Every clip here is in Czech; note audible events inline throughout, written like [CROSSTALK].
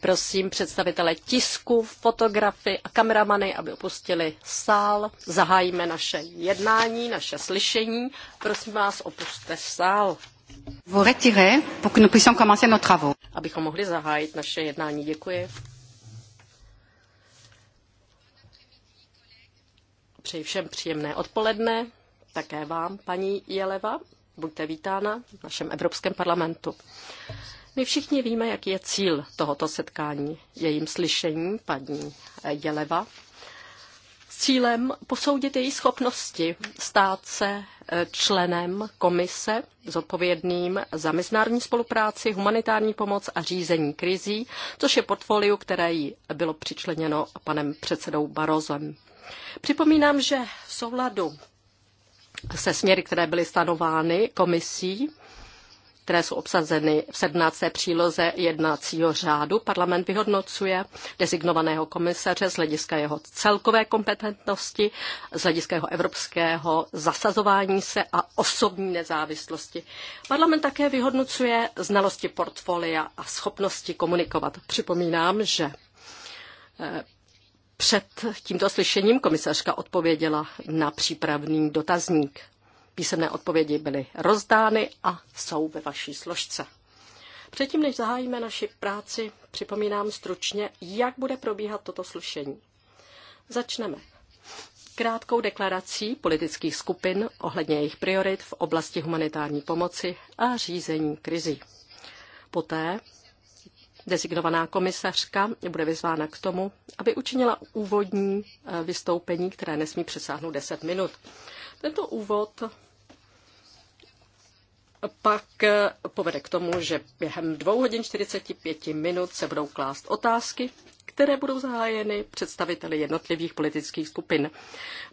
Prosím představitele tisku, fotografy a kameramany, aby opustili sál. Zahájíme naše jednání, naše slyšení. Prosím vás, opuste sál. Vous retirez pour que nous puissions commencer nos travaux. Abychom mohli zahájit naše jednání. Děkuji. Přeji všem příjemné odpoledne, také vám, paní Jeleva. Buďte vítána v našem Evropském parlamentu. My všichni víme, jaký je cíl tohoto setkání. Jejím slyšení paní Jeleva s cílem posoudit její schopnosti stát se e, členem komise zodpovědným za mezinárodní spolupráci, humanitární pomoc a řízení krizí, což je portfolio, které jí bylo přičleněno panem předsedou Barozem. Připomínám, že v souladu se směry, které byly stanovány komisí, které jsou obsazeny v 17. příloze jednacího řádu. Parlament vyhodnocuje designovaného komisaře z hlediska jeho celkové kompetentnosti, z hlediska jeho evropského zasazování se a osobní nezávislosti. Parlament také vyhodnocuje znalosti portfolia a schopnosti komunikovat. Připomínám, že eh, před tímto slyšením komisařka odpověděla na přípravný dotazník. Písemné odpovědi byly rozdány a jsou ve vaší složce. Předtím, než zahájíme naši práci, připomínám stručně, jak bude probíhat toto slyšení. Začneme krátkou deklarací politických skupin ohledně jejich priorit v oblasti humanitární pomoci a řízení krizí. Poté Designovaná komisařka bude vyzvána k tomu, aby učinila úvodní eh, vystoupení, které nesmí přesáhnout 10 minut. Tento úvod pak eh, povede k tomu, že během 2 hodin 45 minut se budou klást otázky, které budou zahájeny představiteli jednotlivých politických skupin.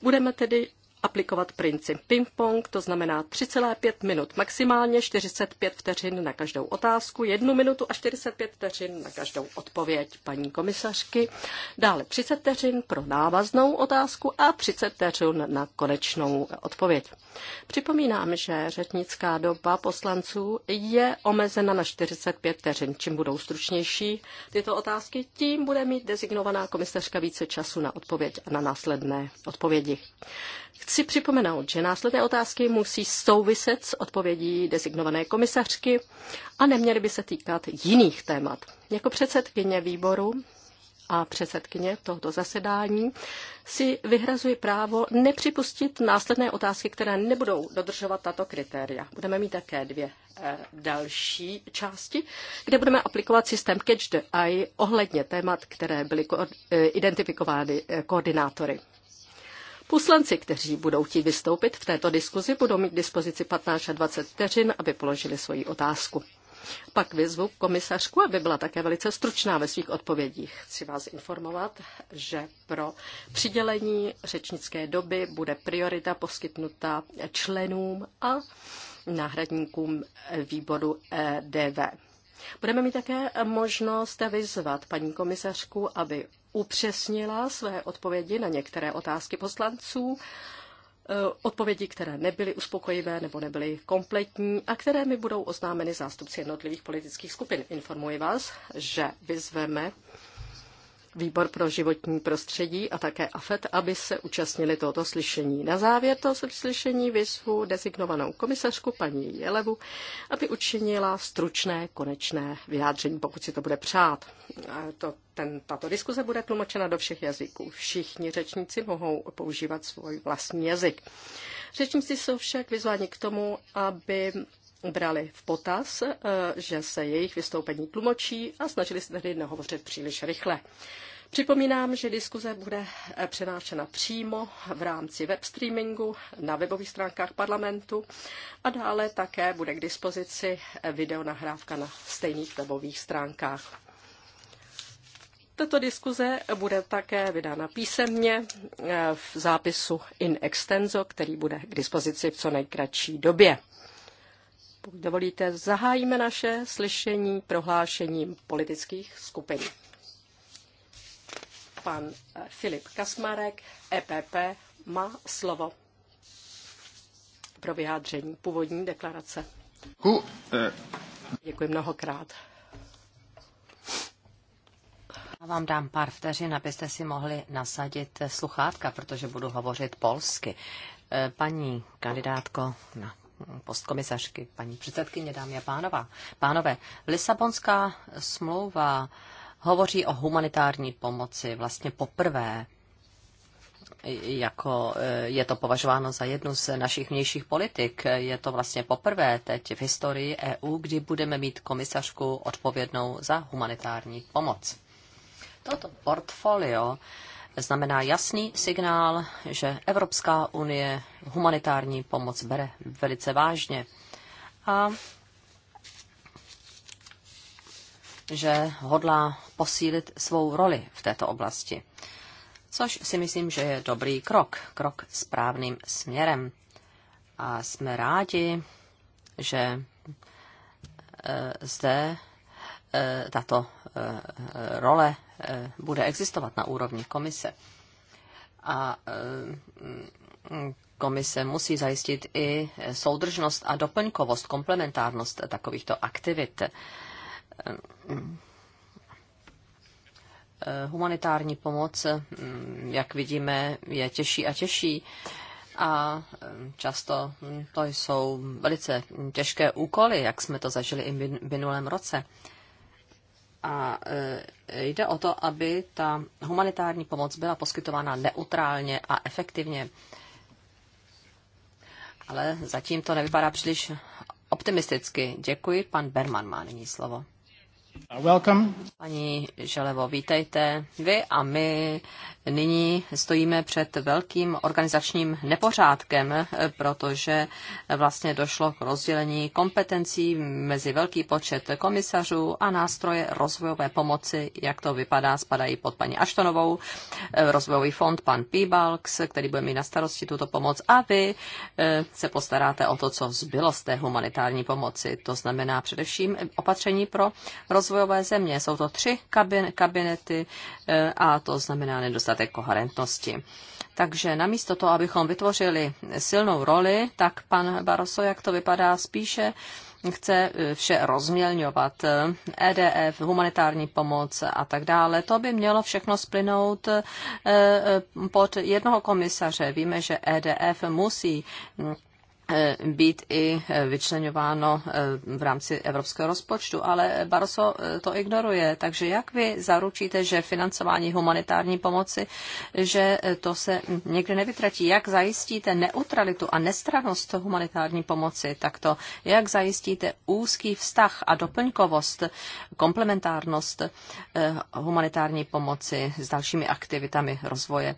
Budeme tedy aplikovat princip ping-pong, to znamená 3,5 minut maximálně, 45 vteřin na každou otázku, 1 minutu a 45 vteřin na každou odpověď paní komisařky, dále 30 vteřin pro návaznou otázku a 30 vteřin na konečnou odpověď. Připomínám, že řečnická doba poslanců je omezena na 45 vteřin. Čím budou stručnější tyto otázky, tím bude mít dezignovaná komisařka více času na odpověď a na následné odpovědi. Chci připomenout, že následné otázky musí souviset s odpovědí designované komisařky a neměly by se týkat jiných témat. Jako předsedkyně výboru a předsedkyně tohoto zasedání si vyhrazuji právo nepřipustit následné otázky, které nebudou dodržovat tato kritéria. Budeme mít také dvě eh, další části, kde budeme aplikovat systém Catch the Eye ohledně témat, které byly eh, identifikovány eh, koordinátory. Poslanci, kteří budou chtít vystoupit v této diskuzi, budou mít k dispozici 15 a 20 vteřin, aby položili svoji otázku. Pak vyzvu komisařku, aby byla také velice stručná ve svých odpovědích. Chci vás informovat, že pro přidělení řečnické doby bude priorita poskytnuta členům a náhradníkům výboru e DV. Budeme mít také možnost vyzvat paní komisařku, aby upřesnila své odpovědi na některé otázky poslanců, eh, odpovědi, které nebyly uspokojivé nebo nebyly kompletní a které mi budou oznámeny zástupci jednotlivých politických skupin. Informuji vás, že vyzveme výbor pro životní prostředí a také AFET, aby se účastnili tohoto slyšení. Na závěr toho slyšení vyzvu designovanou komisařku paní Jelevu, aby učinila stručné konečné vyjádření, pokud si to bude přát. To, ten, tato diskuze bude tlumočena do všech jazyků. Všichni řečníci mohou používat svůj vlastní jazyk. Řečníci jsou však vyzváni k tomu, aby brali v potaz, eh, že se jejich vystoupení tlumočí a snažili se tedy nehovořit příliš rychle. Připomínám, že diskuze bude eh, přenášena přímo v rámci webstreamingu na webových stránkách parlamentu a dále také bude k dispozici eh, videonahrávka na stejných webových stránkách. Tato diskuze bude také vydána písemně v zápisu in extenso, který bude k dispozici v co nejkratší době. Pokud dovolíte, zahájíme naše slyšení prohlášením politických skupin. Pan eh, Filip Kasmarek, EPP, má slovo pro vyjádření původní deklarace. Eh. Děkuji mnohokrát. Já vám dám pár vteřin, abyste si mohli nasadit sluchátka, protože budu hovořit polsky. Eh, paní kandidátko na postkomisařky, paní předsedkyně, dámy a pánova. pánové. Lisabonská smlouva hovoří o humanitární pomoci vlastně poprvé jako eh, je to považováno za jednu z našich vnějších politik. Je to vlastně poprvé teď v historii EU, kdy budeme mít komisařku odpovědnou za humanitární pomoc. Toto portfolio znamená jasný signál, že Evropská unie humanitární pomoc bere velice vážně a že hodlá posílit svou roli v této oblasti. Což si myslím, že je dobrý krok, krok správným směrem. A jsme rádi, že eh, zde E, tato e, e, role bude existovat na úrovni komise. A komise musí zajistit i soudržnost a doplňkovost, komplementárnost takovýchto aktivit. Humanitární pomoc, jak vidíme, je těžší a těžší a často to jsou velice těžké úkoly, jak jsme to zažili i v minulém roce. A e, jde o to, aby ta humanitární pomoc byla poskytována neutrálně a efektivně. Ale zatím to nevypadá příliš optimisticky. Děkuji. Pan Berman má nyní slovo. Welcome. Paní Želevo, vítejte. Vy a my nyní stojíme před velkým organizačním nepořádkem, protože vlastně došlo k rozdělení kompetencí mezi velký počet komisařů a nástroje rozvojové pomoci, jak to vypadá, spadají pod paní Aštonovou, rozvojový fond pan Pibalks, který bude mít na starosti tuto pomoc a vy eh, se postaráte o to, co zbylo z té humanitární pomoci. To znamená především opatření pro rozvojové země. Jsou to tři kabin- kabinety eh, a to znamená nedostatek nedostatek koherentnosti. Takže namísto toho, abychom vytvořili silnou roli, tak pan Baroso, jak to vypadá, spíše chce eh, vše rozmělňovat. EDF, humanitární pomoc a tak dále. To by mělo všechno splynout eh, eh, pod jednoho komisaře. Víme, že EDF musí hm, E, být i e, vyčleňováno e, v rámci evropského rozpočtu, ale Barroso to ignoruje. Takže jak vy zaručíte, že financování humanitární pomoci, že to se někde nevytratí? Jak zajistíte neutralitu a nestranost humanitární pomoci takto? Jak zajistíte úzký vztah a doplňkovost, komplementárnost humanitární pomoci s dalšími aktivitami rozvoje?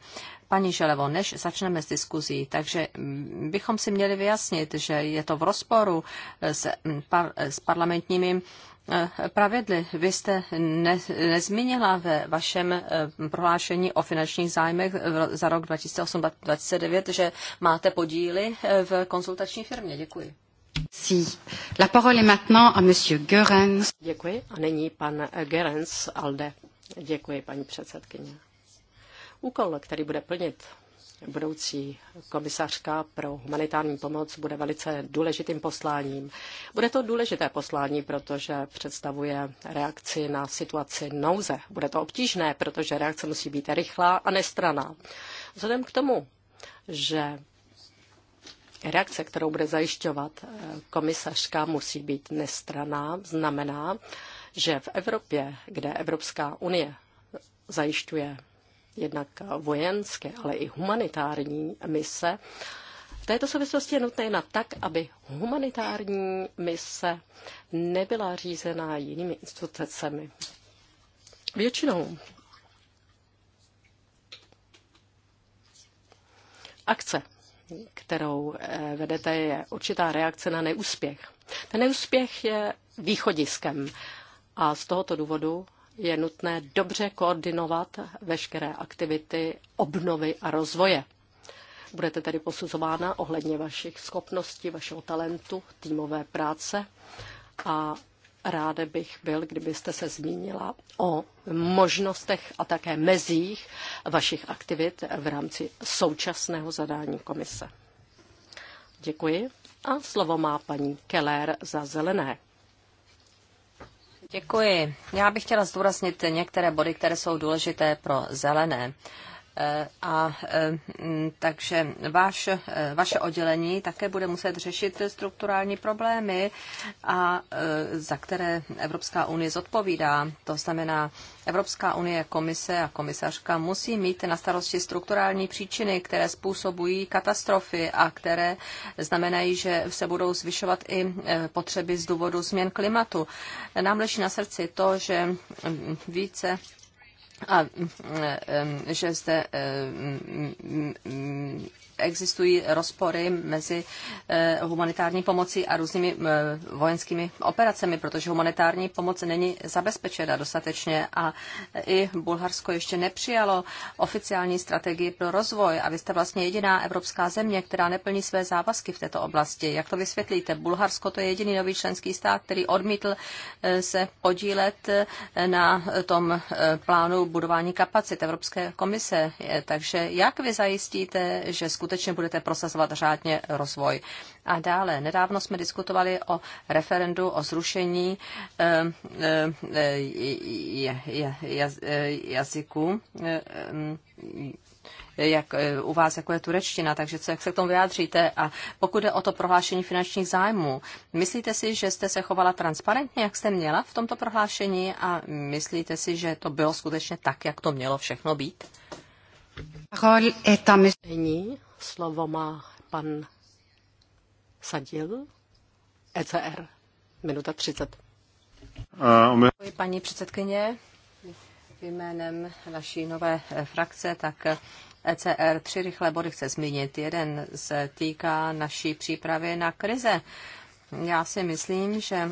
Paní Želevo, než začneme s diskuzí, takže mm, bychom si měli vyjasnit, že je to v rozporu eh, s, mm, par, eh, s parlamentními eh, pravidly. Vy jste ne, nezmínila ve vašem prohlášení o finančních zájmech za rok 2008-2009, že máte podíly v konzultační firmě. Děkuji. Si. La parole est maintenant à monsieur Görens. Děkuji. A nyní pan Görens Alde. Děkuji, paní předsedkyně. Úkol, který bude plnit budoucí komisařka pro humanitární pomoc bude velice důležitým posláním. Bude to důležité poslání, protože představuje reakci na situaci nouze. Bude to obtížné, protože reakce musí být rychlá a nestraná. Vzhledem k tomu, že reakce, kterou bude zajišťovat eh, komisařka, musí být nestraná, znamená, že v Evropě, kde Evropská unie zajišťuje jednak vojenské, ale i humanitární mise. V této souvislosti je nutné jednat tak, aby humanitární mise nebyla řízená jinými institucemi. Většinou akce, kterou eh, vedete, je určitá reakce na neúspěch. Ten neúspěch je východiskem a z tohoto důvodu je nutné dobře koordinovat veškeré aktivity obnovy a rozvoje. Budete tedy posuzována ohledně vašich schopností, vašeho talentu, týmové práce a ráda bych byl, kdybyste se zmínila o možnostech a také mezích vašich aktivit v rámci současného zadání komise. Děkuji a slovo má paní Keller za zelené. Děkuji. Já bych chtěla zdůraznit některé body, které jsou důležité pro zelené. Eh, a eh, mm, takže váš, eh, vaše oddělení také bude muset řešit strukturální problémy, a, za které Evropská unie zodpovídá. To znamená, Evropská unie, komise a komisařka musí mít na starosti strukturální příčiny, které způsobují katastrofy a které znamenají, že se budou zvyšovat i potřeby z důvodu změn klimatu. Nám leží na srdci to, že mm, více a mm, mm, mm, že jste existují rozpory mezi eh, humanitární pomocí a různými eh, vojenskými operacemi, protože humanitární pomoc není zabezpečena dostatečně a i Bulharsko ještě nepřijalo oficiální strategii pro rozvoj a vy jste vlastně jediná evropská země, která neplní své závazky v této oblasti. Jak to vysvětlíte? Bulharsko to je jediný nový členský stát, který odmítl eh, se podílet na tom plánu budování kapacit Evropské komise. Takže jak vy zajistíte, že skutečně skutečně budete prosazovat řádně rozvoj. A dále, nedávno jsme diskutovali o referendu o zrušení jazyku jak u vás, jako je turečtina, takže co, jak se k tomu vyjádříte. A pokud jde o to prohlášení finančních zájmů, myslíte si, že jste se chovala transparentně, jak jste měla v tomto prohlášení a myslíte si, že to bylo skutečně tak, jak to mělo všechno být? Slovo má pan Sadil, ECR, minuta 30. Děkuji, eh, paní předsedkyně. Jménem naší nové eh, frakce, tak ECR eh, e tři rychlé body chce zmínit. Jeden se týká naší přípravy na krize. Já si myslím, že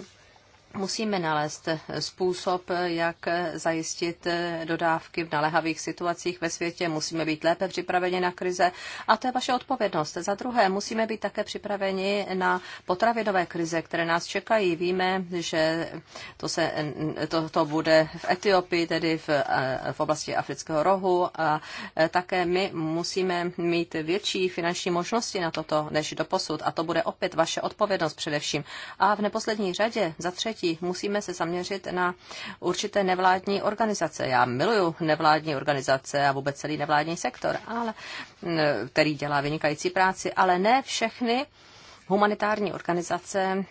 musíme nalézt způsob, jak zajistit dodávky v naléhavých situacích ve světě. Musíme být lépe připraveni na krize a to je vaše odpovědnost. Za druhé, musíme být také připraveni na potravinové krize, které nás čekají. Víme, že to, se, to, to bude v Etiopii, tedy v, v oblasti Afrického rohu a také my musíme mít větší finanční možnosti na toto než do posud. a to bude opět vaše odpovědnost především. A v neposlední řadě, za třetí, třetí, musíme se zaměřit na určité nevládní organizace. Já miluju nevládní organizace a vůbec celý nevládní sektor, ale, který dělá vynikající práci, ale ne všechny humanitární organizace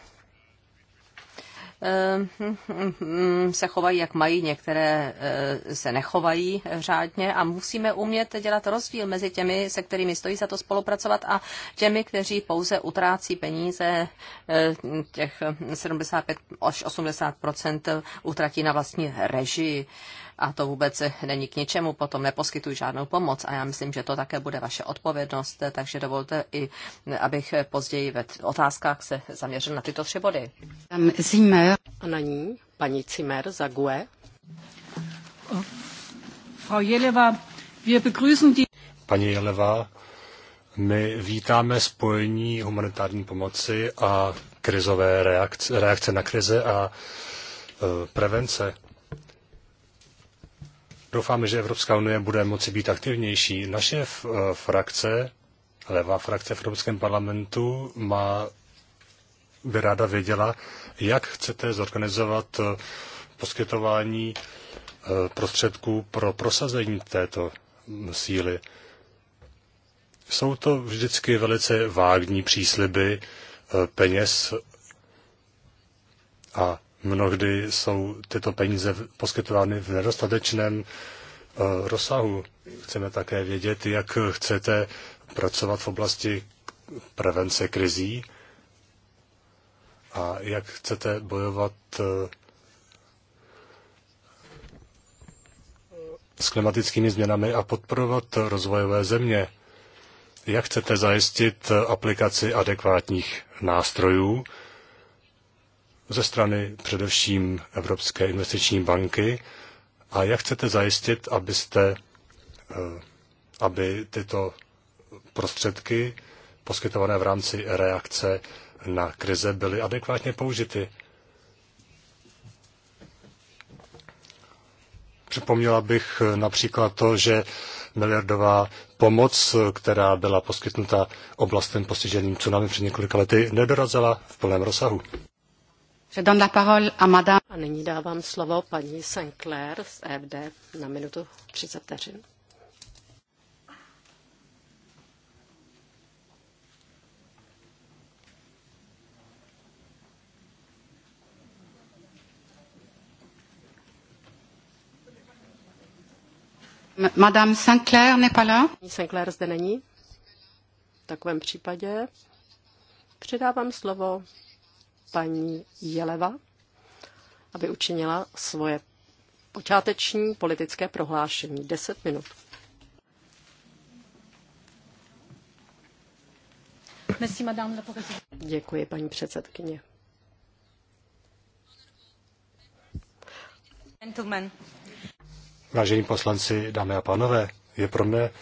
Ehm, se chovají, jak mají, některé eh, se nechovají řádně a musíme umět dělat rozdíl mezi těmi, se kterými stojí za to spolupracovat a těmi, kteří pouze utrácí peníze, eh, těch 75 až 80 utratí na vlastní režii a to vůbec není k ničemu, potom neposkytují žádnou pomoc a já myslím, že to také bude vaše odpovědnost, takže dovolte i, abych později ve otázkách se zaměřil na tyto tři body. Zimmer. A na ní paní Zimmer za GUE. Frau Jeleva, wir begrüßen die... Paní Jeleva, my vítáme spojení humanitární pomoci a krizové reakce, reakce na krize a e, prevence. Doufáme, že Evropská unie bude moci být aktivnější. Naše eh, frakce, levá frakce v Evropském parlamentu, má, by ráda věděla, jak chcete zorganizovat eh, poskytování eh, prostředků pro prosazení této mm, síly. Jsou to vždycky velice vágní přísliby peněz a Mnohdy jsou tyto peníze poskytovány v nedostatečném eh, rozsahu. Chceme také vědět, jak chcete pracovat v oblasti prevence krizí a jak chcete bojovat eh, s klimatickými změnami a podporovat rozvojové země. Jak chcete zajistit aplikaci adekvátních nástrojů ze strany především Evropské investiční banky a jak chcete zajistit, abyste, eh, aby tyto prostředky poskytované v rámci reakce na krize byly adekvátně použity. Připomněla bych například to, že miliardová pomoc, která byla poskytnuta oblastem postiženým tsunami před několika lety, nedorazila v plném rozsahu la A A nyní dávám slovo paní Sinclair z EFD na minutu 30 vteřin. Madame Sinclair n'est pas là. Sinclair zde není. V takovém případě předávám slovo paní Jeleva, aby učinila svoje počáteční politické prohlášení. Deset minut. Děkuji, paní předsedkyně. Vážení poslanci, dámy a pánové, je pro mě eh,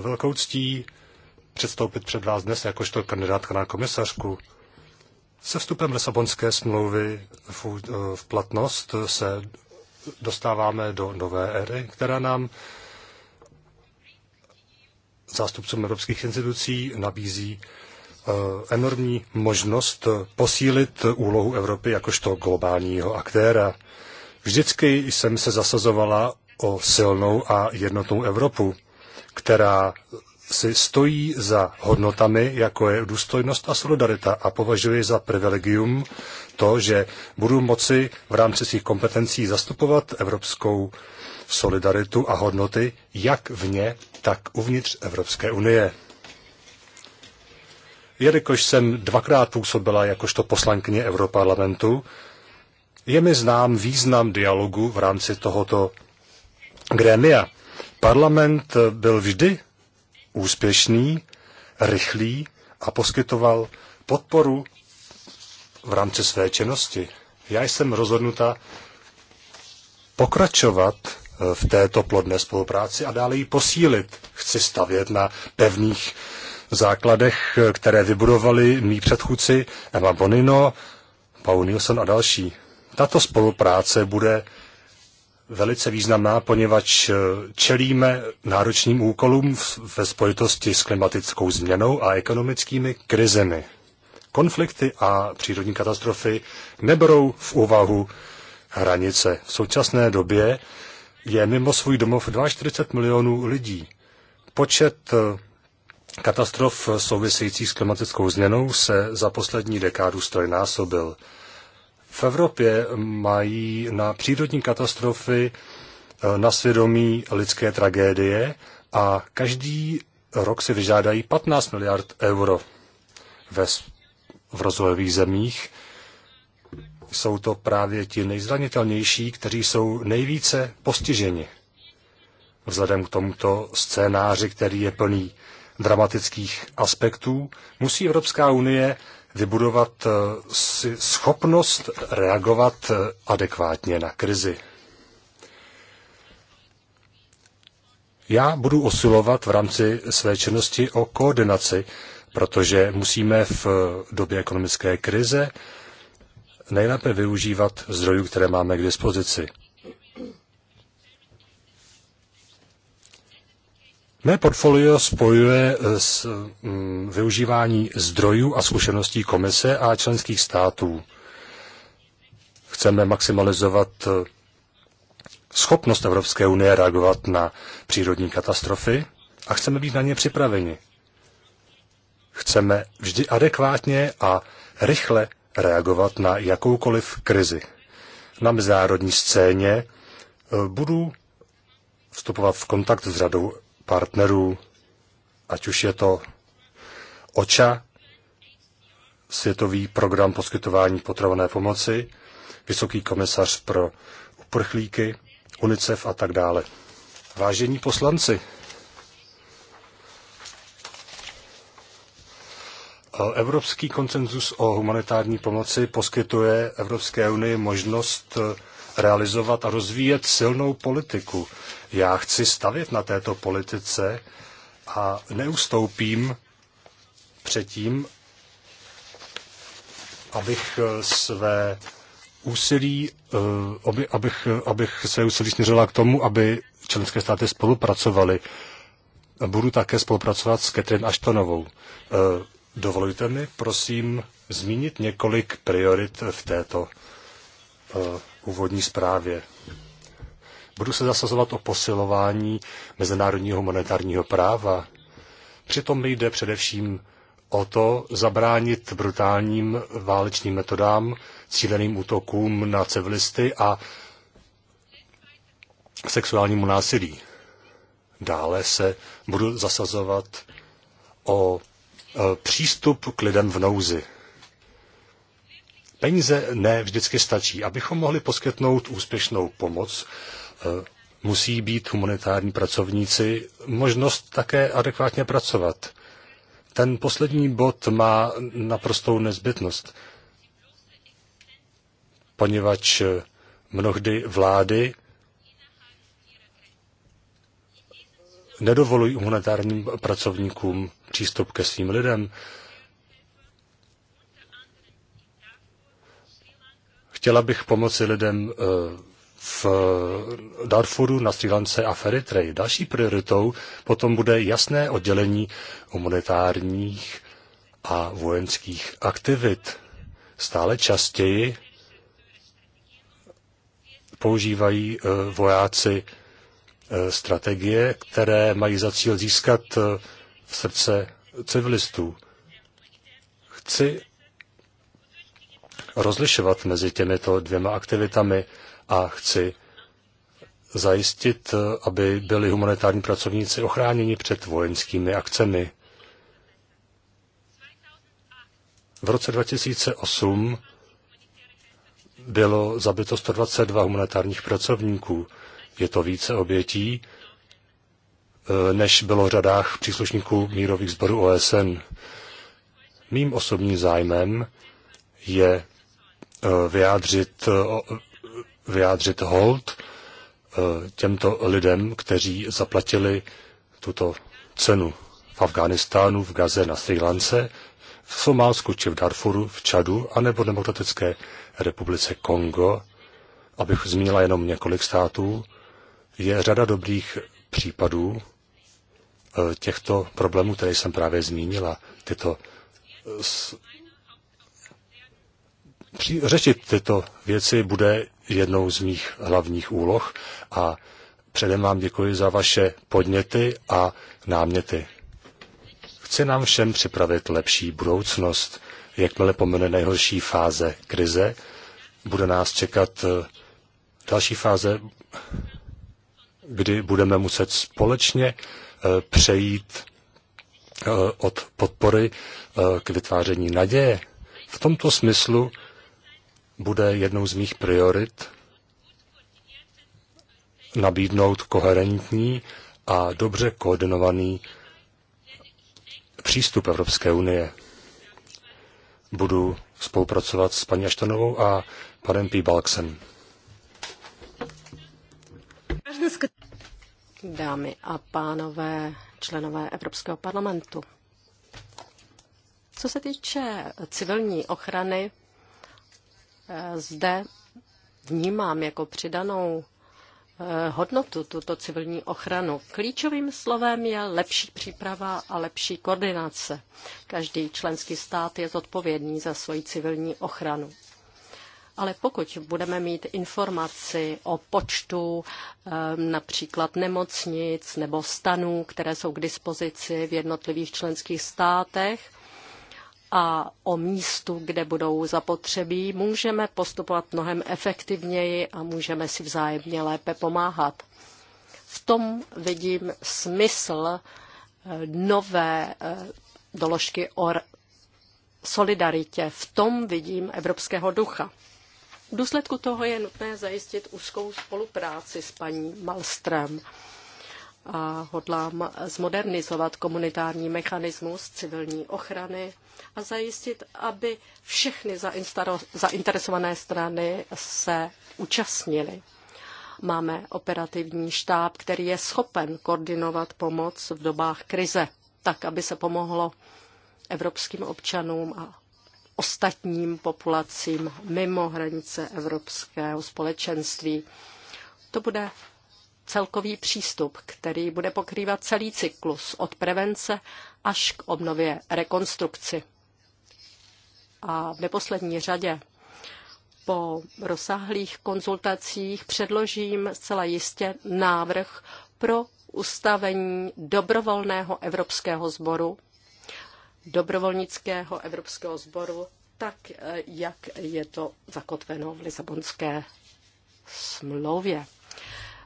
velkou ctí předstoupit před vás dnes jakožto kandidátka na komisařku. Se vstupem Lisabonské smlouvy v, v platnost se dostáváme do nové éry, která nám zástupcům evropských institucí nabízí eh, enormní možnost posílit úlohu Evropy jakožto globálního aktéra. Vždycky jsem se zasazovala o silnou a jednotnou Evropu, která si stojí za hodnotami, jako je důstojnost a solidarita a považuji za privilegium to, že budu moci v rámci svých kompetencí zastupovat evropskou solidaritu a hodnoty jak vně, tak uvnitř Evropské unie. Jelikož jsem dvakrát působila jakožto poslankyně Europarlamentu, je mi znám význam dialogu v rámci tohoto grémia. Parlament byl vždy úspěšný, rychlý a poskytoval podporu v rámci své činnosti. Já jsem rozhodnuta pokračovat eh, v této plodné spolupráci a dále ji posílit. Chci stavět na pevných základech, eh, které vybudovali mý předchůdci Emma Bonino, Paul Nilsson a další. Tato spolupráce bude velice významná, poněvadž eh, čelíme náročným úkolům ve spojitosti s klimatickou změnou a ekonomickými krizemi. Konflikty a přírodní katastrofy neberou v úvahu hranice. V současné době je mimo svůj domov 42 milionů lidí. Počet eh, katastrof souvisejících s klimatickou změnou se za poslední dekádu strojnásobil v Evropě mají na přírodní katastrofy eh, na svědomí lidské tragédie a každý rok si vyžádají 15 miliard euro. Ve, v rozvojových zemích jsou to právě ti nejzranitelnější, kteří jsou nejvíce postiženi. Vzhledem k tomuto scénáři, který je plný dramatických aspektů, musí Evropská unie vybudovat eh, si schopnost reagovat eh, adekvátně na krizi. Já budu usilovat v rámci své činnosti o koordinaci, protože musíme v eh, době ekonomické krize nejlépe využívat zdrojů, které máme k dispozici. Mé portfolio spojuje s mm, využívání zdrojů a zkušeností komise a členských států. Chceme maximalizovat eh, schopnost Evropské unie reagovat na přírodní katastrofy a chceme být na ně připraveni. Chceme vždy adekvátně a rychle reagovat na jakoukoliv krizi. Na mezinárodní scéně eh, budu vstupovat v kontakt s Radou partnerů, ať už je to OČA, Světový program poskytování potravené pomoci, Vysoký komisař pro uprchlíky, UNICEF a tak dále. Vážení poslanci, Evropský koncenzus o humanitární pomoci poskytuje Evropské unii možnost realizovat a rozvíjet silnou politiku. Já chci stavět na této politice a neustoupím předtím, abych své úsilí, eh, aby, abych, abych své úsilí směřila k tomu, aby členské státy spolupracovaly. Budu také spolupracovat s Catherine Ashtonovou. Eh, dovolujte mi, prosím, zmínit několik priorit v této eh, úvodní zprávě. Budu se zasazovat o posilování mezinárodního monetárního práva. Přitom mi jde především o to zabránit brutálním válečným metodám, cíleným útokům na civilisty a sexuálnímu násilí. Dále se budu zasazovat o e, přístup k lidem v nouzi. Peníze ne vždycky stačí. Abychom mohli poskytnout úspěšnou pomoc, E, musí být humanitární pracovníci možnost také adekvátně pracovat. Ten poslední bod má naprostou nezbytnost, poněvadž mnohdy vlády nedovolují humanitárním pracovníkům přístup ke svým lidem. Chtěla bych pomoci lidem e, v eh, Darfuru, na Sri Lance a v Další prioritou potom bude jasné oddělení humanitárních a vojenských aktivit. Stále častěji používají eh, vojáci eh, strategie, které mají za cíl získat v srdce civilistů. Chci rozlišovat mezi těmito dvěma aktivitami a chci zajistit, aby byli humanitární pracovníci ochráněni před vojenskými akcemi. V roce 2008 bylo zabito 122 humanitárních pracovníků. Je to více obětí, eh, než bylo v řadách příslušníků mírových sborů OSN. Mým osobním zájmem je eh, vyjádřit eh, vyjádřit hold eh, těmto lidem, kteří zaplatili tuto cenu v Afghánistánu, v Gaze, na Sri Lance, v Somálsku či v Darfuru, v Čadu, anebo Demokratické republice Kongo, abych zmínila jenom několik států, je řada dobrých případů eh, těchto problémů, které jsem právě zmínila. Tyto eh, s... Při... Řešit tyto věci bude jednou z mých hlavních úloh a předem vám děkuji za vaše podněty a náměty. Chci nám všem připravit lepší budoucnost. Jakmile pomene nejhorší fáze krize, bude nás čekat eh, další fáze, kdy budeme muset společně eh, přejít eh, od podpory k vytváření naděje. V tomto smyslu bude jednou z mých priorit nabídnout koherentní a dobře koordinovaný přístup Evropské unie. Budu spolupracovat s paní Aštanovou a panem P. Balksem. Dámy a pánové, členové Evropského parlamentu. Co se týče civilní ochrany, Eh, zde vnímám jako přidanou eh, hodnotu tuto civilní ochranu. Klíčovým slovem je lepší příprava a lepší koordinace. Každý členský stát je zodpovědný za svoji civilní ochranu. Ale pokud budeme mít informaci o počtu eh, například nemocnic nebo stanů, které jsou k dispozici v jednotlivých členských státech, a o místu, kde budou zapotřebí, můžeme postupovat mnohem efektivněji a můžeme si vzájemně lépe pomáhat. V tom vidím smysl eh, nové eh, doložky o solidaritě. V tom vidím evropského ducha. V důsledku toho je nutné zajistit úzkou spolupráci s paní Malstrem a hodlám zmodernizovat komunitární mechanismus civilní ochrany a zajistit, aby všechny zainteresované strany se účastnily. Máme operativní štáb, který je schopen koordinovat pomoc v dobách krize, tak aby se pomohlo evropským občanům a ostatním populacím mimo hranice Evropského společenství. To bude celkový přístup, který bude pokrývat celý cyklus od prevence až k obnově rekonstrukci. A v neposlední řadě po rozsáhlých konzultacích předložím zcela jistě návrh pro ustavení dobrovolného evropského sboru, dobrovolnického evropského sboru, tak eh, jak je to zakotveno v Lisabonské smlouvě.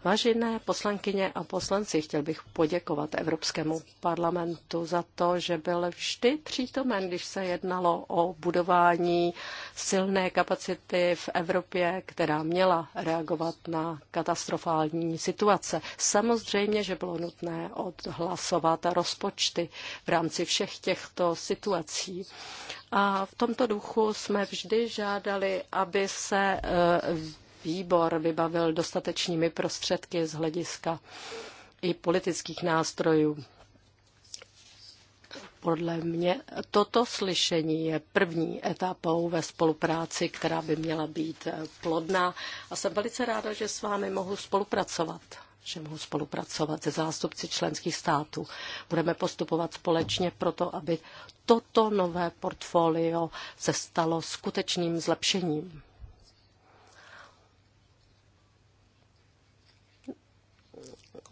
Vážené poslankyně a poslanci, chtěl bych poděkovat Evropskému parlamentu za to, že byl vždy přítomen, když se jednalo o budování silné kapacity v Evropě, která měla reagovat na katastrofální situace. Samozřejmě, že bylo nutné odhlasovat rozpočty v rámci všech těchto situací. A v tomto duchu jsme vždy žádali, aby se eh, výbor vybavil dostatečnými prostředky z hlediska i politických nástrojů. Podle mě toto slyšení je první etapou ve spolupráci, která by měla být plodná a jsem velice ráda, že s vámi mohu spolupracovat že mohu spolupracovat se zástupci členských států. Budeme postupovat společně proto, aby toto nové portfolio se stalo skutečným zlepšením.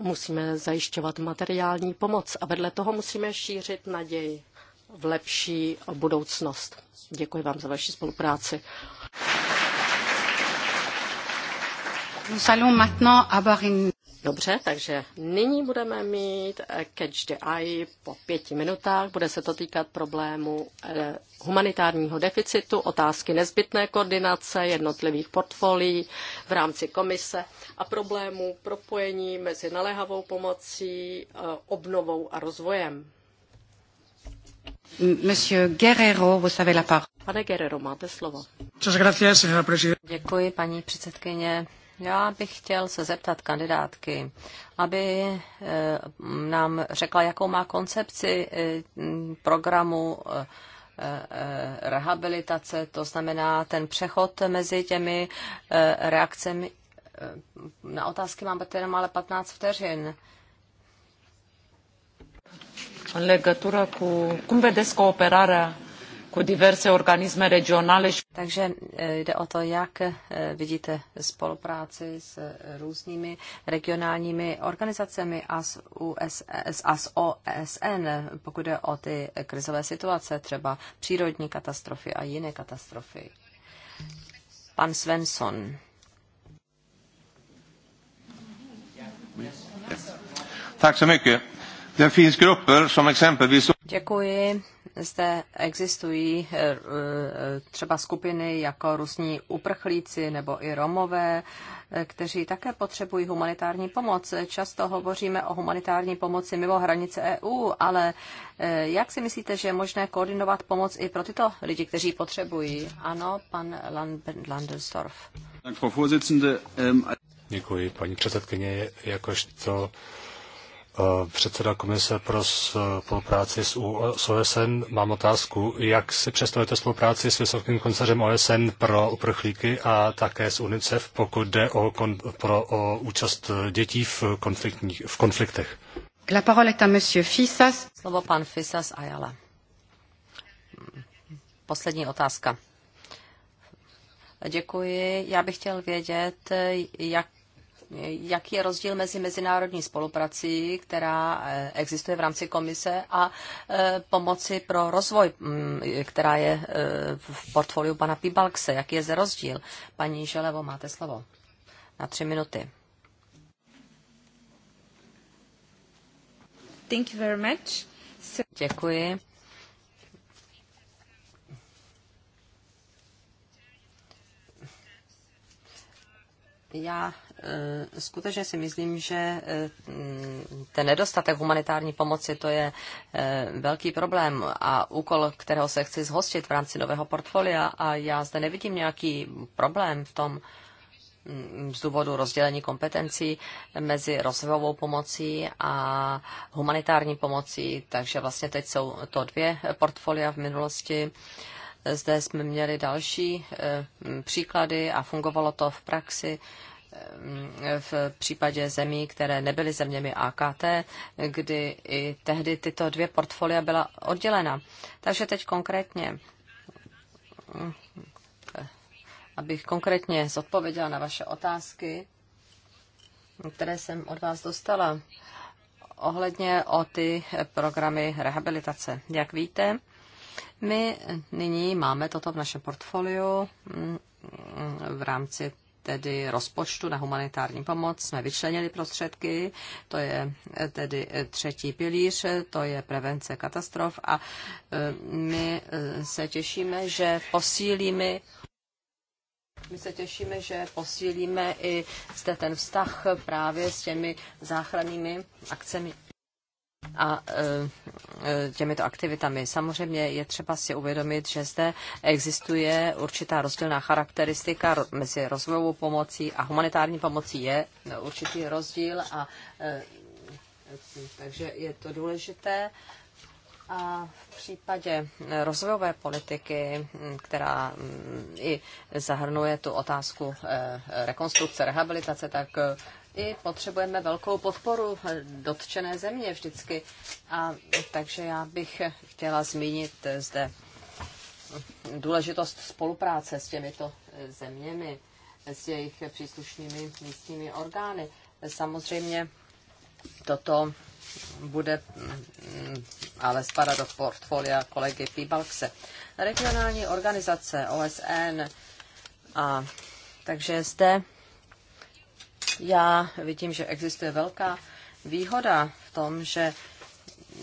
Musíme zajišťovat materiální pomoc a vedle toho musíme šířit naději v lepší budoucnost. Děkuji vám za vaši spolupráci. Nous allons maintenant avoir une... Dobře, takže nyní budeme mít eh, Catch the Eye po pěti minutách. Bude se to týkat problému eh, humanitárního deficitu, otázky nezbytné koordinace jednotlivých portfolií v rámci komise a problému propojení mezi naléhavou pomocí, eh, obnovou a rozvojem. Monsieur Guerrero, vous avez la parole. Pane Guerrero, máte slovo. Děkuji, paní předsedkyně. Já bych chtěl se zeptat kandidátky, aby eh, nám řekla, jakou má koncepci eh, programu eh, rehabilitace, to znamená ten přechod mezi těmi reakcemi. Na otázky mám jenom ale 15 vteřin. Legatura cu... Cum vedeți cooperarea cu diverse organisme regionale. Takže e, jde o to, jak e, vidíte spolupráci s e, různými regionálními organizacemi a s, US, a s OSN, pokud jde o ty krizové situace, třeba přírodní katastrofy a jiné katastrofy. Pan Svensson. Tak se Det finns grupper som exempelvis... Děkuji zde existují eh, eh, třeba skupiny jako rusní uprchlíci nebo i Romové, eh, kteří také potřebují humanitární pomoc. Často hovoříme o humanitární pomoci mimo hranice EU, ale jak si myslíte, že je možné koordinovat pomoc i pro tyto lidi, kteří potřebují? Ano, pan Landersdorf. Ähm, Děkuji, paní předsedkyně, jakožto Eh, předseda Komise pro eh, spolupráci s, OSN. Mám otázku, jak si představujete spolupráci s Vysokým komisařem OSN pro uprchlíky a také s UNICEF, pokud jde o, kon, pro, o účast dětí v, konfliktních, v konfliktech? La parole est à monsieur Fisas. Slovo pan Fisas Ayala. Poslední otázka. Děkuji. Já bych chtěl vědět, jak jaký je rozdíl mezi mezinárodní spoluprací, která eh, existuje v rámci komise, a eh, pomoci pro rozvoj, mm, která je eh, v portfoliu pana Pibalkse. Jaký je zde rozdíl? Paní Želevo, máte slovo na tři minuty. Thank you very much. So... Děkuji. Já Eh, skutečně si myslím, že eh, ten nedostatek humanitární pomoci to je eh, velký problém a úkol, kterého se chci zhostit v rámci nového portfolia a já zde nevidím nějaký problém v tom, mm, z důvodu rozdělení kompetencí mezi rozvojovou pomocí a humanitární pomocí. Takže vlastně teď jsou to dvě portfolia v minulosti. Zde jsme měli další příklady a fungovalo to v praxi v případě zemí, které nebyly zeměmi AKT, kdy i tehdy tyto dvě portfolia byla oddělena. Takže teď konkrétně, abych konkrétně zodpověděla na vaše otázky, které jsem od vás dostala ohledně o ty programy rehabilitace. Jak víte, my nyní máme toto v našem portfoliu v rámci tedy rozpočtu na humanitární pomoc jsme vyčlenili prostředky, to je eh, tedy eh, třetí pilíř, eh, to je prevence katastrof a my se těšíme, že posílíme my se těšíme, že posílíme i zde ten vztah právě s těmi záchrannými akcemi a e, e, těmito aktivitami. Samozřejmě je třeba si uvědomit, že zde existuje určitá rozdílná charakteristika mezi rozvojovou pomocí a humanitární pomocí je určitý rozdíl a e, takže je to důležité. A v případě rozvojové politiky, která i zahrnuje tu otázku rekonstrukce, rehabilitace, tak i potřebujeme velkou podporu dotčené země vždycky. A, takže já bych chtěla zmínit zde důležitost spolupráce s těmito zeměmi, s jejich příslušnými místními orgány. Samozřejmě toto bude mm, ale spadat do portfolia kolegy Pibalkse. Regionální organizace OSN a takže zde já vidím, že existuje velká výhoda v tom, že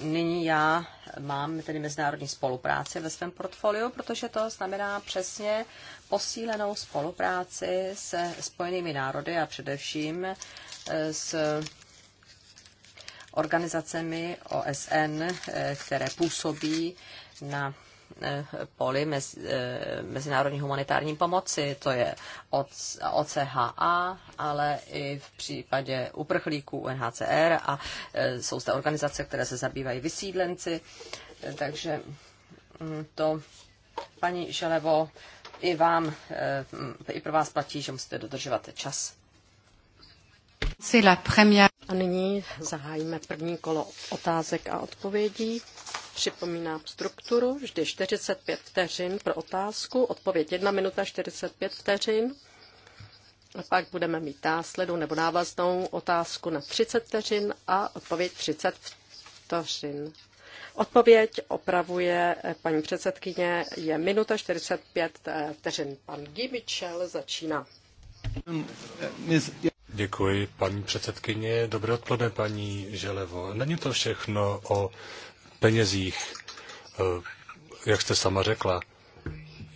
nyní já mám tedy mezinárodní spolupráci ve svém portfoliu, protože to znamená přesně posílenou spolupráci se Spojenými národy a především eh, s organizacemi OSN, eh, které působí na Eh, poli eh, mezinárodní humanitární pomoci, to je OCHA, ale i v případě uprchlíků UNHCR a eh, jsou zde organizace, které se zabývají vysídlenci. Takže mm, to, paní Želevo, i vám, i pro vás platí, že musíte dodržovat čas. A nyní zahájíme první kolo otázek a odpovědí. Připomínám strukturu, vždy 45 vteřin pro otázku, odpověď 1 minuta 45 vteřin. A pak budeme mít následu nebo návaznou otázku na 30 vteřin a odpověď 30 vteřin. Odpověď opravuje eh, paní předsedkyně je minuta 45 eh, vteřin. Pan Gibičel začíná. Děkuji, paní předsedkyně. Dobré odpoledne, paní Želevo. Není to všechno o penězích, eh, jak jste sama řekla.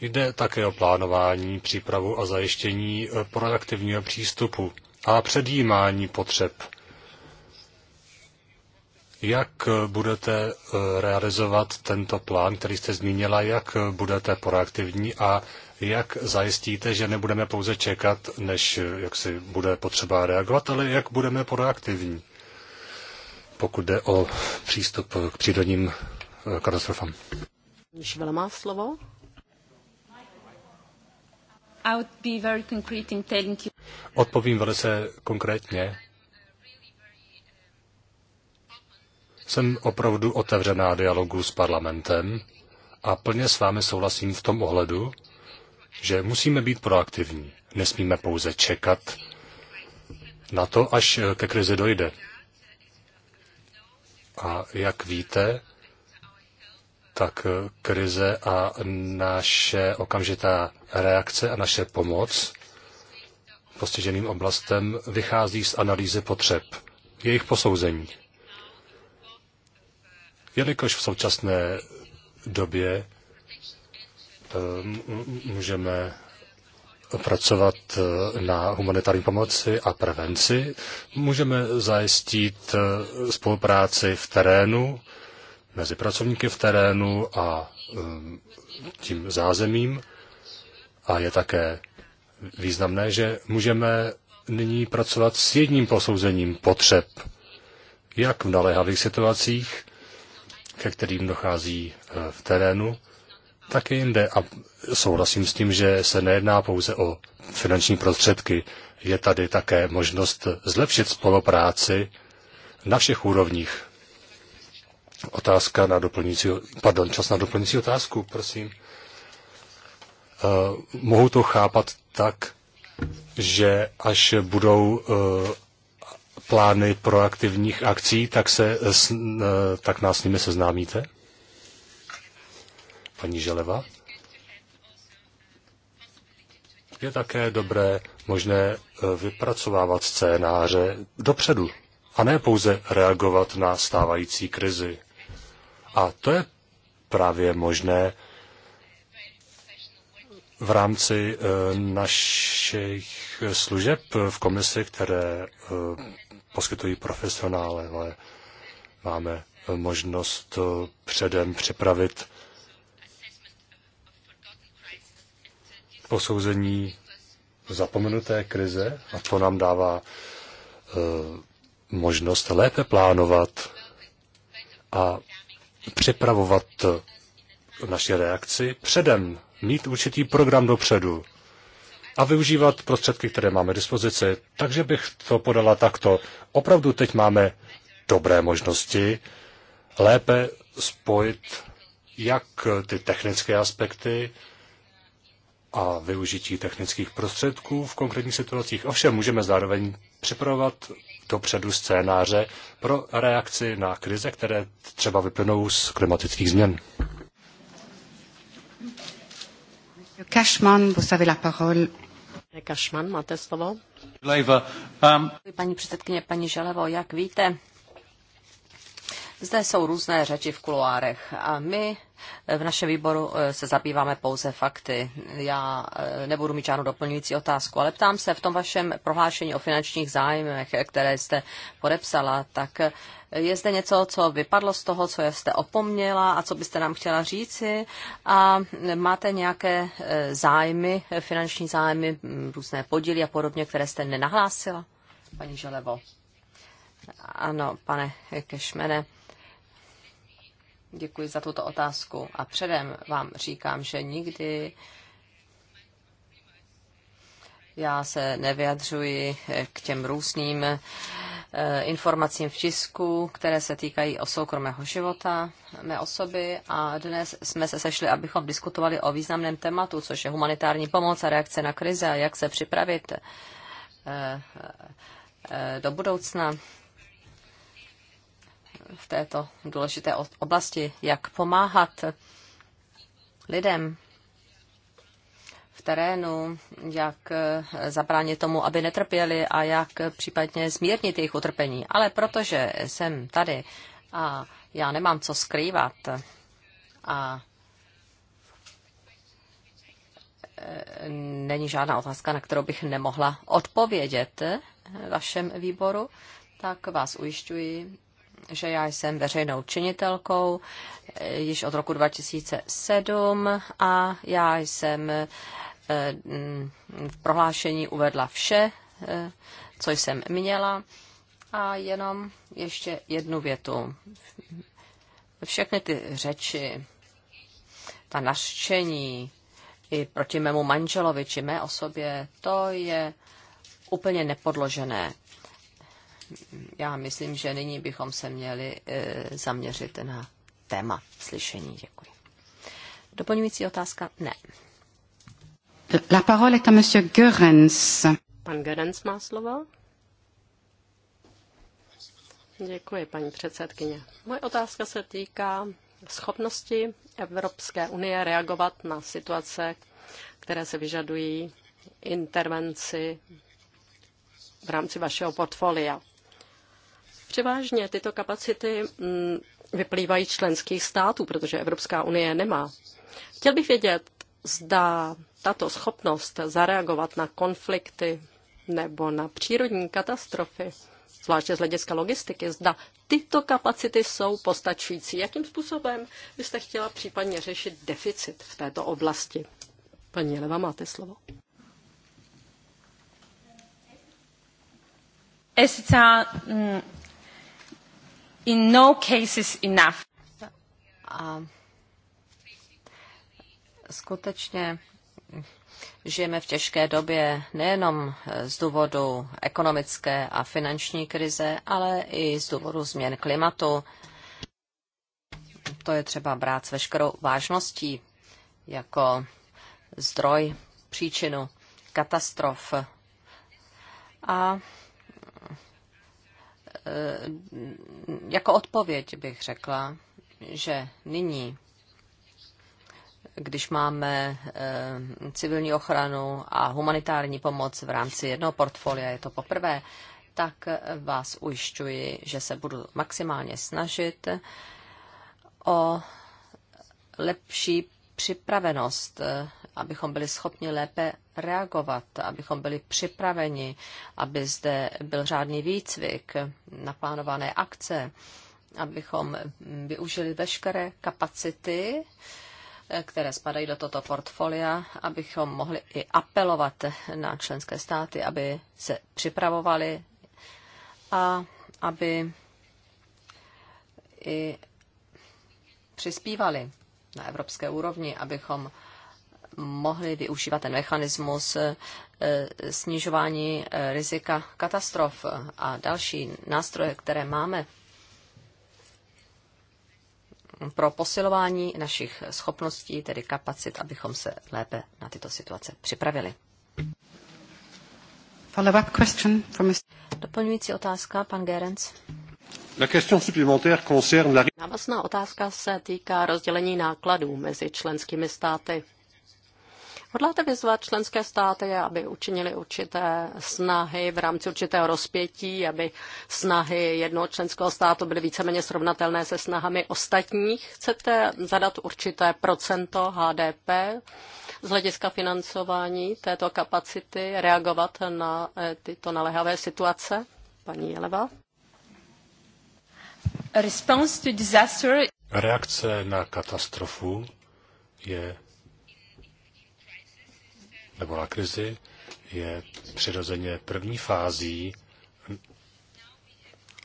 Jde také o plánování, přípravu a zajištění eh, proaktivního přístupu a předjímání potřeb. Jak eh, budete realizovat tento plán, který jste zmínila, jak budete proaktivní a jak zajistíte, že nebudeme pouze čekat, než jak si bude potřeba reagovat, ale jak budeme proaktivní? pokud jde o přístup k přírodním eh, katastrofám. Švela má slovo. Odpovím velice konkrétně. Jsem opravdu otevřená dialogu s parlamentem a plně s vámi souhlasím v tom ohledu, že musíme být proaktivní. Nesmíme pouze čekat na to, až ke krizi dojde. A jak víte, tak krize a naše okamžitá reakce a naše pomoc postiženým oblastem vychází z analýzy potřeb, jejich posouzení. Jelikož v současné době eh, můžeme pracovat eh, na humanitární pomoci a prevenci. Můžeme zajistit eh, spolupráci v terénu, mezi pracovníky v terénu a eh, tím zázemím. A je také významné, že můžeme nyní pracovat s jedním posouzením potřeb, jak v naléhavých situacích, ke kterým dochází v terénu, také jinde. A souhlasím s tím, že se nejedná pouze o finanční prostředky. Je tady také možnost zlepšit spolupráci na všech úrovních. Otázka na doplňující, pardon, čas na doplňující otázku, prosím. Uh, mohu to chápat tak, že až budou uh, plány proaktivních akcí, tak, se, uh, tak nás s nimi seznámíte? paní Želeva. Je také dobré možné e, vypracovávat scénáře dopředu a ne pouze reagovat na stávající krizi. A to je právě možné v rámci e, našich služeb v komisi, které e, poskytují profesionále, ale máme možnost předem připravit posouzení zapomenuté krize a to nám dává e, možnost lépe plánovat a připravovat naši reakci předem, mít určitý program dopředu a využívat prostředky, které máme k dispozici. Takže bych to podala takto. Opravdu teď máme dobré možnosti lépe spojit jak ty technické aspekty, a využití technických prostředků v konkrétních situacích. Ovšem můžeme zároveň připravovat dopředu scénáře pro reakci na krize, které třeba vyplynou z klimatických změn. Cashman, vous avez la parole. Cashman, máte slovo. Um, Paní předsedkyně, paní Želevo, jak víte, zde jsou různé řeči v kuloárech a my v našem výboru eh, se zabýváme pouze fakty. Já eh, nebudu mít žádnou doplňující otázku, ale ptám se v tom vašem prohlášení o finančních zájmech, které jste podepsala, tak eh, je zde něco, co vypadlo z toho, co jste opomněla a co byste nám chtěla říci? A máte nějaké zájmy, finanční zájmy, hm, různé podíly a podobně, které jste nenahlásila, paní Želevo? Ano, pane Kešmene, Děkuji za tuto otázku a předem vám říkám, že nikdy já se nevyjadřuji k těm různým eh, informacím v tisku, které se týkají o soukromého života mé osoby a dnes jsme se sešli, abychom diskutovali o významném tématu, což je humanitární pomoc a reakce na krize a jak se připravit eh, eh, do budoucna v této důležité oblasti, jak pomáhat lidem v terénu, jak eh, zabránit tomu, aby netrpěli a jak případně zmírnit jejich utrpení. Ale protože jsem tady a já nemám co skrývat a eh, není žádná otázka, na kterou bych nemohla odpovědět vašem výboru, tak vás ujišťuji, že já jsem veřejnou činitelkou eh, již od roku 2007 a já jsem eh, mm, v prohlášení uvedla vše, eh, co jsem měla. A jenom ještě jednu větu. Všechny ty řeči, ta naštění i proti mému manželovi či mé osobě, to je úplně nepodložené já myslím, že nyní bychom se měli e, zaměřit na téma slyšení. Děkuji. Doplňující otázka? Ne. La parole est à monsieur Görens. Pan Görens má slovo. Děkuji, paní předsedkyně. Moje otázka se týká schopnosti Evropské unie reagovat na situace, které se vyžadují intervenci v rámci vašeho portfolia. Převážně tyto kapacity mm, vyplývají členských států, protože Evropská unie nemá. Chtěl bych vědět, zda tato schopnost zareagovat na konflikty nebo na přírodní katastrofy, zvláště z hlediska logistiky, zda tyto kapacity jsou postačující. Jakým způsobem byste chtěla případně řešit deficit v této oblasti? Paní Leva, máte slovo. Esica, in no cases enough. A skutečně žijeme v těžké době nejenom z důvodu ekonomické a finanční krize, ale i z důvodu změn klimatu. To je třeba brát s veškerou vážností jako zdroj, příčinu katastrof. A Eh, jako odpověď bych řekla, že nyní, když máme eh, civilní ochranu a humanitární pomoc v rámci jednoho portfolia, je to poprvé, tak vás ujišťuji, že se budu maximálně snažit o lepší připravenost eh, abychom byli schopni lépe reagovat, abychom byli připraveni, aby zde byl řádný výcvik, naplánované akce, abychom využili veškeré kapacity, které spadají do toto portfolia, abychom mohli i apelovat na členské státy, aby se připravovali a aby i přispívali na evropské úrovni, abychom mohli využívat ten mechanismus eh, eh, snižování eh, rizika katastrof a další nástroje, které máme pro posilování našich schopností, tedy kapacit, abychom se lépe na tyto situace připravili. Doplňující otázka, pan Gerenc. La question supplémentaire concerne la... Návazná otázka se týká rozdělení nákladů mezi členskými státy. Hodláte vyzvat členské státy, aby učinili určité snahy v rámci určitého rozpětí, aby snahy jednoho členského státu byly víceméně srovnatelné se snahami ostatních? Chcete zadat určité procento HDP z hlediska financování této kapacity, reagovat na eh, tyto naléhavé situace? Paní Jeleva? Response to disaster. Reakce na katastrofu je nebo na krizi je přirozeně první fází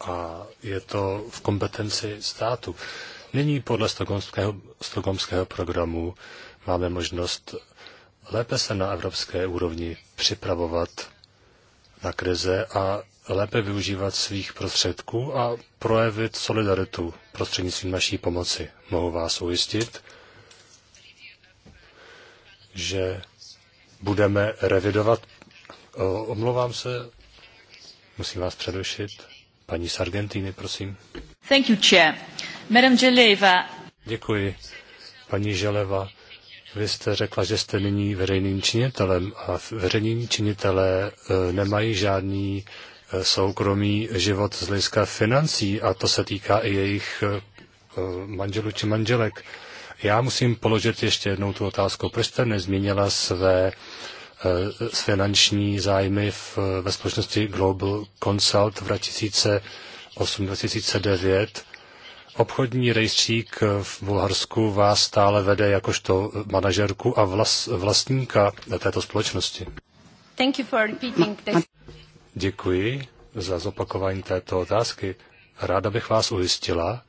a je to v kompetenci státu. Nyní podle stokomského, stokomského programu máme možnost lépe se na evropské úrovni připravovat na krize a lépe využívat svých prostředků a projevit solidaritu prostřednictvím naší pomoci. Mohu vás ujistit, že budeme revidovat. O, Omlouvám se, musím vás předušit. Paní z Argentíny, prosím. Thank you, chair. Madam Geleva. Děkuji. Paní Želeva, vy jste řekla, že jste nyní veřejným činitelem a veřejní činitelé e, nemají žádný e, soukromý život z hlediska financí a to se týká i jejich e, e manželů či manželek. Já musím položit ještě jednou tu otázku. Proč jste nezměnila své eh, s finanční zájmy v, ve společnosti Global Consult v 2008-2009. Obchodní rejstřík eh, v Bulharsku vás stále vede jakožto eh, manažerku a vlas, vlastníka této společnosti. Thank you for this. Děkuji za zopakování této otázky. Ráda bych vás ujistila,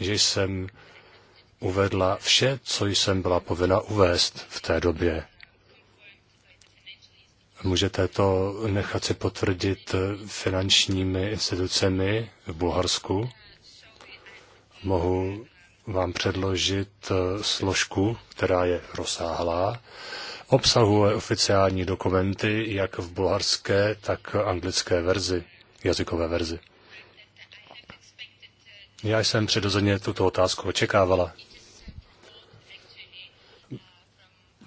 že jsem uvedla vše, co jsem byla povinna uvést v té době. Můžete to nechat si potvrdit finančními institucemi v Bulharsku. Mohu vám předložit eh, složku, která je rozsáhlá. Obsahuje oficiální dokumenty jak v bulharské, tak anglické verzi, jazykové verzi. Já jsem přirozeně tuto otázku očekávala.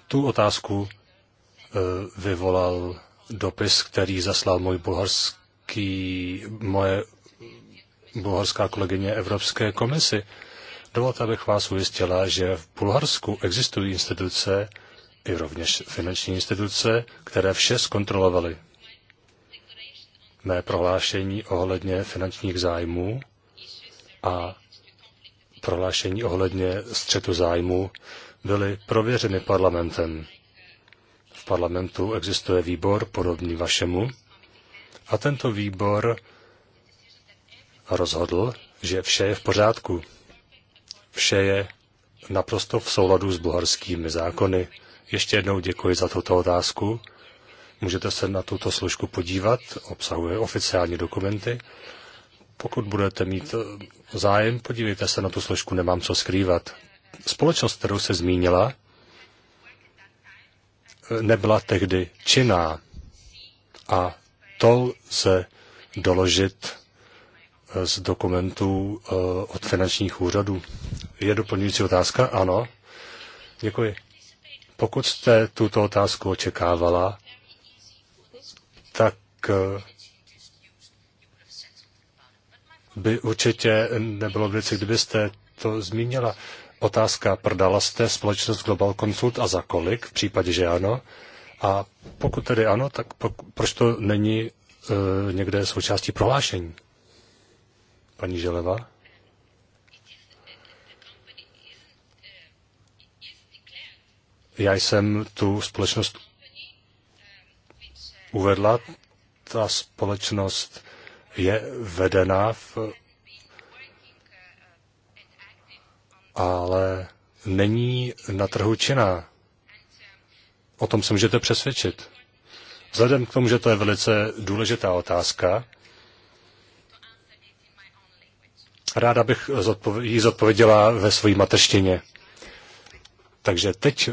tu otázku eh, vyvolal dopis, který zaslal můj bulharský, moje bulharská kolegyně Evropské komisi. Dovolte, abych vás ujistila, že v Bulharsku existují instituce, i rovněž finanční instituce, které vše zkontrolovaly. Mé prohlášení ohledně finančních zájmů a prohlášení ohledně střetu zájmů byly prověřeny parlamentem. V parlamentu existuje výbor podobný vašemu a tento výbor rozhodl, že vše je v pořádku. Vše je naprosto v souladu s bulharskými zákony. Ještě jednou děkuji za tuto otázku. Můžete se na tuto služku podívat, obsahuje oficiální dokumenty. Pokud budete mít zájem, podívejte se na tu složku, nemám co skrývat společnost, kterou se zmínila, nebyla tehdy činná. A to se doložit eh, z dokumentů eh, od finančních úřadů. Je doplňující otázka? Ano. Děkuji. Pokud jste tuto otázku očekávala, tak eh, by určitě nebylo věci, kdybyste to zmínila. Otázka, prodala jste společnost Global Consult a za kolik, v případě, že ano. A pokud tedy ano, tak proč to není e, někde součástí prohlášení? Paní Želeva? Já jsem tu společnost uvedla. Ta společnost je vedená v ale není na trhu činná. O tom se můžete přesvědčit. Vzhledem k tomu, že to je velice důležitá otázka, ráda bych ji zodpověděla ve své mateřštině. Takže teď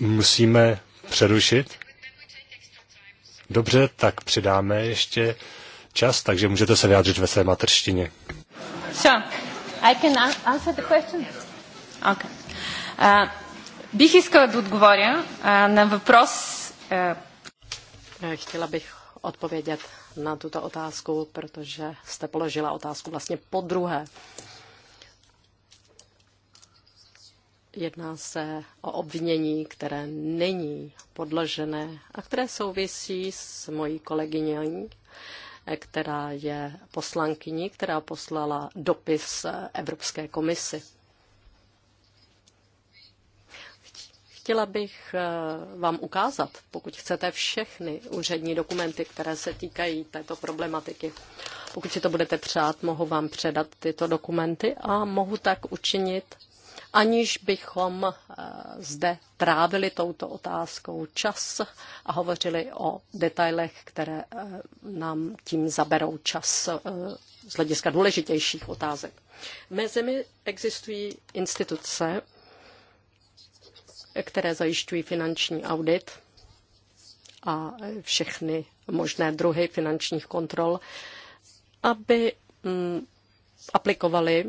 musíme přerušit. Dobře, tak přidáme ještě čas, takže můžete se vyjádřit ve své mateřštině. So. I can answer the question? Okay. bych uh, chtěla да отговоря uh, на въпрос. Chtěla bych odpovědět na tuto otázku, protože jste položila otázku vlastně po druhé. Jedná se o obvinění, které není podložené a které souvisí s mojí kolegyní která je poslankyní, která poslala dopis Evropské komisi. Chtěla bych eh, vám ukázat, pokud chcete, všechny úřední dokumenty, které se týkají této problematiky. Pokud si to budete přát, mohu vám předat tyto dokumenty a mohu tak učinit aniž bychom eh, zde trávili touto otázkou čas a hovořili o detailech, které eh, nám tím zaberou čas eh, z hlediska důležitějších otázek. V mé zemi existují instituce, které zajišťují finanční audit a všechny možné druhy finančních kontrol, aby mm, aplikovali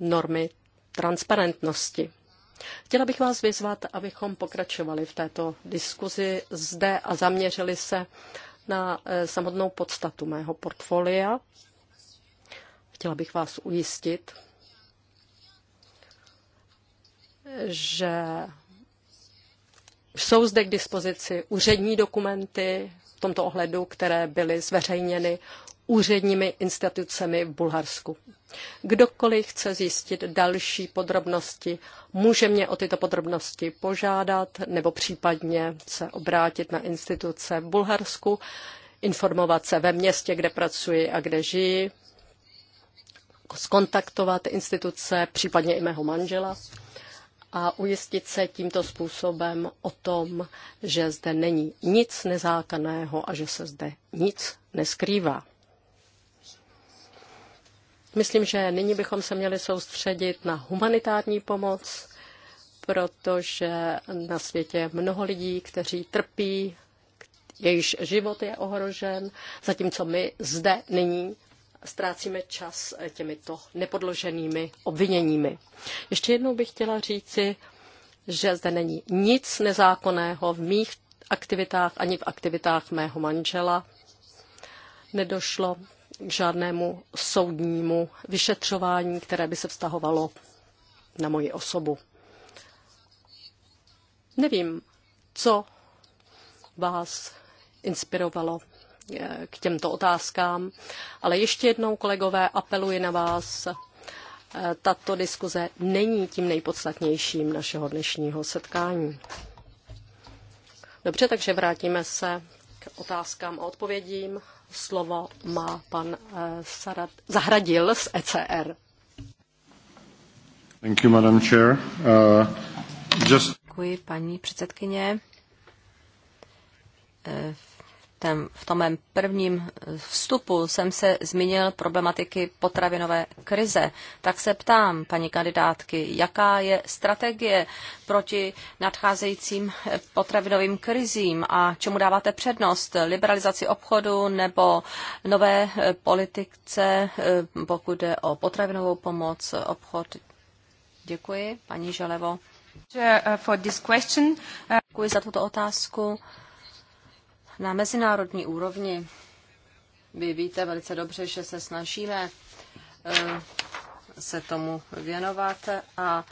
normy transparentnosti. Chtěla bych vás vyzvat, abychom pokračovali v této diskuzi zde a zaměřili se na eh, samotnou podstatu mého portfolia. Chtěla bych vás ujistit, že jsou zde k dispozici úřední dokumenty v tomto ohledu, které byly zveřejněny úředními institucemi v Bulharsku. Kdokoliv chce zjistit další podrobnosti, může mě o tyto podrobnosti požádat nebo případně se obrátit na instituce v Bulharsku, informovat se ve městě, kde pracuji a kde žiji, skontaktovat instituce, případně i mého manžela a ujistit se tímto způsobem o tom, že zde není nic nezákonného a že se zde nic neskrývá. Myslím, že nyní bychom se měli soustředit na humanitární pomoc, protože na světě je mnoho lidí, kteří trpí, jejichž život je ohrožen, zatímco my zde nyní ztrácíme čas těmito nepodloženými obviněními. Ještě jednou bych chtěla říci, že zde není nic nezákonného v mých aktivitách ani v aktivitách mého manžela. Nedošlo k žádnému soudnímu vyšetřování, které by se vztahovalo na moji osobu. Nevím, co vás inspirovalo eh, k těmto otázkám, ale ještě jednou, kolegové, apeluji na vás. Eh, tato diskuze není tím nejpodstatnějším našeho dnešního setkání. Dobře, takže vrátíme se k otázkám a odpovědím slovo má pan eh, Sarad, Zahradil z ECR. Thank you, Madam Chair. Uh, just... Děkuji, paní předsedkyně. Uh, ten, v tom mém prvním vstupu jsem se zmínil problematiky potravinové krize. Tak se ptám, paní kandidátky, jaká je strategie proti nadcházejícím potravinovým krizím a čemu dáváte přednost? Liberalizaci obchodu nebo nové politice, pokud jde o potravinovou pomoc, obchod? Děkuji, paní Želevo. Uh, uh, Děkuji za tuto otázku. Na mezinárodní úrovni vy víte velice dobře, že se snažíme eh, se tomu věnovat a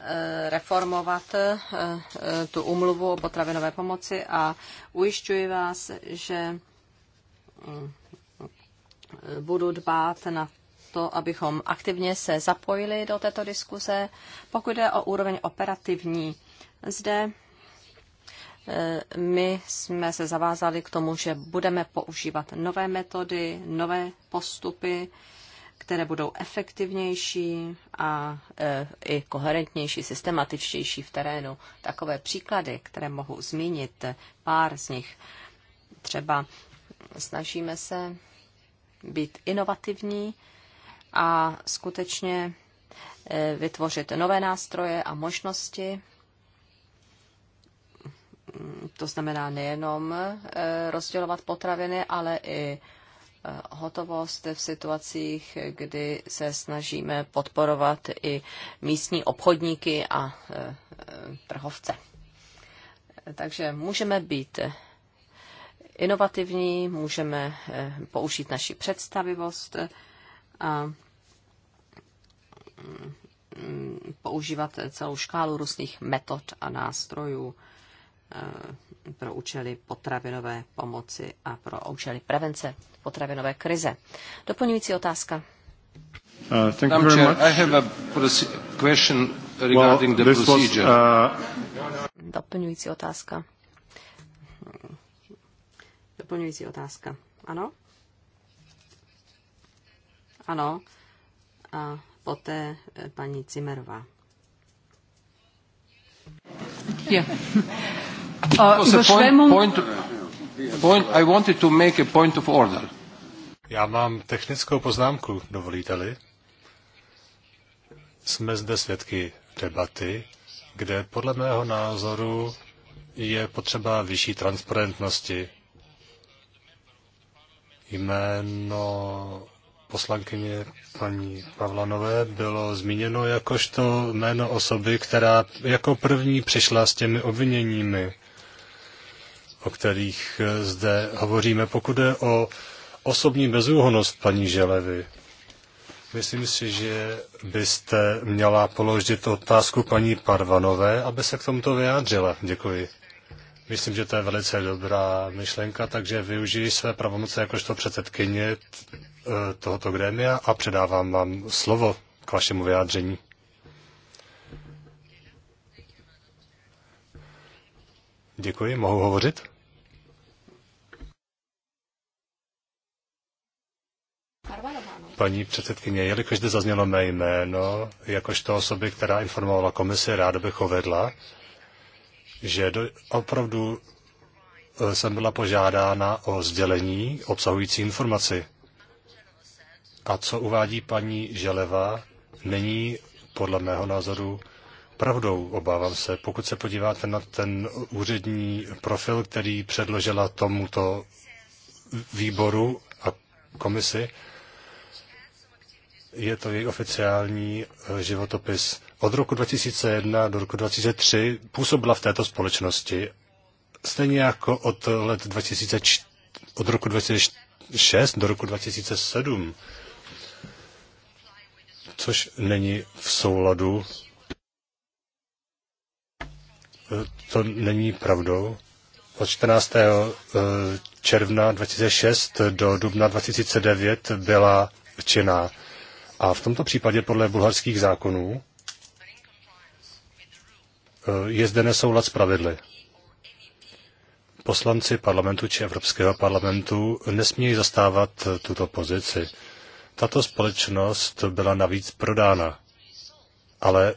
eh, reformovat eh, tu umluvu o potravinové pomoci a ujišťuji vás, že mm, budu dbát na to, abychom aktivně se zapojili do této diskuze. Pokud jde o úroveň operativní, zde my jsme se zavázali k tomu, že budeme používat nové metody, nové postupy, které budou efektivnější a e, i koherentnější, systematičtější v terénu. Takové příklady, které mohu zmínit, pár z nich. Třeba snažíme se být inovativní a skutečně e, vytvořit nové nástroje a možnosti to znamená nejenom eh, rozdělovat potraviny, ale i eh, hotovost v situacích, kdy se snažíme podporovat i místní obchodníky a eh, trhovce. Takže můžeme být inovativní, můžeme použít naši představivost a mm, mm, používat celou škálu různých metod a nástrojů Eh, pro účely potravinové pomoci a pro účely prevence potravinové krize. Doplňující otázka. Uh, thank you very much. I have a question regarding the procedure. Uh, Doplňující otázka. Doplňující otázka. Ano? Ano. A poté eh, paní Cimerová. Yeah. Uh, Já mám technickou poznámku, dovolíte-li. Jsme zde svědky debaty, kde podle mého názoru je potřeba vyšší transparentnosti. Jméno poslankyně paní Pavlanové bylo zmíněno jakožto jméno osoby, která jako první přišla s těmi obviněními o kterých eh, zde hovoříme. Pokud je o osobní bezúhonost paní Želevy, myslím si, že byste měla položit otázku paní Parvanové, aby se k tomuto vyjádřila. Děkuji. Myslím, že to je velice dobrá myšlenka, takže využiji své pravomoce jakožto předsedkyně eh, tohoto grémia a předávám vám slovo k vašemu vyjádření. Děkuji, mohu hovořit? Paní předsedkyně, jelikož zde zaznělo mé jméno, jakožto osoby, která informovala komisi, rád bych uvedla, že do, opravdu eh, jsem byla požádána o sdělení obsahující informaci. A co uvádí paní Želeva, není podle mého názoru pravdou, obávám se. Pokud se podíváte na ten úřední profil, který předložila tomuto výboru a komisi, je to její oficiální eh, životopis. Od roku 2001 do roku 2003 působila v této společnosti, stejně jako od, let 2004, od roku 2006 do roku 2007, což není v souladu. Eh, to není pravdou. Od 14. Eh, června 2006 do dubna 2009 byla činná. A v tomto případě podle bulharských zákonů eh, je zde nesoulad s pravidly. Poslanci parlamentu či Evropského parlamentu nesmějí zastávat tuto pozici. Tato společnost byla navíc prodána, ale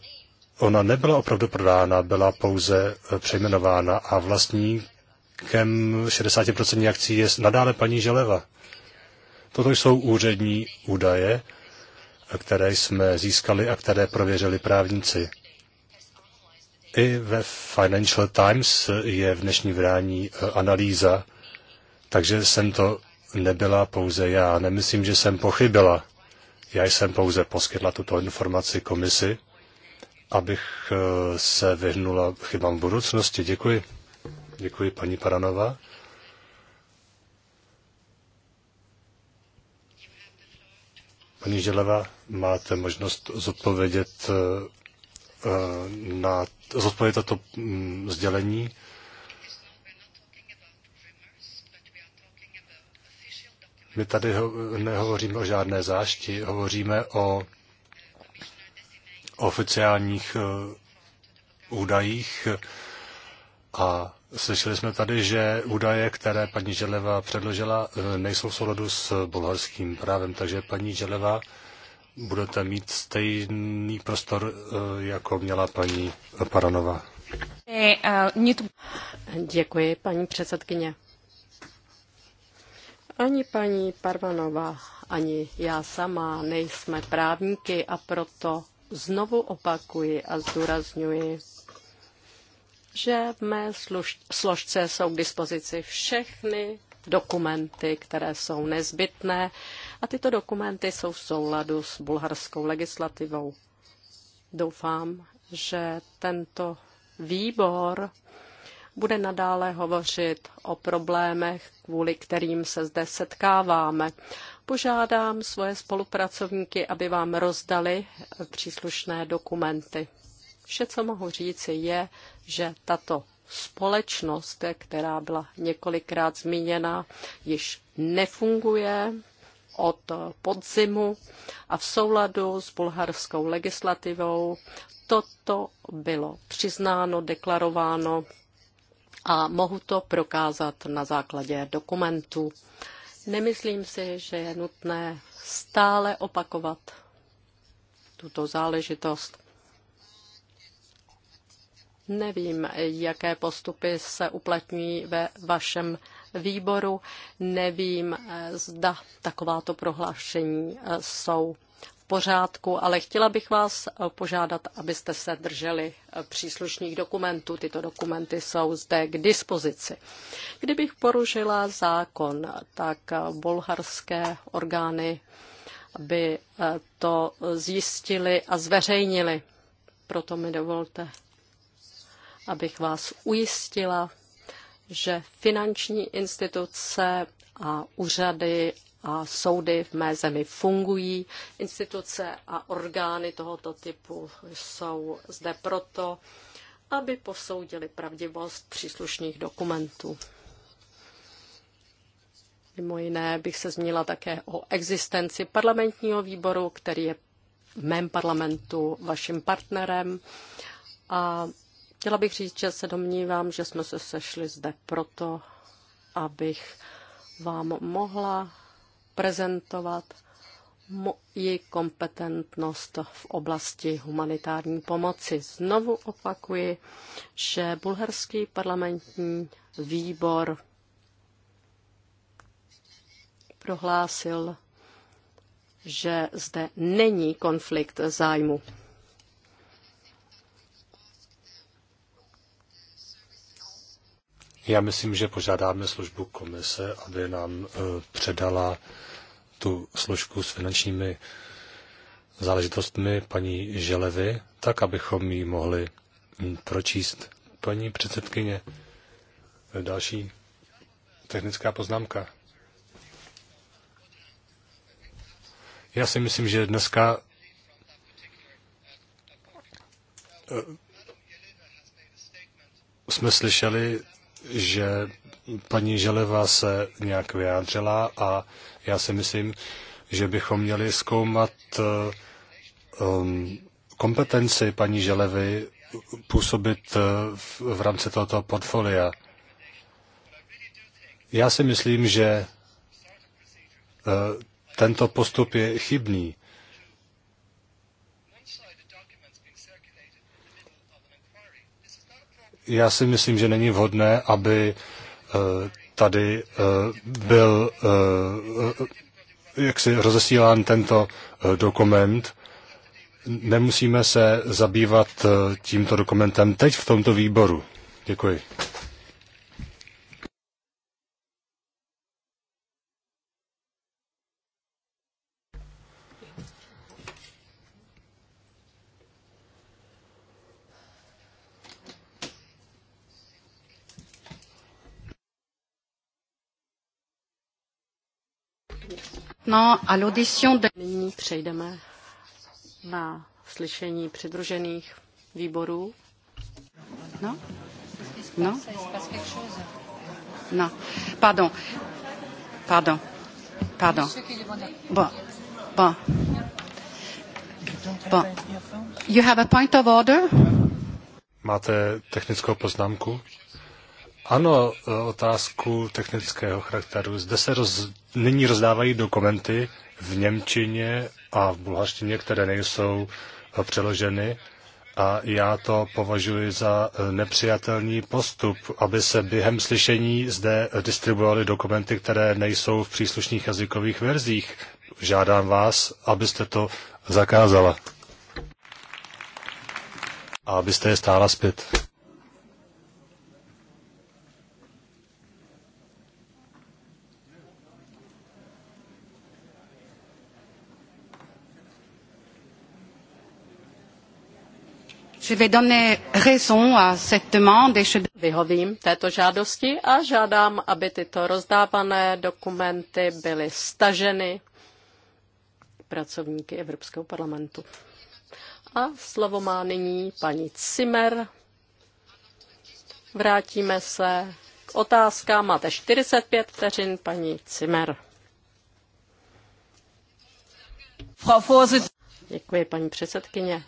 ona nebyla opravdu prodána, byla pouze eh, přejmenována a vlastníkem 60% akcí je nadále paní Želeva. Toto jsou úřední údaje které jsme získali a které prověřili právníci. I ve Financial Times je v dnešní vrání e, analýza, takže jsem to nebyla pouze já. Nemyslím, že jsem pochybila. Já jsem pouze poskytla tuto informaci komisi, abych e, se vyhnula chybám v budoucnosti. Děkuji. Děkuji, paní Paranova. Paní Želeva, máte možnost zodpovědět eh, na, zodpovědět to mm, sdělení. My tady nehovoříme o žádné zášti, hovoříme o oficiálních eh, údajích a Slyšeli jsme tady, že údaje, které paní Želeva předložila, eh, nejsou v souladu s bulharským právem, takže paní Želeva budete mít stejný prostor, eh, jako měla paní Paranova. Děkuji, paní předsedkyně. Ani paní Parvanová, ani já sama nejsme právníky a proto znovu opakuji a zdůrazňuji že v mé složce jsou k dispozici všechny dokumenty, které jsou nezbytné a tyto dokumenty jsou v souladu s bulharskou legislativou. Doufám, že tento výbor bude nadále hovořit o problémech, kvůli kterým se zde setkáváme. Požádám svoje spolupracovníky, aby vám rozdali příslušné dokumenty. Vše, co mohu říci, je, že tato společnost, která byla několikrát zmíněna, již nefunguje od podzimu a v souladu s bulharskou legislativou toto bylo přiznáno, deklarováno a mohu to prokázat na základě dokumentů. Nemyslím si, že je nutné stále opakovat tuto záležitost. Nevím, jaké postupy se uplatňují ve vašem výboru. Nevím, eh, zda takováto prohlášení eh, jsou v pořádku, ale chtěla bych vás eh, požádat, abyste se drželi příslušných dokumentů. Tyto dokumenty jsou zde k dispozici. Kdybych porušila zákon, tak bulharské orgány by to zjistili a zveřejnili. Proto mi dovolte abych vás ujistila, že finanční instituce a úřady a soudy v mé zemi fungují. Instituce a orgány tohoto typu jsou zde proto, aby posoudili pravdivost příslušných dokumentů. Mimo jiné bych se zmínila také o existenci parlamentního výboru, který je v mém parlamentu vaším partnerem. A Chtěla bych říct, že se domnívám, že jsme se sešli zde proto, abych vám mohla prezentovat moji kompetentnost v oblasti humanitární pomoci. Znovu opakuji, že bulharský parlamentní výbor prohlásil, že zde není konflikt zájmu. Já myslím, že požádáme službu komise, aby nám e, předala tu složku s finančními záležitostmi paní Želevy, tak abychom ji mohli pročíst. Paní předsedkyně, další technická poznámka. Já si myslím, že dneska e, jsme slyšeli že paní Želeva se nějak vyjádřila a já si myslím, že bychom měli zkoumat um, kompetenci paní Želevy působit uh, v, v rámci tohoto portfolia. Já si myslím, že uh, tento postup je chybný. já si myslím, že není vhodné, aby eh, tady eh, byl eh, jaksi rozesílán tento dokument. Nemusíme se zabývat tímto dokumentem teď v tomto výboru. Děkuji. Nyní přejdeme na slyšení přidružených výborů. No? No? No. Pardon. Pardon. Pardon. Bon. Bon. Bon. You have a point of order? Máte technickou poznámku? Ano, e, otázku technického charakteru. Zde se roz, nyní rozdávají dokumenty v Němčině a v bulharštině, které nejsou e, přeloženy. A já to považuji za e, nepřijatelný postup, aby se během slyšení zde distribuovaly dokumenty, které nejsou v příslušných jazykových verzích. Žádám vás, abyste to zakázala. A abyste je stála zpět. je... raison à cette demande et Vyhovím této žádosti a žádám, aby tyto rozdávané dokumenty byly staženy pracovníky Evropského parlamentu. A slovo má nyní paní Cimer. Vrátíme se k otázkám. Máte 45 vteřin, paní Cimer. Děkuji, paní předsedkyně.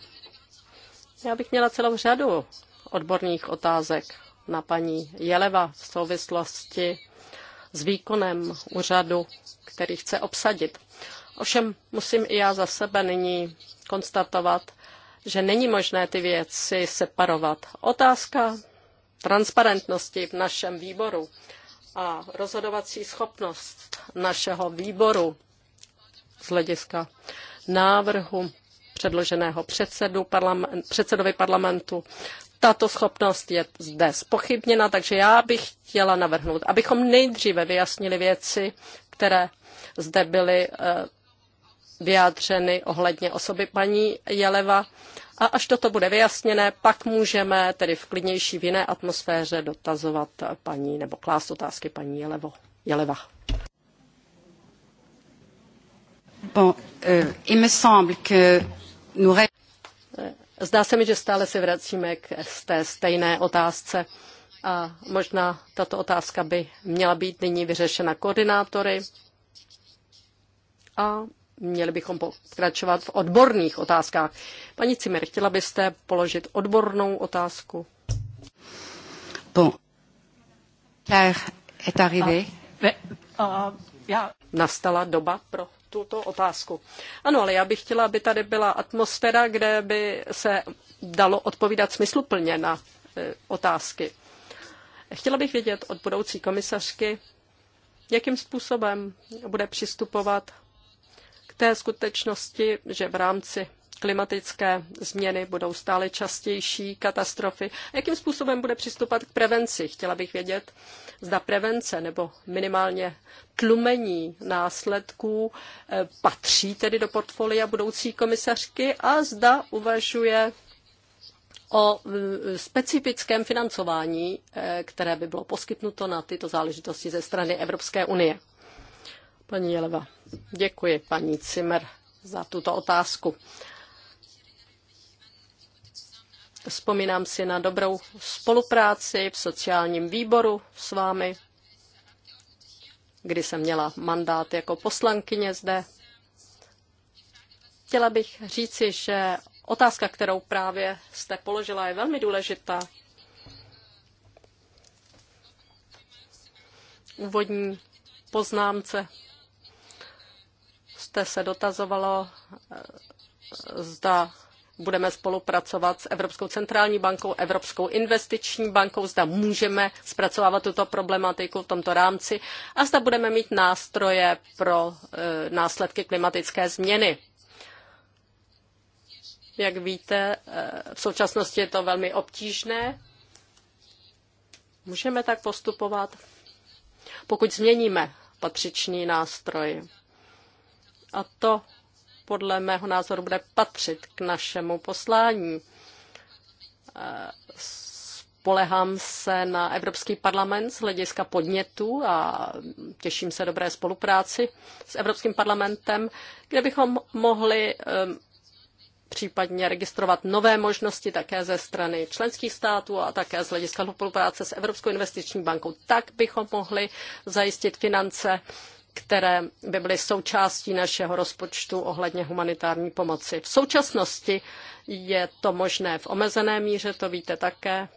Já bych měla celou řadu odborných otázek na paní Jeleva v souvislosti s výkonem úřadu, který chce obsadit. Ovšem musím i já za sebe nyní konstatovat, že není možné ty věci separovat. Otázka transparentnosti v našem výboru a rozhodovací schopnost našeho výboru z hlediska návrhu předloženého předsedu parlament, předsedovi parlamentu. Tato schopnost je zde spochybněna, takže já bych chtěla navrhnout, abychom nejdříve vyjasnili věci, které zde byly eh, vyjádřeny ohledně osoby paní Jeleva. A až toto bude vyjasněné, pak můžeme tedy v klidnější v jiné atmosféře dotazovat paní nebo klást otázky paní Jelevo. Jeleva. Bon, euh, il me semble que Zdá se mi, že stále se vracíme k té stejné otázce a možná tato otázka by měla být nyní vyřešena koordinátory a měli bychom pokračovat v odborných otázkách. Paní Cimer, chtěla byste položit odbornou otázku? Bon. Claire est Já. Nastala doba pro tuto otázku. Ano, ale já bych chtěla, aby tady byla atmosféra, kde by se dalo odpovídat smysluplně na e, otázky. Chtěla bych vědět od budoucí komisařky, jakým způsobem bude přistupovat k té skutečnosti, že v rámci klimatické změny budou stále častější, katastrofy. Jakým způsobem bude přistupovat k prevenci? Chtěla bych vědět, zda prevence nebo minimálně tlumení následků eh, patří tedy do portfolia budoucí komisařky a zda uvažuje o eh, specifickém financování, eh, které by bylo poskytnuto na tyto záležitosti ze strany Evropské unie. Paní Jeleva, děkuji paní Cimer za tuto otázku. Vzpomínám si na dobrou spolupráci v sociálním výboru s vámi, kdy jsem měla mandát jako poslankyně zde. Chtěla bych říci, že otázka, kterou právě jste položila, je velmi důležitá. Úvodní poznámce jste se dotazovalo, eh, zda budeme spolupracovat s Evropskou centrální bankou, Evropskou investiční bankou, zda můžeme zpracovávat tuto problematiku v tomto rámci a zda budeme mít nástroje pro eh, následky klimatické změny. Jak víte, eh, v současnosti je to velmi obtížné. Můžeme tak postupovat, pokud změníme patřičný nástroj. A to podle mého názoru bude patřit k našemu poslání. Spolehám se na Evropský parlament z hlediska podnětu a těším se dobré spolupráci s Evropským parlamentem, kde bychom mohli případně registrovat nové možnosti také ze strany členských států a také z hlediska spolupráce s Evropskou investiční bankou. Tak bychom mohli zajistit finance které by byly součástí našeho rozpočtu ohledně humanitární pomoci. V současnosti je to možné v omezené míře, to víte také,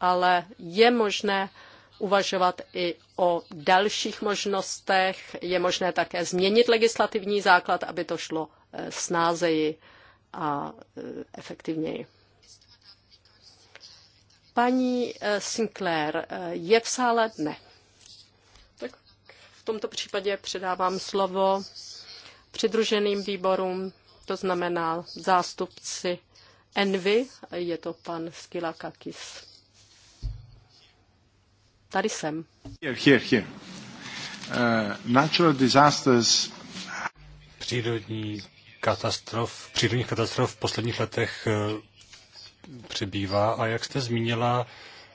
ale je možné uvažovat i o dalších možnostech. Je možné také změnit legislativní základ, aby to šlo eh, snázeji a eh, efektivněji. Paní eh, Sinclair je v sále? Ne. V tomto případě předávám slovo přidruženým výborům, to znamená zástupci Envy, je to pan Skilakakis. Tady jsem. Here, here, here. Uh, natural disasters. Přírodní katastrof, přírodních katastrof v posledních letech uh, přibývá a jak jste zmínila,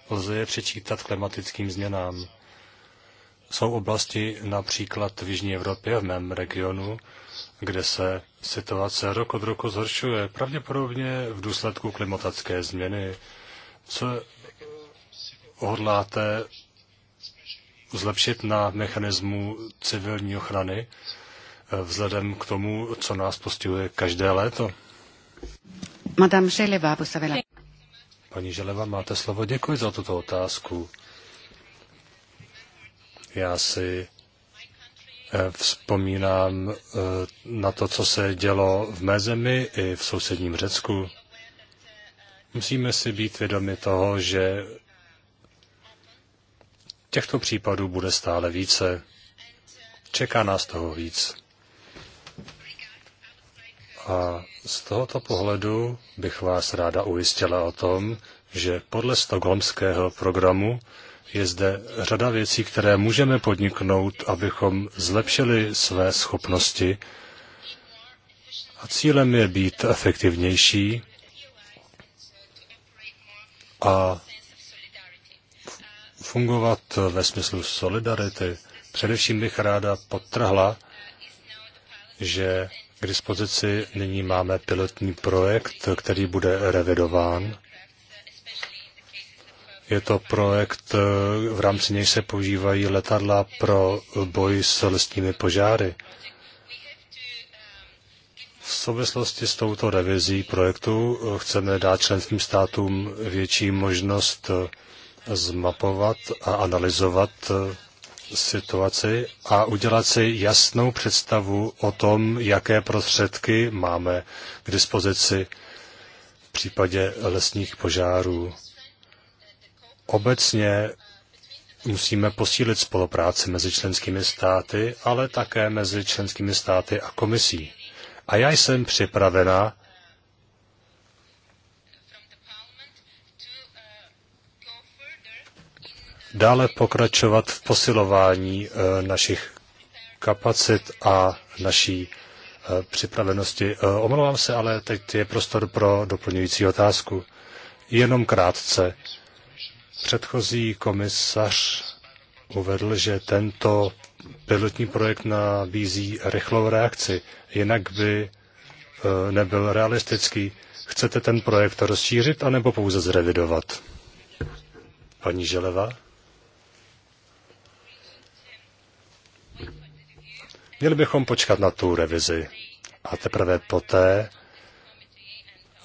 lze je přečítat klimatickým změnám jsou oblasti například v Jižní Evropě, v mém regionu, kde se situace rok od roku zhoršuje, pravděpodobně v důsledku klimatické změny. Co hodláte zlepšit na mechanismu civilní ochrany vzhledem k tomu, co nás postihuje každé léto? Madame Želeva, Paní Želeva, máte slovo. Děkuji za tuto otázku. Já si eh, vzpomínám eh, na to, co se dělo v mé zemi i v sousedním Řecku. Musíme si být vědomi toho, že těchto případů bude stále více. Čeká nás toho víc. A z tohoto pohledu bych vás ráda ujistila o tom, že podle stokholmského programu je zde řada věcí, které můžeme podniknout, abychom zlepšili své schopnosti. A cílem je být efektivnější a fungovat ve smyslu solidarity. Především bych ráda podtrhla, že k dispozici nyní máme pilotní projekt, který bude revidován je to projekt, eh, v rámci něj se používají letadla pro boj s lesními požáry. V souvislosti s touto revizí projektu eh, chceme dát členským státům větší možnost eh, zmapovat a analyzovat situaci a udělat si jasnou představu o tom, jaké prostředky máme k dispozici v případě lesních požárů. Obecně musíme posílit spolupráci mezi členskými státy, ale také mezi členskými státy a komisí. A já jsem připravena dále pokračovat v posilování eh, našich kapacit a naší eh, připravenosti. Eh, omlouvám se, ale teď je prostor pro doplňující otázku. Jenom krátce. Předchozí komisař uvedl, že tento pilotní projekt nabízí rychlou reakci, jinak by e, nebyl realistický. Chcete ten projekt rozšířit anebo pouze zrevidovat? Paní Želeva? Měli bychom počkat na tu revizi a teprve poté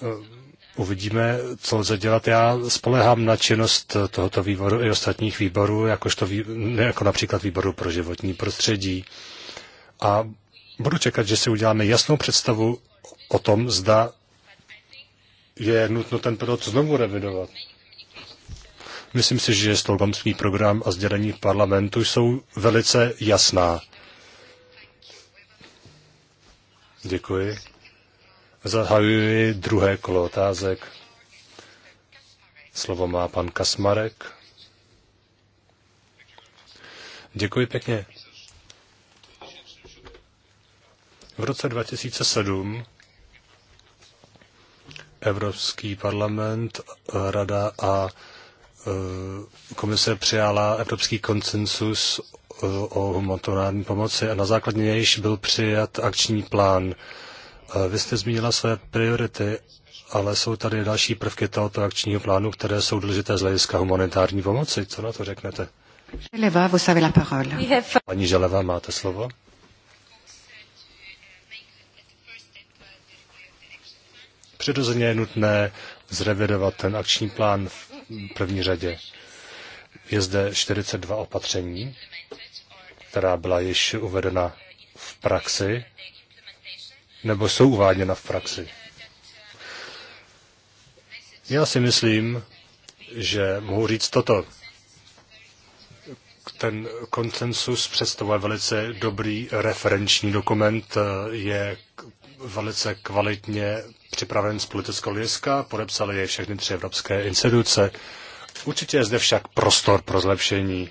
e, uvidíme, co lze dělat. Já spolehám na činnost tohoto výboru i ostatních výborů, jakožto, jako například výboru pro životní prostředí. A budu čekat, že si uděláme jasnou představu o tom, zda je nutno ten pilot znovu revidovat. Myslím si, že stolgamský program a sdělení v parlamentu jsou velice jasná. Děkuji. Zahajuji druhé kolo otázek. Slovo má pan Kasmarek. Děkuji pěkně. V roce 2007 Evropský parlament, Rada a e, komise přijala Evropský konsensus e, o humanitární pomoci a na základě nějž byl přijat akční plán. Vy jste zmínila své priority, ale jsou tady další prvky tohoto akčního plánu, které jsou důležité z hlediska humanitární pomoci. Co na to řeknete? Pani Želeva, máte slovo. Přirozeně je nutné zrevidovat ten akční plán v první řadě. Je zde 42 opatření, která byla již uvedena v praxi nebo jsou uváděna v praxi. Já si myslím, že mohu říct toto. Ten koncensus představuje velice dobrý referenční dokument, eh, je velice kvalitně připraven z politického hlediska, podepsali je všechny tři evropské instituce. Určitě je zde však prostor pro zlepšení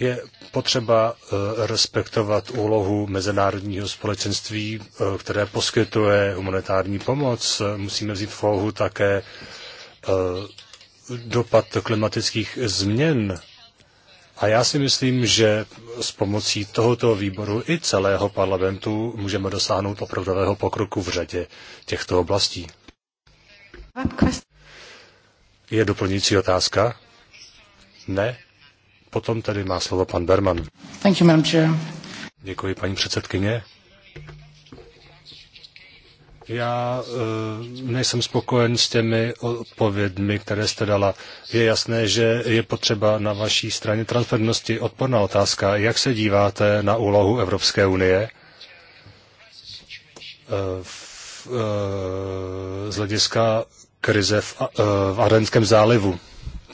je potřeba eh, respektovat úlohu mezinárodního společenství, eh, které poskytuje humanitární pomoc. Musíme vzít v úlohu také eh, dopad klimatických změn. A já si myslím, že s pomocí tohoto výboru i celého parlamentu můžeme dosáhnout opravdového pokroku v řadě těchto oblastí. Je doplňující otázka? Ne? Potom tedy má slovo pan Berman. Thank you, Děkuji, paní předsedkyně. Já e, nejsem spokojen s těmi odpovědmi, které jste dala. Je jasné, že je potřeba na vaší straně transfernosti odporná otázka. Jak se díváte na úlohu Evropské unie eh, v, e, z hlediska krize v, e, v Arenském zálivu?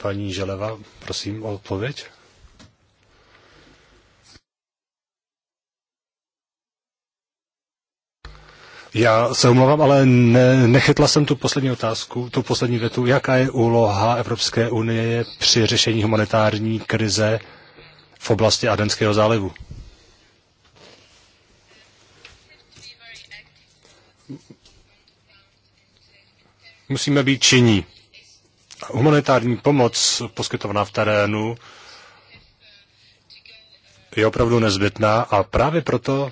Paní Želeva, prosím o odpověď. Já se omlouvám, ale ne, nechytla jsem tu poslední otázku, tu poslední větu. Jaká je úloha Evropské unie při řešení humanitární krize v oblasti Adenského zálivu? Musíme být činní. Humanitární pomoc poskytovaná v terénu je opravdu nezbytná a právě proto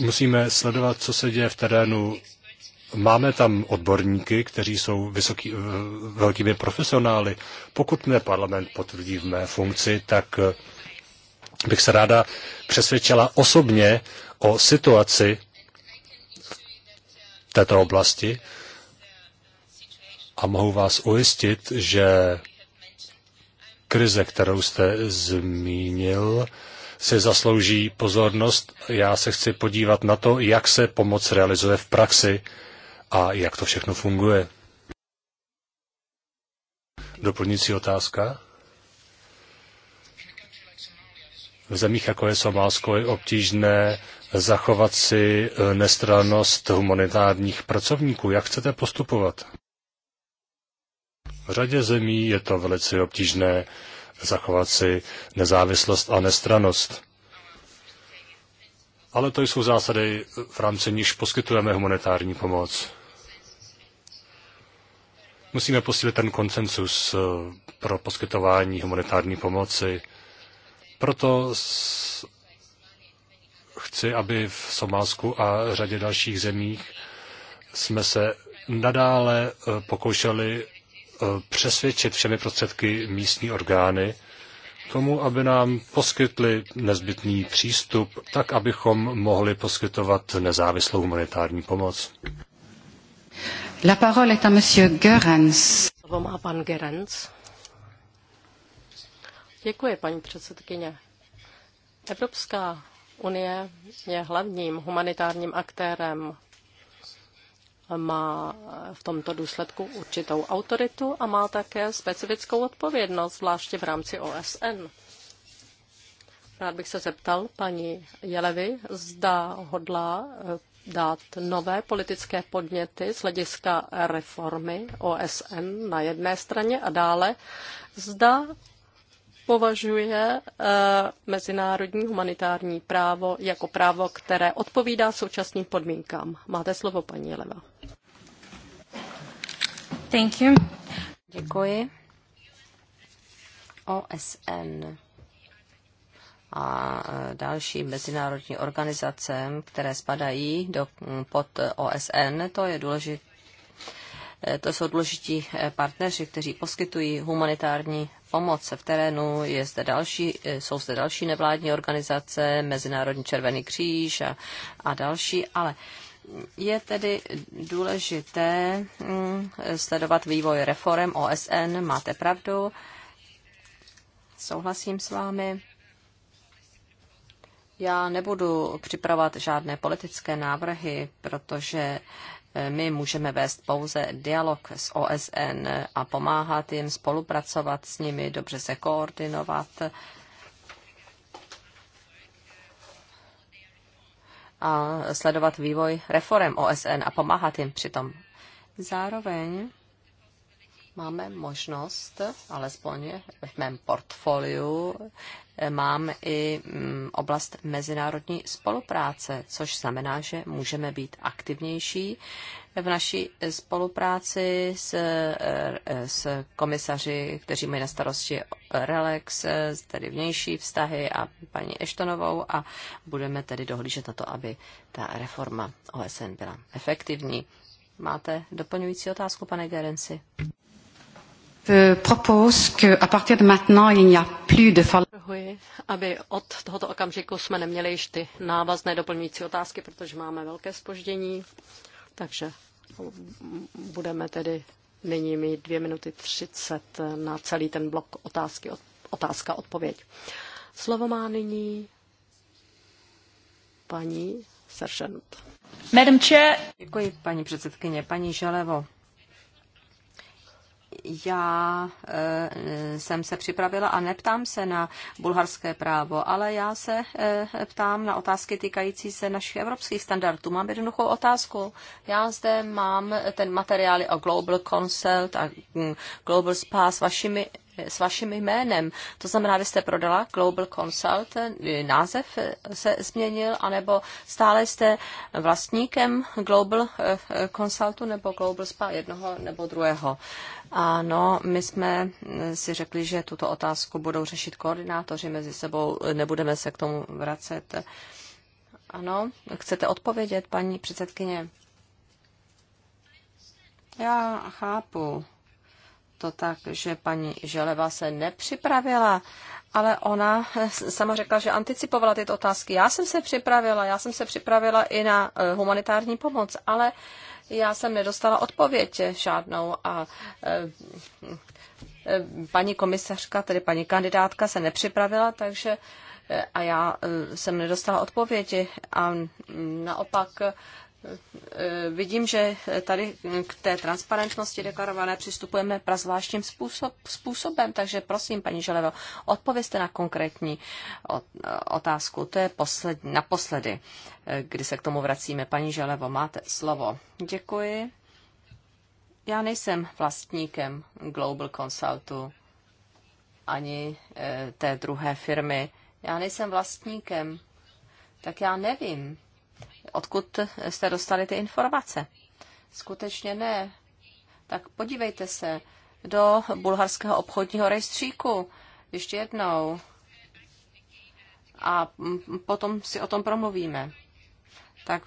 musíme sledovat, co se děje v terénu. Máme tam odborníky, kteří jsou vysoký, eh, velkými profesionály. Pokud mě parlament potvrdí v mé funkci, tak eh, bych se ráda přesvědčila osobně o situaci v této oblasti a mohu vás ujistit, že krize, kterou jste zmínil, si zaslouží pozornost. Já se chci podívat na to, jak se pomoc realizuje v praxi a jak to všechno funguje. Doplňující otázka? V zemích, jako je Somálsko, je obtížné zachovat si eh, nestrannost humanitárních pracovníků. Jak chcete postupovat? V řadě zemí je to velice obtížné zachovat si nezávislost a nestranost. Ale to jsou zásady, v rámci níž poskytujeme humanitární pomoc. Musíme posílit ten koncensus eh, pro poskytování humanitární pomoci. Proto chci, aby v Somálsku a řadě dalších zemích jsme se nadále eh, pokoušeli Eh, přesvědčit všemi prostředky místní orgány tomu, aby nám poskytli nezbytný přístup, tak abychom mohli poskytovat nezávislou humanitární pomoc. La parole est à monsieur Gerens. Slovo má pan Děkuji, paní předsedkyně. Evropská unie je hlavním humanitárním aktérem má eh, v tomto důsledku určitou autoritu a má také specifickou odpovědnost, zvláště v rámci OSN. Rád bych se zeptal paní Jelevy, zda hodlá eh, dát nové politické podněty z hlediska reformy OSN na jedné straně a dále, zda považuje eh, mezinárodní humanitární právo jako právo, které odpovídá současným podmínkám. Máte slovo, paní Jeleva. Thank you. Děkuji. OSN a e, další mezinárodní organizace, které spadají do, pod OSN, to je důležité. E, to jsou důležití e, partneři, kteří poskytují humanitární pomoc v terénu. Je zde další, jsou zde další nevládní organizace, Mezinárodní červený kříž a, a další, ale eh, je tedy důležité mm, sledovat vývoj reform OSN, máte pravdu, souhlasím s vámi. Já nebudu připravovat žádné politické návrhy, protože eh, my můžeme vést pouze dialog s OSN a pomáhat jim spolupracovat s nimi, dobře se koordinovat a sledovat vývoj reform OSN a pomáhat jim přitom. Zároveň máme možnost, alespoň v mém portfoliu, mám i mm, oblast mezinárodní spolupráce, což znamená, že můžeme být aktivnější v naší spolupráci s, eh, s komisaři, kteří mají na starosti Relax, eh, tedy vnější vztahy a paní Eštonovou a budeme tedy dohlížet na to, aby ta reforma OSN byla efektivní. Máte doplňující otázku, pane Gerenci? propose a Navrhuji, aby od tohoto okamžiku jsme neměli již ty návazné doplňující otázky, protože máme velké spoždění. Takže budeme tedy nyní mít dvě minuty třicet na celý ten blok otázky, otázka, odpověď. Slovo má nyní paní Seršent. Madam Chair. Děkuji, paní předsedkyně. Paní Želevo, já eh, jsem se připravila a neptám se na bulharské právo, ale já se eh, ptám na otázky týkající se našich evropských standardů. Mám jednoduchou otázku. Já zde mám ten materiály o Global Consult a hm, Global Spa s vašimi s vaším jménem. To znamená, vy jste prodala Global Consult, eh, název eh, se změnil, anebo stále jste vlastníkem Global eh, Consultu nebo Global Spa jednoho nebo druhého. Ano, my jsme si řekli, že tuto otázku budou řešit koordinátoři mezi sebou, nebudeme se k tomu vracet. Ano, chcete odpovědět, paní předsedkyně? Já chápu to tak, že paní Želeva se nepřipravila, ale ona sama řekla, že anticipovala tyto otázky. Já jsem se připravila, já jsem se připravila i na eh, humanitární pomoc, ale já jsem nedostala odpověď žádnou a eh, eh, paní komisařka, tedy paní kandidátka se nepřipravila, takže a já jsem nedostala odpovědi a mm, naopak vidím, že tady k té transparentnosti deklarované přistupujeme prazvláštním způsob, způsobem, takže prosím, paní Želevo, odpovězte na konkrétní otázku. To je posled, naposledy, kdy se k tomu vracíme. Paní Želevo, máte slovo. Děkuji. Já nejsem vlastníkem Global Consultu ani eh, té druhé firmy. Já nejsem vlastníkem, tak já nevím, odkud jste dostali ty informace. Skutečně ne. Tak podívejte se do bulharského obchodního rejstříku ještě jednou a potom si o tom promluvíme. Tak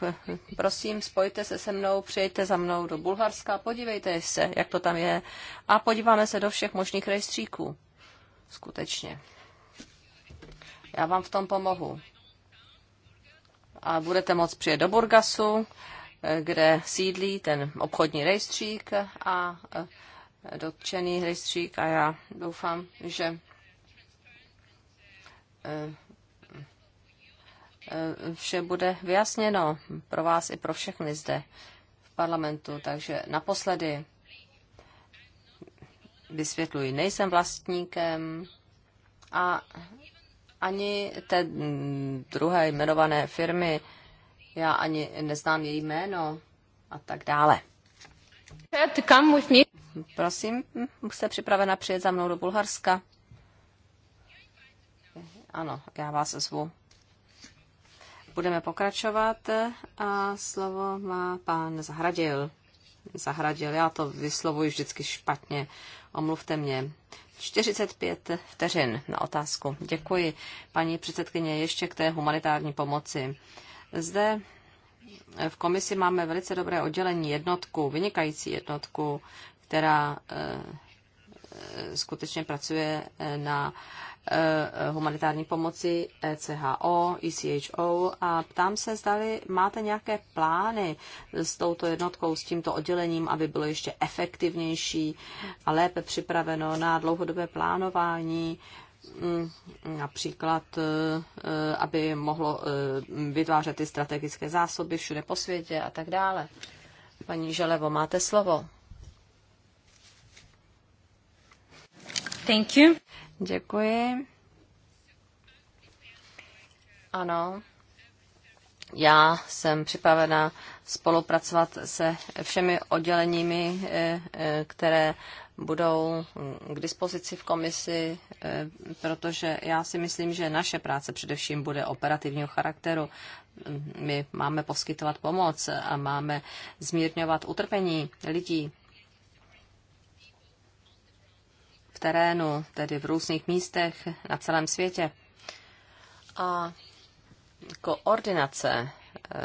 prosím, spojte se se mnou, přijďte za mnou do Bulharska, podívejte se, jak to tam je a podíváme se do všech možných rejstříků. Skutečně. Já vám v tom pomohu a budete moct přijet do Burgasu, kde sídlí ten obchodní rejstřík a e, dotčený rejstřík a já doufám, že e, e, vše bude vyjasněno pro vás i pro všechny zde v parlamentu. Takže naposledy vysvětluji, nejsem vlastníkem a ani té druhé jmenované firmy, já ani neznám její jméno a tak dále. Prosím, jste připravena přijet za mnou do Bulharska? Ano, já vás zvu. Budeme pokračovat a slovo má pan Zahradil. Zahradil, já to vyslovuji vždycky špatně omluvte mě. 45 vteřin na otázku. Děkuji, paní předsedkyně, ještě k té humanitární pomoci. Zde v komisi máme velice dobré oddělení jednotku, vynikající jednotku, která eh, eh, skutečně pracuje eh, na Eh, humanitární pomoci ECHO, ECHO a ptám se, zdali máte nějaké plány s touto jednotkou, s tímto oddělením, aby bylo ještě efektivnější a lépe připraveno na dlouhodobé plánování, mm, například, eh, aby mohlo eh, vytvářet ty strategické zásoby všude po světě a tak dále. Paní Želevo, máte slovo. Thank you. Děkuji. Ano. Já jsem připravena spolupracovat se všemi odděleními, eh, eh, které budou mm, k dispozici v komisi, eh, protože já si myslím, že naše práce především bude operativního charakteru. Mm, my máme poskytovat pomoc a máme zmírňovat utrpení lidí v terénu, tedy v různých místech na celém světě. A koordinace eh,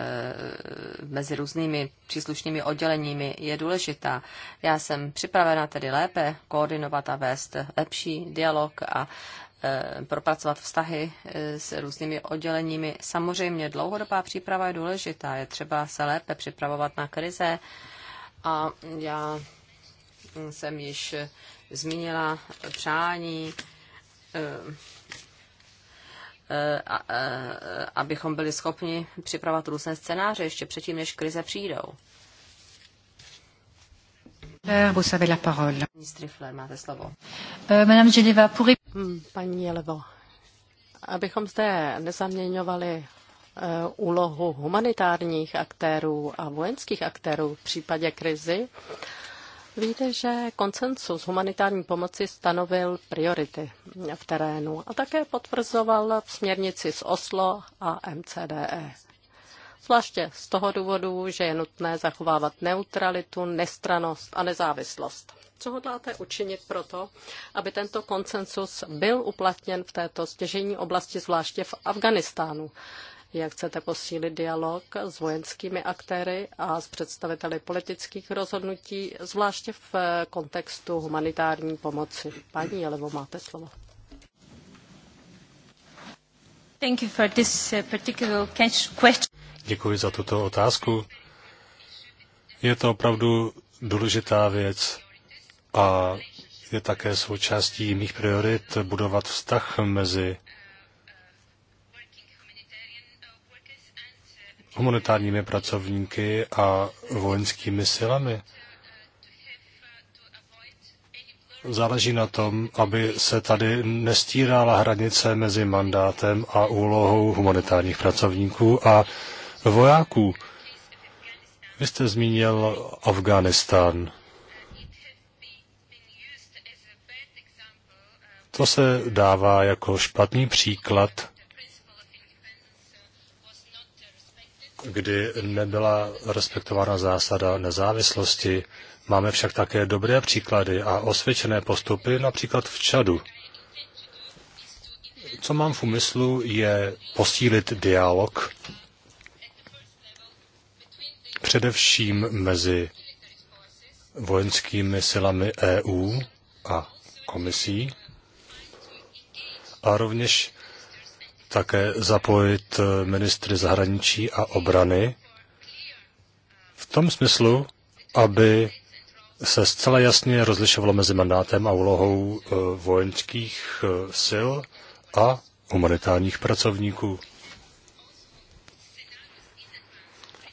mezi různými příslušnými odděleními je důležitá. Já jsem připravena tedy lépe koordinovat a vést lepší dialog a eh, propracovat vztahy eh, s různými odděleními. Samozřejmě dlouhodobá příprava je důležitá, je třeba se lépe připravovat na krize a já mm, jsem již zmínila přání eh, eh, eh, abychom byli schopni připravovat různé scénáře ještě předtím, než krize přijdou. Vous avez la parole. Strifler, máte slovo. Madame Geneva, pour... Hmm, paní Jelevo, abychom zde nezaměňovali úlohu humanitárních aktérů a vojenských aktérů v případě krizi, Víte, že koncensus humanitární pomoci stanovil priority v terénu a také potvrzoval v směrnici z Oslo a MCDE. Zvláště z toho důvodu, že je nutné zachovávat neutralitu, nestranost a nezávislost. Co hodláte učinit proto, aby tento koncensus byl uplatněn v této stěžení oblasti, zvláště v Afganistánu? jak chcete posílit dialog s vojenskými aktéry a s představiteli politických rozhodnutí, zvláště v kontextu humanitární pomoci. Paní Jelevo, máte slovo. Thank you for this uh, particular question. Děkuji za tuto otázku. Je to opravdu důležitá věc a je také součástí mých priorit budovat vztah mezi humanitárními pracovníky a vojenskými silami. Záleží na tom, aby se tady nestírala hranice mezi mandátem a úlohou humanitárních pracovníků a vojáků. Vy jste zmínil Afghánistán. To se dává jako špatný příklad kdy nebyla respektována zásada nezávislosti. Máme však také dobré příklady a osvědčené postupy, například v Čadu. Co mám v úmyslu, je posílit dialog především mezi vojenskými silami EU a komisí a rovněž také zapojit eh, ministry zahraničí a obrany v tom smyslu, aby se zcela jasně rozlišovalo mezi mandátem a úlohou eh, vojenských eh, sil a humanitárních pracovníků.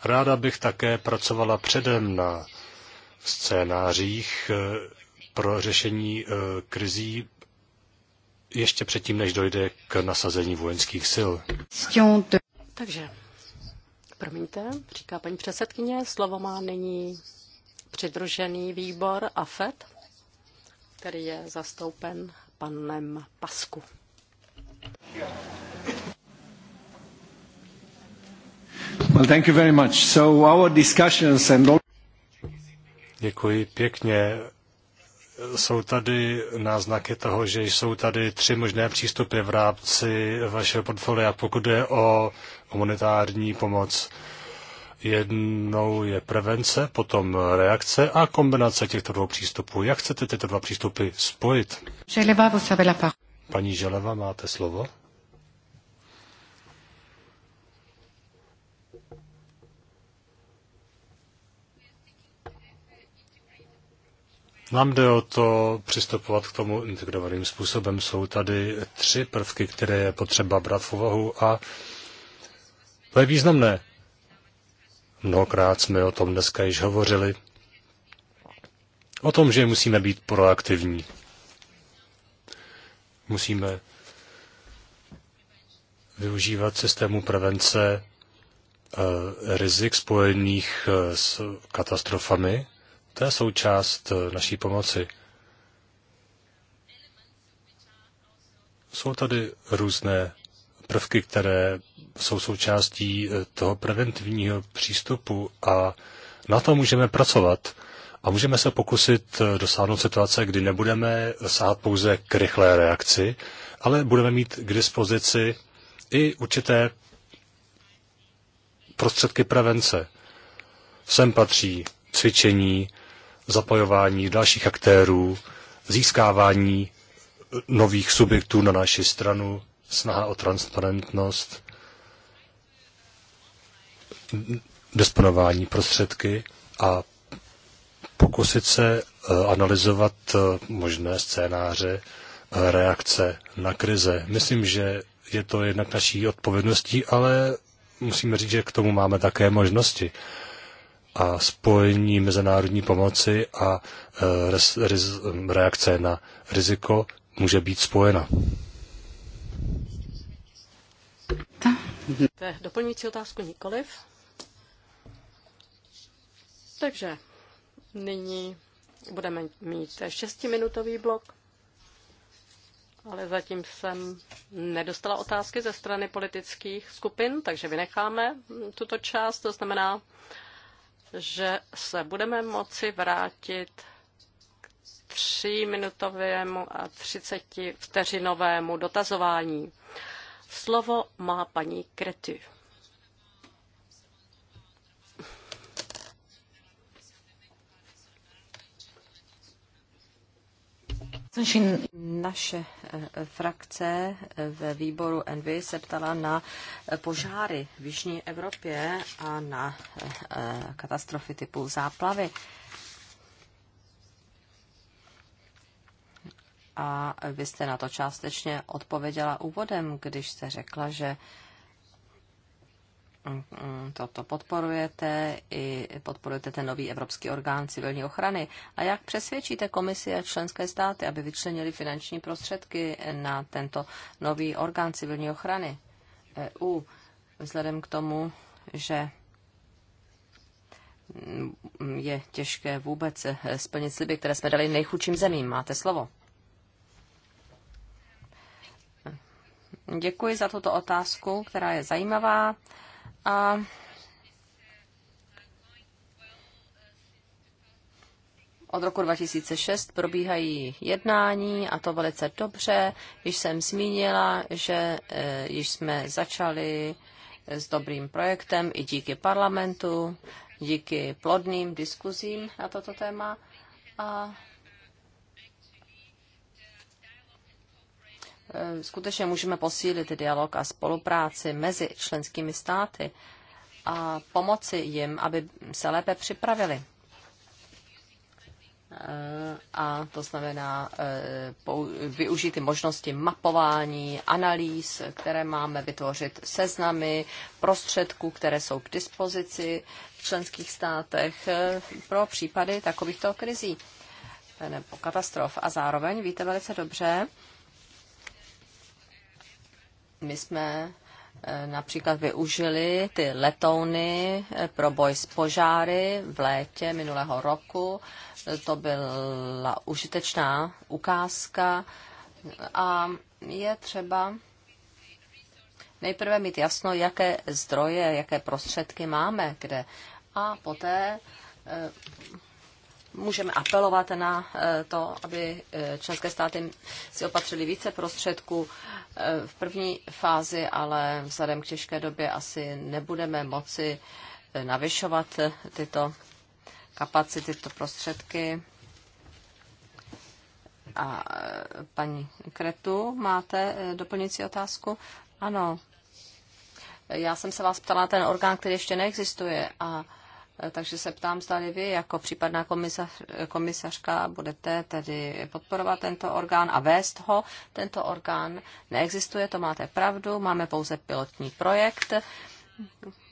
Ráda bych také pracovala předem na scénářích pro řešení krizí ještě předtím, než dojde k nasazení vojenských sil. Takže, promiňte, říká paní předsedkyně, slovo má nyní přidružený výbor AFET, který je zastoupen panem Pasku. Well, thank you very much. So our discussions and all... Děkuji pěkně jsou tady náznaky toho, že jsou tady tři možné přístupy v rámci vašeho portfolia, pokud je o humanitární pomoc. Jednou je prevence, potom reakce a kombinace těchto dvou přístupů. Jak chcete tyto dva přístupy spojit? Paní Želeva, máte slovo. Nám jde o to přistupovat k tomu integrovaným způsobem. Jsou tady tři prvky, které je potřeba brát v úvahu a to je významné. Mnohokrát jsme o tom dneska již hovořili. O tom, že musíme být proaktivní. Musíme využívat systému prevence eh, rizik spojených eh, s katastrofami, to je součást eh, naší pomoci. Jsou tady různé prvky, které jsou součástí eh, toho preventivního přístupu a na to můžeme pracovat. A můžeme se pokusit eh, dosáhnout situace, kdy nebudeme sát pouze k rychlé reakci, ale budeme mít k dispozici i určité prostředky prevence. Sem patří cvičení, zapojování dalších aktérů, získávání nových subjektů na naši stranu, snaha o transparentnost, disponování prostředky a pokusit se eh, analyzovat eh, možné scénáře eh, reakce na krize. Myslím, že je to jednak naší odpovědností, ale musíme říct, že k tomu máme také možnosti a spojení mezinárodní pomoci a e, res, res, reakce na riziko může být spojena. Doplňující otázku nikoliv. Takže nyní budeme mít šestiminutový blok, ale zatím jsem nedostala otázky ze strany politických skupin, takže vynecháme tuto část, to znamená že se budeme moci vrátit k tříminutovému a třiceti vteřinovému dotazování. Slovo má paní Kretu. Naše eh, frakce eh, ve výboru Envy se ptala na eh, požáry v Jižní Evropě a na katastrofy typu záplavy. A vy jste na to částečně odpověděla úvodem, když jste řekla, že toto podporujete i podporujete ten nový Evropský orgán civilní ochrany. A jak přesvědčíte komisi a členské státy, aby vyčlenili finanční prostředky na tento nový orgán civilní ochrany EU, vzhledem k tomu, že je těžké vůbec splnit sliby, které jsme dali nejchudším zemím. Máte slovo. Děkuji za tuto otázku, která je zajímavá. A od roku 2006 probíhají jednání a to velice dobře. Již jsem zmínila, že e, již jsme začali s dobrým projektem i díky parlamentu, díky plodným diskuzím na toto téma. A Eh, skutečně můžeme posílit dialog a spolupráci mezi členskými státy a pomoci jim, aby se lépe připravili. Eh, a to znamená eh, využít ty možnosti mapování, analýz, které máme, vytvořit seznamy prostředků, které jsou k dispozici v členských státech pro případy takovýchto krizí nebo katastrof. A zároveň víte velice dobře, my jsme eh, například využili ty letouny eh, pro boj s požáry v létě minulého roku. To byla užitečná ukázka a je třeba nejprve mít jasno, jaké zdroje, jaké prostředky máme kde a poté eh, můžeme apelovat na eh, to, aby eh, členské státy si opatřili více prostředků eh, v první fázi, ale vzhledem k těžké době asi nebudeme moci navyšovat tyto kapacity, tyto prostředky. A paní Kretu, máte doplňující otázku? Ano. Já jsem se vás ptala ten orgán, který ještě neexistuje a Eh, takže se ptám, zda vy jako případná komisař, komisařka budete tedy podporovat tento orgán a vést ho. Tento orgán neexistuje, to máte pravdu, máme pouze pilotní projekt,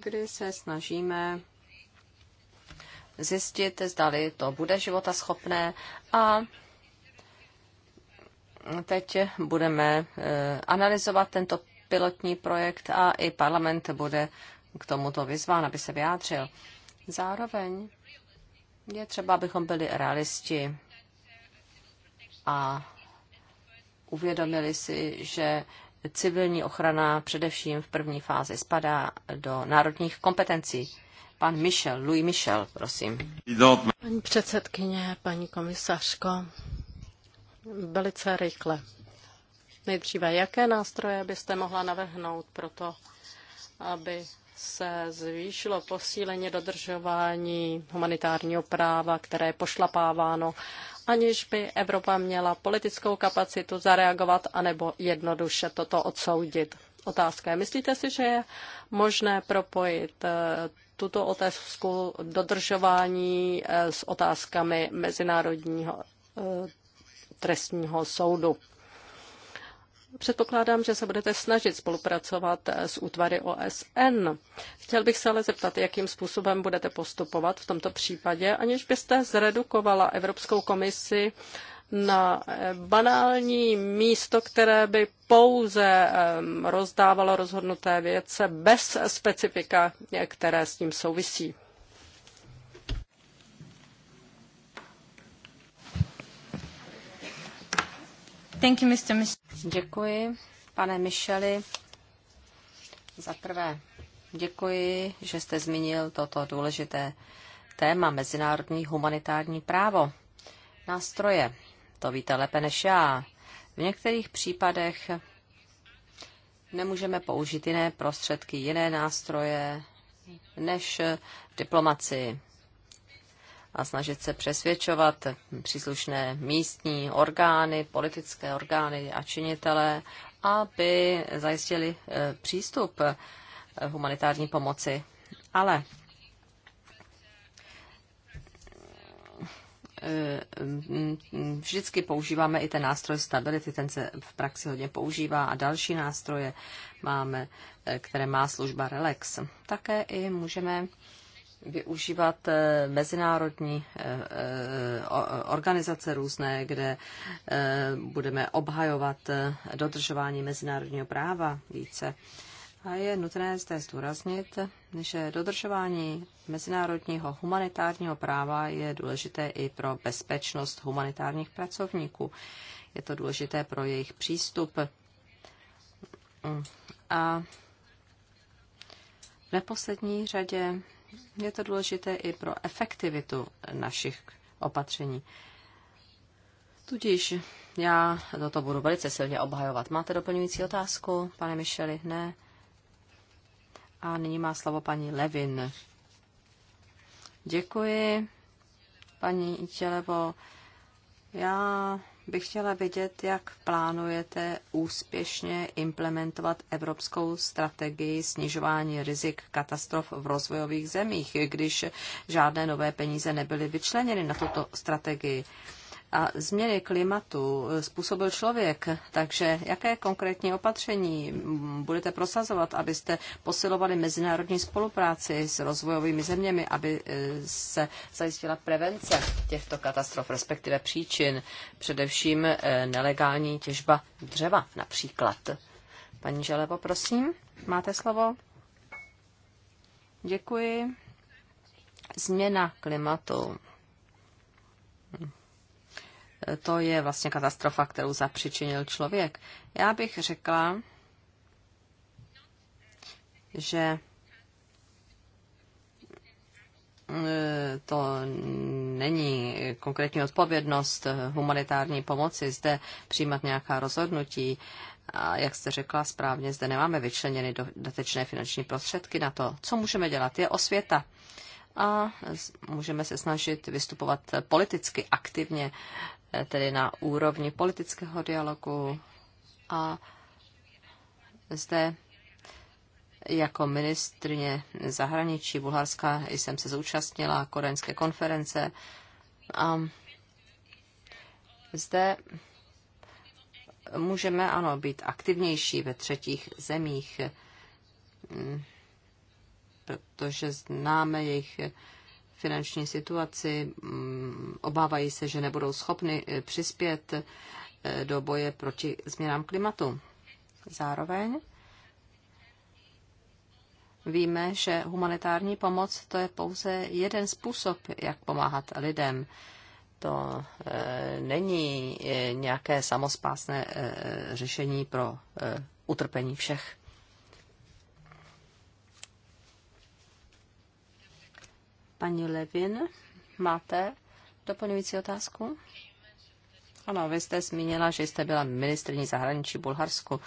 kdy se snažíme zjistit, zdali to bude života schopné a teď budeme eh, analyzovat tento pilotní projekt a i parlament bude k tomuto vyzván, aby se vyjádřil. Zároveň je třeba, abychom byli realisti a uvědomili si, že civilní ochrana především v první fázi spadá do národních kompetencí. Pan Michel, Louis Michel, prosím. Paní předsedkyně, paní komisařko, velice rychle. Nejdříve, jaké nástroje byste mohla navrhnout pro to, aby se zvýšilo posíleně dodržování humanitárního práva, které je pošlapáváno, aniž by Evropa měla politickou kapacitu zareagovat anebo jednoduše toto odsoudit. Otázka je, myslíte si, že je možné propojit eh, tuto otázku dodržování eh, s otázkami Mezinárodního eh, trestního soudu? Předpokládám, že se budete snažit spolupracovat eh, s útvary OSN. Chtěl bych se ale zeptat, jakým způsobem budete postupovat v tomto případě, aniž byste zredukovala Evropskou komisi na eh, banální místo, které by pouze ehm, rozdávalo rozhodnuté věce bez specifika, eh, které s tím souvisí. Děkuji, pane Micheli. Za prvé, děkuji, že jste zmínil toto důležité téma mezinárodní humanitární právo. Nástroje, to víte lépe než já. V některých případech nemůžeme použít jiné prostředky, jiné nástroje než v diplomacii a snažit se přesvědčovat příslušné místní orgány, politické orgány a činitele, aby zajistili eh, přístup eh, humanitární pomoci. Ale eh, vždycky používáme i ten nástroj stability, ten se v praxi hodně používá a další nástroje máme, které má služba Relax. Také i můžeme využívat eh, mezinárodní eh, eh, organizace různé, kde budeme obhajovat dodržování mezinárodního práva více. A je nutné zde zdůraznit, že dodržování mezinárodního humanitárního práva je důležité i pro bezpečnost humanitárních pracovníků. Je to důležité pro jejich přístup. Mm. A v neposlední řadě je to důležité i pro efektivitu našich opatření. Tudíž já toto budu velice silně obhajovat. Máte doplňující otázku, pane Micheli? Ne? A nyní má slovo paní Levin. Děkuji, paní Tělevo. Já bych chtěla vědět, jak plánujete úspěšně implementovat evropskou strategii snižování rizik katastrof v rozvojových zemích, když žádné nové peníze nebyly vyčleněny na tuto strategii a změny klimatu způsobil člověk. Takže jaké konkrétní opatření budete prosazovat, abyste posilovali mezinárodní spolupráci s rozvojovými zeměmi, aby eh, se zajistila prevence těchto katastrof, respektive příčin, především eh, nelegální těžba dřeva například. Paní Želevo, prosím, máte slovo. Děkuji. Změna klimatu to je vlastně katastrofa, kterou zapřičinil člověk. Já bych řekla, že e, to není konkrétní odpovědnost humanitární pomoci zde přijímat nějaká rozhodnutí. A jak jste řekla správně, zde nemáme vyčleněny dodatečné finanční prostředky na to. Co můžeme dělat? Je osvěta. A můžeme se snažit vystupovat politicky aktivně tedy na úrovni politického dialogu a zde jako ministrně zahraničí Bulharska jsem se zúčastnila koreňské konference a zde můžeme, ano, být aktivnější ve třetích zemích, mm, protože známe jejich finanční situaci, mm, obávají se, že nebudou schopny eh, přispět eh, do boje proti změnám klimatu. Zároveň víme, že humanitární pomoc to je pouze jeden způsob, jak pomáhat lidem. To eh, není nějaké samospásné řešení pro utrpení všech. Paní Levin, máte doplňující otázku? Ano, vy jste zmínila, že jste byla ministrní zahraničí Bulharsku.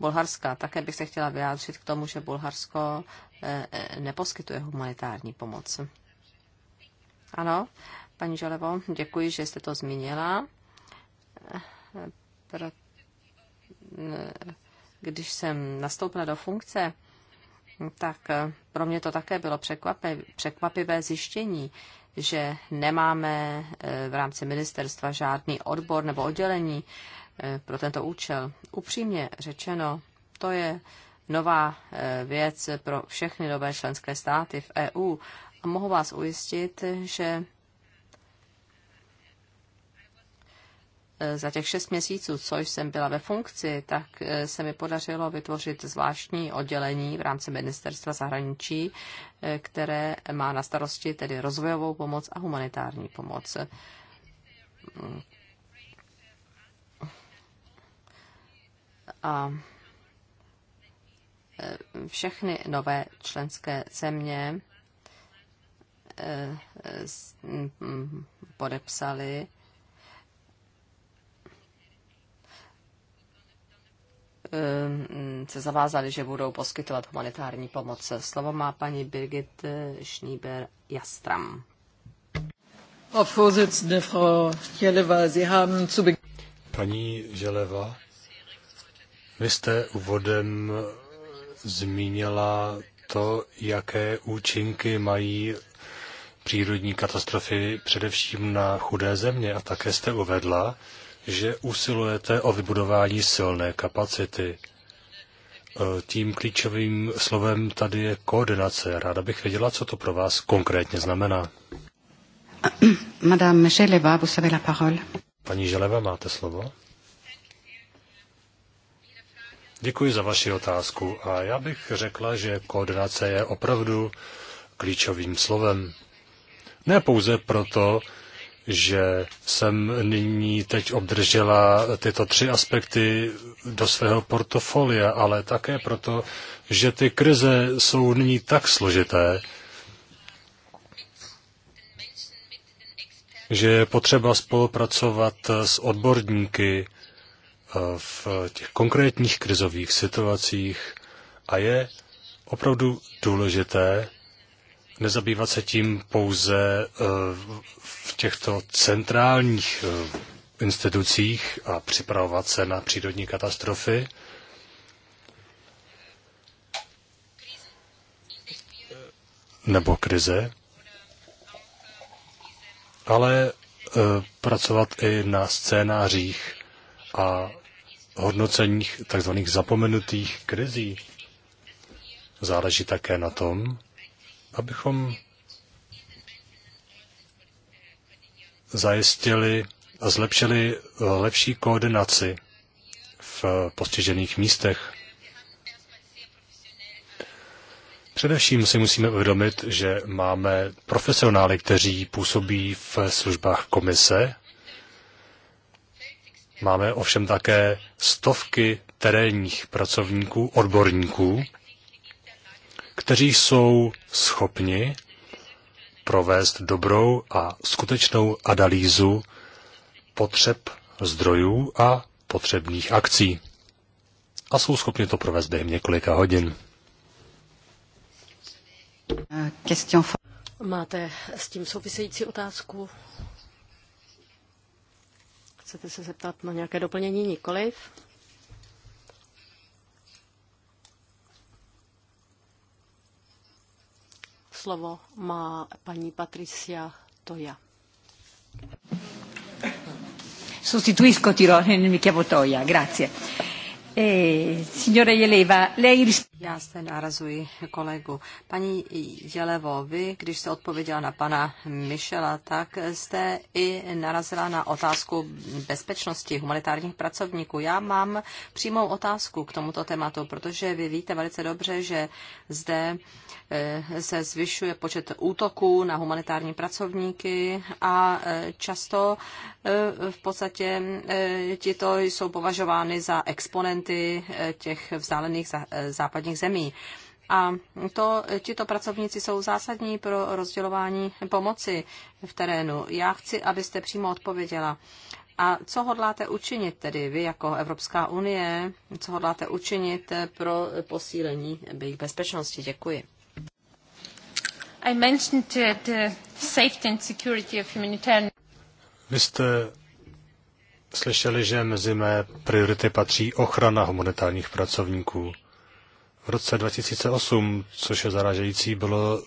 Bulharska. Také bych se chtěla vyjádřit k tomu, že Bulharsko eh, eh, neposkytuje humanitární pomoc. Ano, paní Želevo, děkuji, že jste to zmínila. Eh, když jsem nastoupila do funkce, tak eh, pro mě to také bylo překvapivé zjištění, že nemáme eh, v rámci ministerstva žádný odbor nebo oddělení eh, pro tento účel. Upřímně řečeno, to je nová věc pro všechny nové členské státy v EU a mohu vás ujistit, že Eh, za těch šest měsíců, co jsem byla ve funkci, tak eh, se mi podařilo vytvořit zvláštní oddělení v rámci ministerstva zahraničí, eh, které má na starosti tedy rozvojovou pomoc a humanitární pomoc. A všechny nové členské země podepsaly. Ehm, se zavázali, že budou poskytovat humanitární pomoc. Slovo má paní Birgit eh, Schnieber-Jastram. Paní Želeva, vy jste úvodem eh, zmínila to, jaké účinky mají přírodní katastrofy především na chudé země a také jste uvedla, že usilujete o vybudování silné kapacity. E, tím klíčovým slovem tady je koordinace. Ráda bych věděla, co to pro vás konkrétně znamená. [COUGHS] Madame Želeva, vous avez la parole. Paní Želeva, máte slovo? Děkuji za vaši otázku a já bych řekla, že koordinace je opravdu klíčovým slovem. Ne pouze proto, že jsem nyní teď obdržela tyto tři aspekty do svého portfolia, ale také proto, že ty krize jsou nyní tak složité, že je potřeba spolupracovat s odborníky eh, v těch konkrétních krizových situacích a je opravdu důležité, nezabývat se tím pouze eh, v těchto centrálních eh, institucích a připravovat se na přírodní katastrofy. nebo krize, ale eh, pracovat i na scénářích a hodnoceních tzv. zapomenutých krizí. Záleží také na tom, abychom zajistili a zlepšili lepší koordinaci v postižených místech. Především si musíme uvědomit, že máme profesionály, kteří působí v službách komise. Máme ovšem také stovky terénních pracovníků, odborníků, kteří jsou schopni provést dobrou a skutečnou analýzu potřeb zdrojů a potřebných akcí. A jsou schopni to provést během několika hodin. Máte s tím související otázku? Chcete se zeptat na nějaké doplnění? Nikoliv. Slovo má paní Patricia Toja. Sostituisco Tiro, eh, mi chiamo Toia, grazie. Eh, signora Jeleva, lei... Já se narazuji kolegu. Paní Jelevo, vy, když jste odpověděla na pana Michela, tak jste i narazila na otázku bezpečnosti humanitárních pracovníků. Já mám přímou otázku k tomuto tématu, protože vy víte velice dobře, že zde eh, se zvyšuje počet útoků na humanitární pracovníky a eh, často eh, v podstatě tito jsou považovány za exponenty těch vzdálených západních západních zemí. A to, tito pracovníci jsou zásadní pro rozdělování pomoci v terénu. Já chci, abyste přímo odpověděla. A co hodláte učinit tedy vy jako Evropská unie? Co hodláte učinit pro posílení jejich bezpečnosti? Děkuji. I mentioned the safety and security of humanitarian... Vy jste slyšeli, že mezi mé priority patří ochrana humanitárních pracovníků v roce 2008, což je zaražející, bylo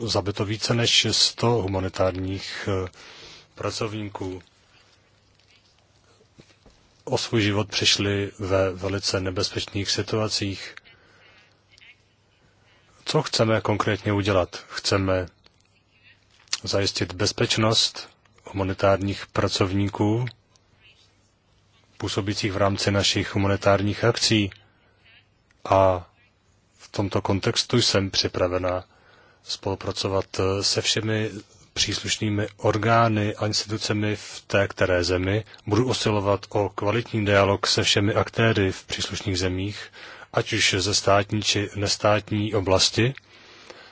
zabito více než 100 humanitárních eh, pracovníků. O svůj život přišli ve velice nebezpečných situacích. Co chceme konkrétně udělat? Chceme zajistit bezpečnost humanitárních pracovníků, působících v rámci našich humanitárních akcí a v tomto kontextu jsem připravena spolupracovat eh, se všemi příslušnými orgány a institucemi v té které zemi. Budu osilovat o kvalitní dialog se všemi aktéry v příslušných zemích, ať už ze státní či nestátní oblasti.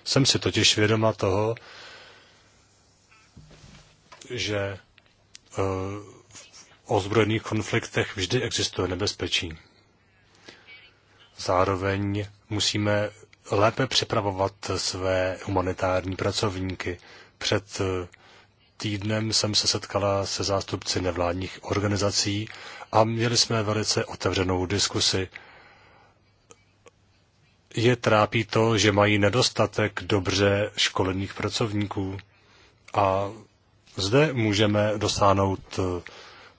Jsem si totiž vědoma toho, že eh, v ozbrojených konfliktech vždy existuje nebezpečí. Zároveň musíme lépe připravovat své humanitární pracovníky. Před eh, týdnem jsem se setkala se zástupci nevládních organizací a měli jsme velice otevřenou diskusi. Je trápí to, že mají nedostatek dobře školených pracovníků a zde můžeme dosáhnout eh,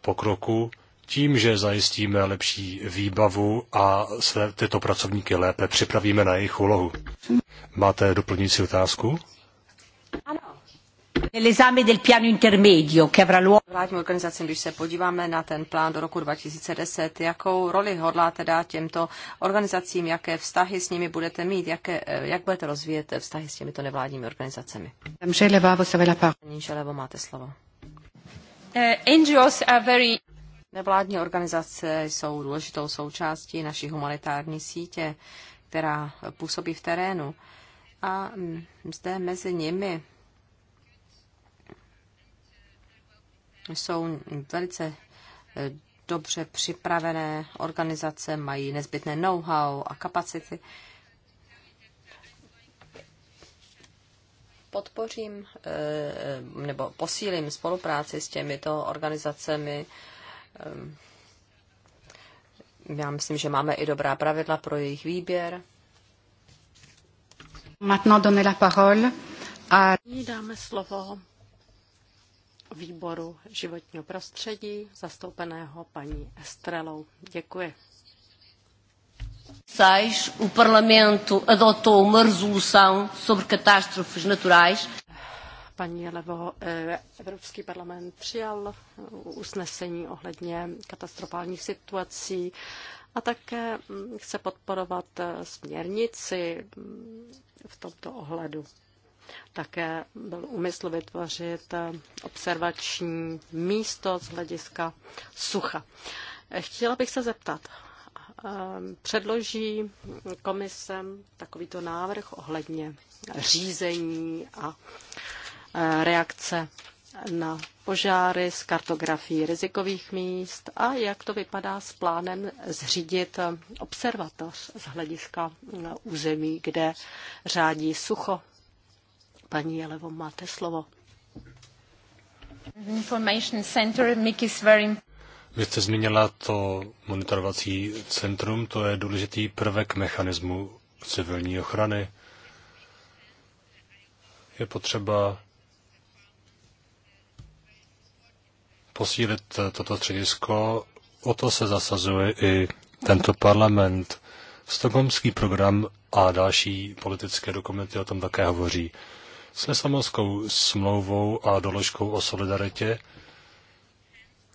pokroku tím, že zajistíme lepší výbavu a se tyto pracovníky lépe připravíme na jejich úlohu. Máte doplňující otázku? Ano. Nell'esame organizacím, když se podíváme na ten plán do roku 2010, jakou roli hodláte dát těmto organizacím, jaké vztahy s nimi budete mít, jaké, eh, jak budete rozvíjet vztahy s těmito nevládními organizacemi? Želevo, máte slovo. Eh, NGOs are very... Nevládní organizace jsou důležitou součástí naší humanitární sítě, která působí v terénu. A zde mezi nimi jsou velice eh, dobře připravené organizace, mají nezbytné know-how a kapacity. Podpořím eh, nebo posílím spolupráci s těmito organizacemi, Ehm, já myslím, že máme i dobrá pravidla pro jejich výběr. Maintenant donner la parole à... Dáme slovo výboru životního prostředí, zastoupeného paní Estrelou. Děkuji. 6, o Parlamento adotou uma resolução sobre catástrofes naturais paní Levo, eh, Evropský parlament přijal eh, usnesení ohledně katastrofálních situací a také mm, chce podporovat eh, směrnici mm, v tomto ohledu. Také byl úmysl vytvořit observační místo z hlediska sucha. Chtěla bych se zeptat, předloží komise takovýto návrh ohledně řízení a Eh, reakce na požáry, s kartografií rizikových míst a jak to vypadá s plánem zřídit observatoř z hlediska eh, území, kde řádí sucho. Paní Jelevo, máte slovo. vy jste zmínila to monitorovací centrum, to je důležitý prvek mechanismu civilní ochrany. Je potřeba posílit eh, toto středisko, o to se zasazuje i tento parlament. Stokholmský program a další politické dokumenty o tom také hovoří. S Lisabonskou smlouvou a doložkou o solidaritě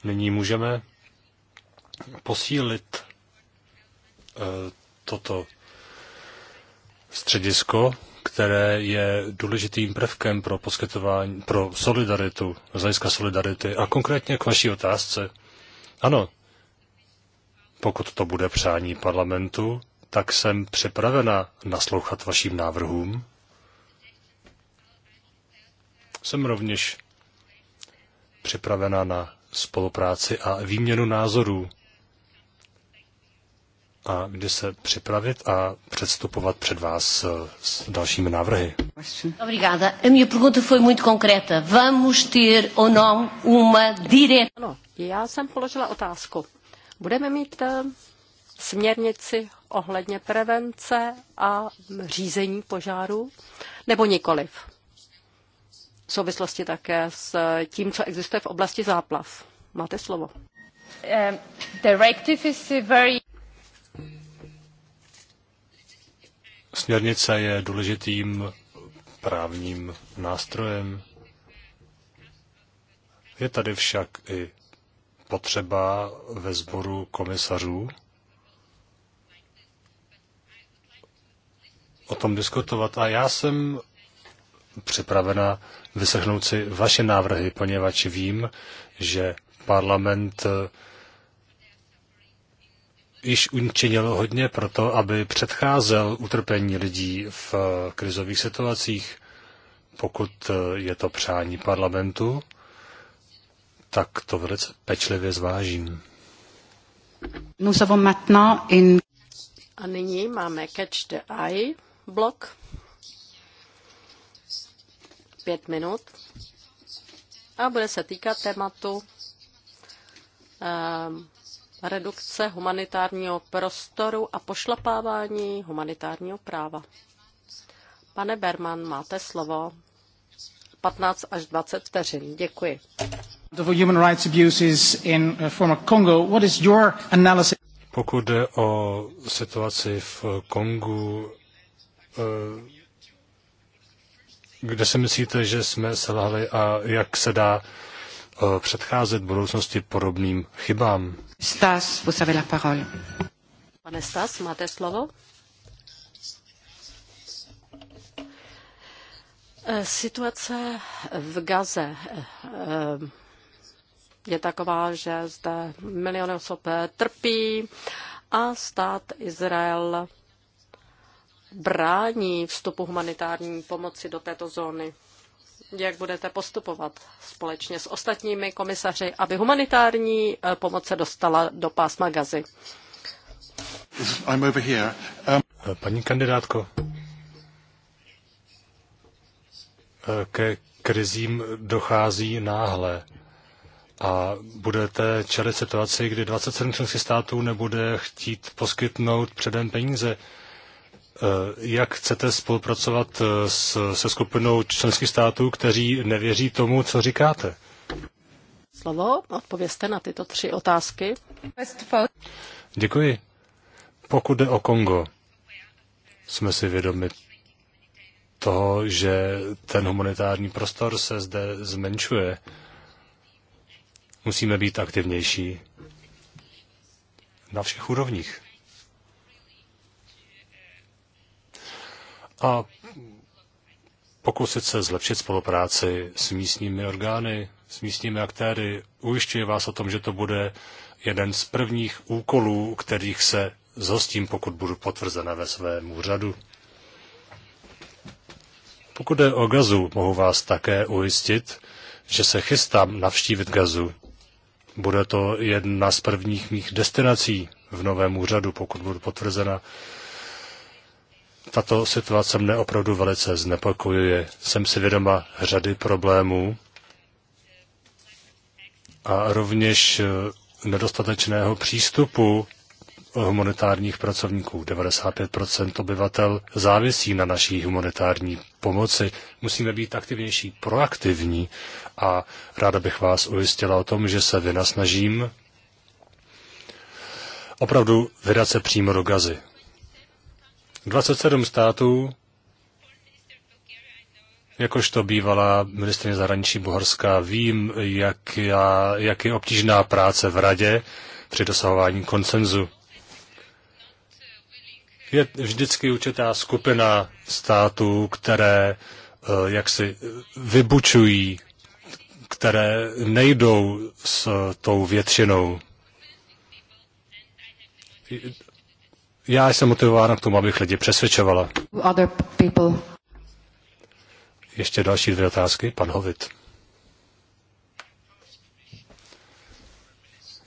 nyní můžeme posílit eh, toto středisko které je důležitým prvkem pro poskytování, pro solidaritu, z hlediska solidarity. A konkrétně k vaší otázce. Ano, pokud to bude přání parlamentu, tak jsem připravena naslouchat vašim návrhům. Jsem rovněž připravena na spolupráci a výměnu názorů a kdy se připravit a předstupovat před vás eh, s dalšími návrhy. Obrigada. A minha pergunta foi muito concreta. Vamos ter ou não uma direta? Ano, já jsem položila otázku. Budeme mít eh, směrnici ohledně prevence a řízení požáru nebo nikoliv? V souvislosti také s eh, tím, co existuje v oblasti záplav. Máte slovo. Um, directive is very... Směrnice je důležitým právním nástrojem. Je tady však i potřeba ve sboru komisařů o tom diskutovat. A já jsem připravena vyslechnout si vaše návrhy, poněvadž vím, že parlament již učinil hodně pro to, aby předcházel utrpení lidí v krizových situacích. Pokud je to přání parlamentu, tak to velice pečlivě zvážím. A nyní máme Catch the Eye blok. Pět minut. A bude se týkat tématu um, redukce humanitárního prostoru a pošlapávání humanitárního práva. Pane Berman, máte slovo. 15 až 20 vteřin. Děkuji. Pokud jde o situaci v Kongu, eh, kde si myslíte, že jsme selhali a jak se dá eh, předcházet budoucnosti podobným chybám? Stas, vous avez la parole. Pane Stas, máte slovo? Eh, situace v Gaze eh, je taková, že zde miliony osob eh, trpí a stát Izrael brání vstupu humanitární pomoci do této zóny jak budete postupovat společně s ostatními komisaři, aby humanitární eh, pomoc se dostala do pásma gazy. Um... Eh, paní kandidátko, eh, ke krizím dochází náhle a budete čelit situaci, kdy 27 členských států nebude chtít poskytnout předem peníze. Eh, jak chcete spolupracovat eh, s, se skupinou členských států, kteří nevěří tomu, co říkáte? Slovo, odpovězte na tyto tři otázky. Děkuji. Pokud jde o Kongo, jsme si vědomi toho, že ten humanitární prostor se zde zmenšuje. Musíme být aktivnější na všech úrovních. a pokusit se zlepšit spolupráci s místními orgány, s místními aktéry. Ujišťuji vás o tom, že to bude jeden z prvních úkolů, kterých se zhostím, pokud budu potvrzena ve svém úřadu. Pokud je o gazu, mohu vás také ujistit, že se chystám navštívit gazu. Bude to jedna z prvních mých destinací v novém úřadu, pokud budu potvrzena tato situace mne opravdu velice znepokojuje. Jsem si vědoma řady problémů a rovněž eh, nedostatečného přístupu humanitárních pracovníků. 95 obyvatel závisí na naší humanitární pomoci. Musíme být aktivnější, proaktivní a ráda bych vás ujistila o tom, že se vynasnažím opravdu vydat se přímo do gazy. 27 států, jakožto bývalá ministrině zahraničí Bohorská, vím, jak, já, jak je obtížná práce v radě při dosahování konsenzu. Je vždycky určitá skupina států, které eh, jak si vybučují, které nejdou s tou většinou já jsem motivována k tomu, abych lidi přesvědčovala. Other people. Ještě další dvě otázky, pan Hovit.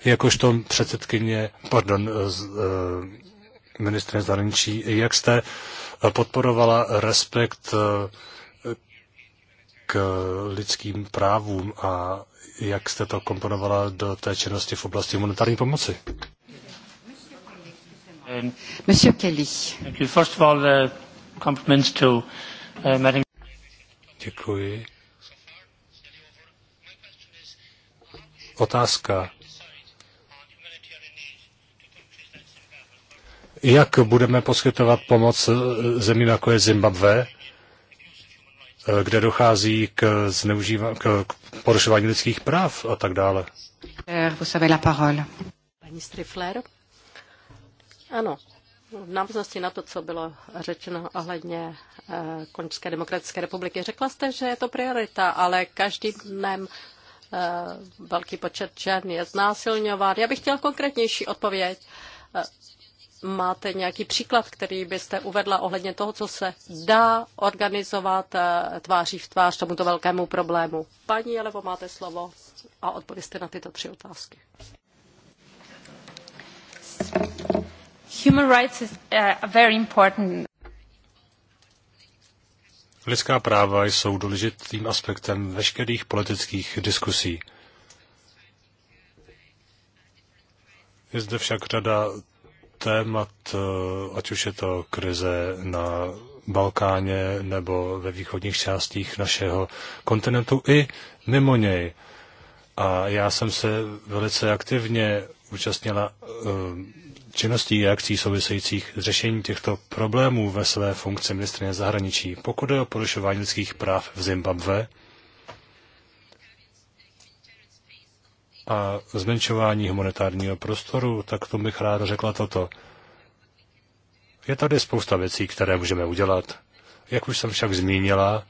Jakožto předsedkyně, pardon, z, eh, ministrně zahraničí, jak jste eh, podporovala respekt eh, k lidským právům a jak jste to komponovala do té činnosti v oblasti humanitární pomoci? Monsieur Kelly. Thank you. First of all, uh, compliments to uh, Madam. Děkuji. Otázka. Jak budeme poskytovat pomoc zemím, jako je Zimbabwe, eh, kde dochází k, zneužíva- k, porušování lidských práv a tak dále? Paní Strifler, ano, v návaznosti na to, co bylo řečeno ohledně eh, Končské demokratické republiky, řekla jste, že je to priorita, ale každým dnem eh, velký počet žen je znásilňován. Já bych chtěla konkrétnější odpověď. Eh, máte nějaký příklad, který byste uvedla ohledně toho, co se dá organizovat tváří v tvář tomuto velkému problému? Paní Jelevo, máte slovo a odpověste na tyto tři otázky. Human rights is uh, very important. Lidská práva jsou důležitým aspektem veškerých politických diskusí. Je zde však řada témat, eh, ať už je to krize na Balkáně nebo ve východních částích našeho kontinentu i mimo něj. A já jsem se velice aktivně účastnila eh, činností a akcí souvisejících s řešením těchto problémů ve své funkci ministrině zahraničí, pokud je o porušování lidských práv v Zimbabve a zmenšování humanitárního prostoru, tak to bych rád řekla toto. Je tady spousta věcí, které můžeme udělat. Jak už jsem však zmínila,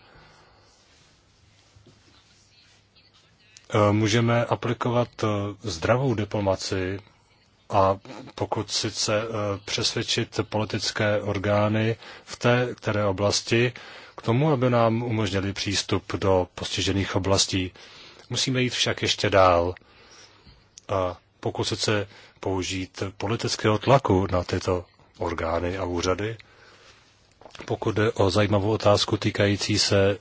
eh, můžeme aplikovat eh, zdravou diplomaci, a pokud sice eh, přesvědčit politické orgány v té které oblasti k tomu, aby nám umožnili přístup do postižených oblastí. Musíme jít však ještě dál a pokusit se použít politického tlaku na tyto orgány a úřady, pokud jde o zajímavou otázku týkající se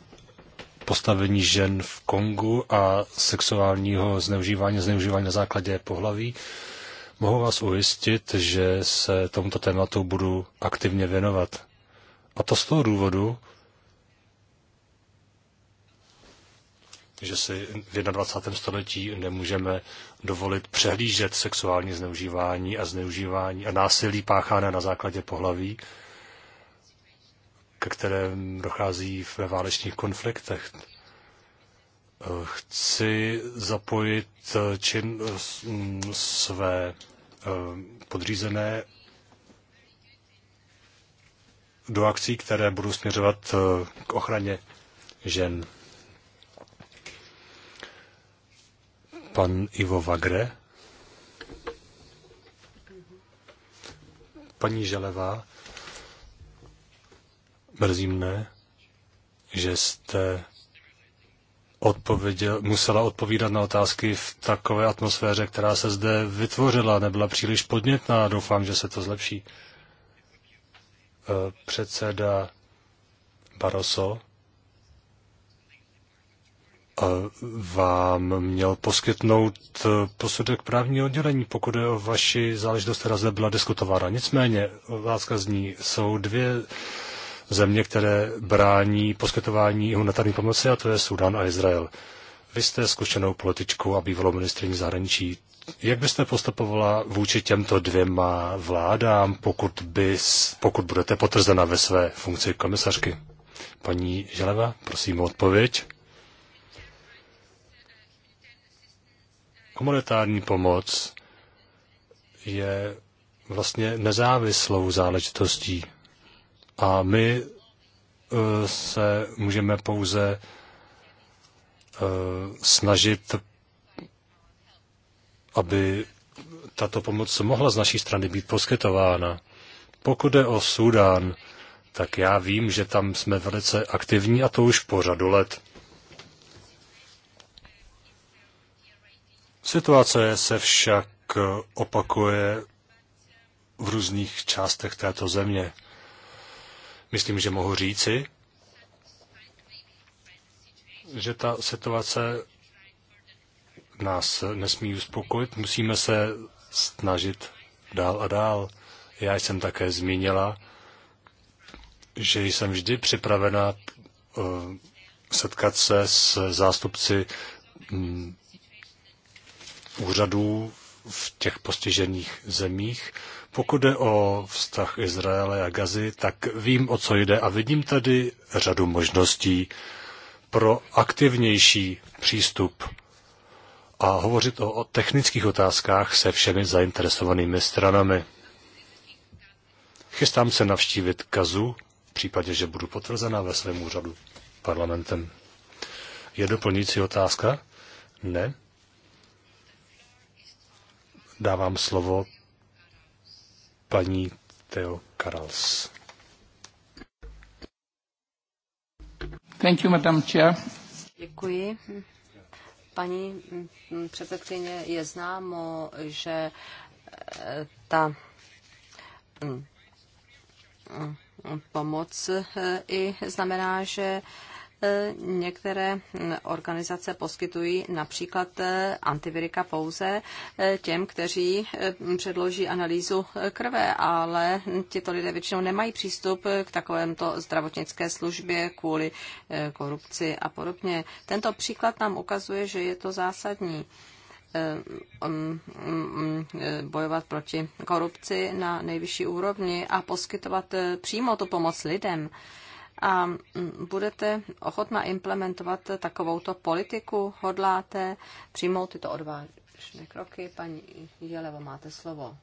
postavení žen v Kongu a sexuálního zneužívání, zneužívání na základě pohlaví, Mohu vás ujistit, že se tomuto tématu budu aktivně věnovat. A to z toho důvodu, že si v 21. století nemůžeme dovolit přehlížet sexuální zneužívání a zneužívání a násilí páchané na základě pohlaví, ke kterém dochází ve válečných konfliktech chci zapojit eh, čin eh, mm, své eh, podřízené do akcí, které budou směřovat k ochraně žen. Pan Ivo Vagre. Paní Želevá. Mrzí mne, že jste odpověděl, musela odpovídat na otázky v takové atmosféře, která se zde vytvořila, nebyla příliš podnětná. Doufám, že se to zlepší. E, předseda Barroso e, vám měl poskytnout e, posudek právního oddělení, pokud je o vaši záležitost, která zde byla diskutována. Nicméně, otázka zní, jsou dvě země, které brání poskytování humanitární pomoci, a to je Sudan a Izrael. Vy jste zkušenou političkou a bývalou ministrní zahraničí. Jak byste postupovala vůči těmto dvěma vládám, pokud, bys, pokud budete potrzena ve své funkci komisařky? Paní Želeva, prosím o odpověď. Humanitární pomoc je vlastně nezávislou záležitostí. A my eh, se můžeme pouze eh, snažit, aby tato pomoc mohla z naší strany být poskytována. Pokud jde o Súdán, tak já vím, že tam jsme velice aktivní a to už po řadu let. Situace se však opakuje v různých částech této země. Myslím, že mohu říci, že ta situace nás nesmí uspokojit, musíme se snažit dál a dál. Já jsem také zmínila, že jsem vždy připravena eh, setkat se s zástupci mm, úřadů v těch postižených zemích pokud jde o vztah Izraele a Gazy, tak vím, o co jde a vidím tady řadu možností pro aktivnější přístup a hovořit o, o technických otázkách se všemi zainteresovanými stranami. Chystám se navštívit Kazu, v případě, že budu potvrzená ve svém úřadu parlamentem. Je doplňující otázka? Ne. Dávám slovo paní Theo Karals. Thank you, Madam Chair. Děkuji. Paní mm, mm, předsedkyně, je známo, že eh, ta mm, pomoc eh, i znamená, že E, některé organizace poskytují například e, antivirika pouze e, těm, kteří předloží analýzu krve, ale tito lidé většinou nemají přístup k takovémto zdravotnické službě kvůli korupci a podobně. Tento příklad nám ukazuje, že je to zásadní bojovat proti korupci na nejvyšší úrovni a poskytovat přímo tu pomoc lidem a mm, budete ochotna implementovat takovouto politiku? Hodláte přijmout tyto odvážné kroky? Paní Jelevo, máte slovo.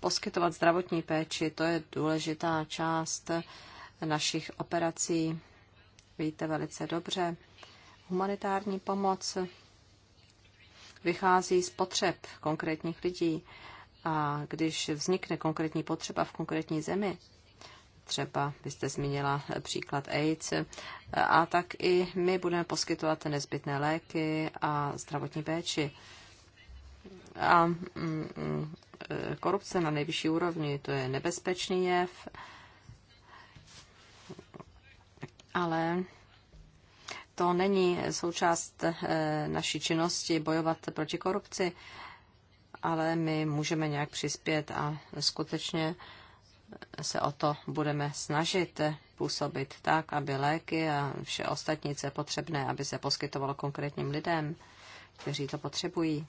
Poskytovat zdravotní péči, to je důležitá část našich operací. Víte velice dobře. Humanitární pomoc vychází z potřeb konkrétních lidí. A když vznikne konkrétní potřeba v konkrétní zemi, třeba vy jste zmínila příklad AIDS, a tak i my budeme poskytovat nezbytné léky a zdravotní péči. A mm, mm, korupce na nejvyšší úrovni, to je nebezpečný jev, ale to není součást eh, naší činnosti bojovat proti korupci, ale my můžeme nějak přispět a skutečně se o to budeme snažit působit tak, aby léky a vše ostatní, co je potřebné, aby se poskytovalo konkrétním lidem, kteří to potřebují.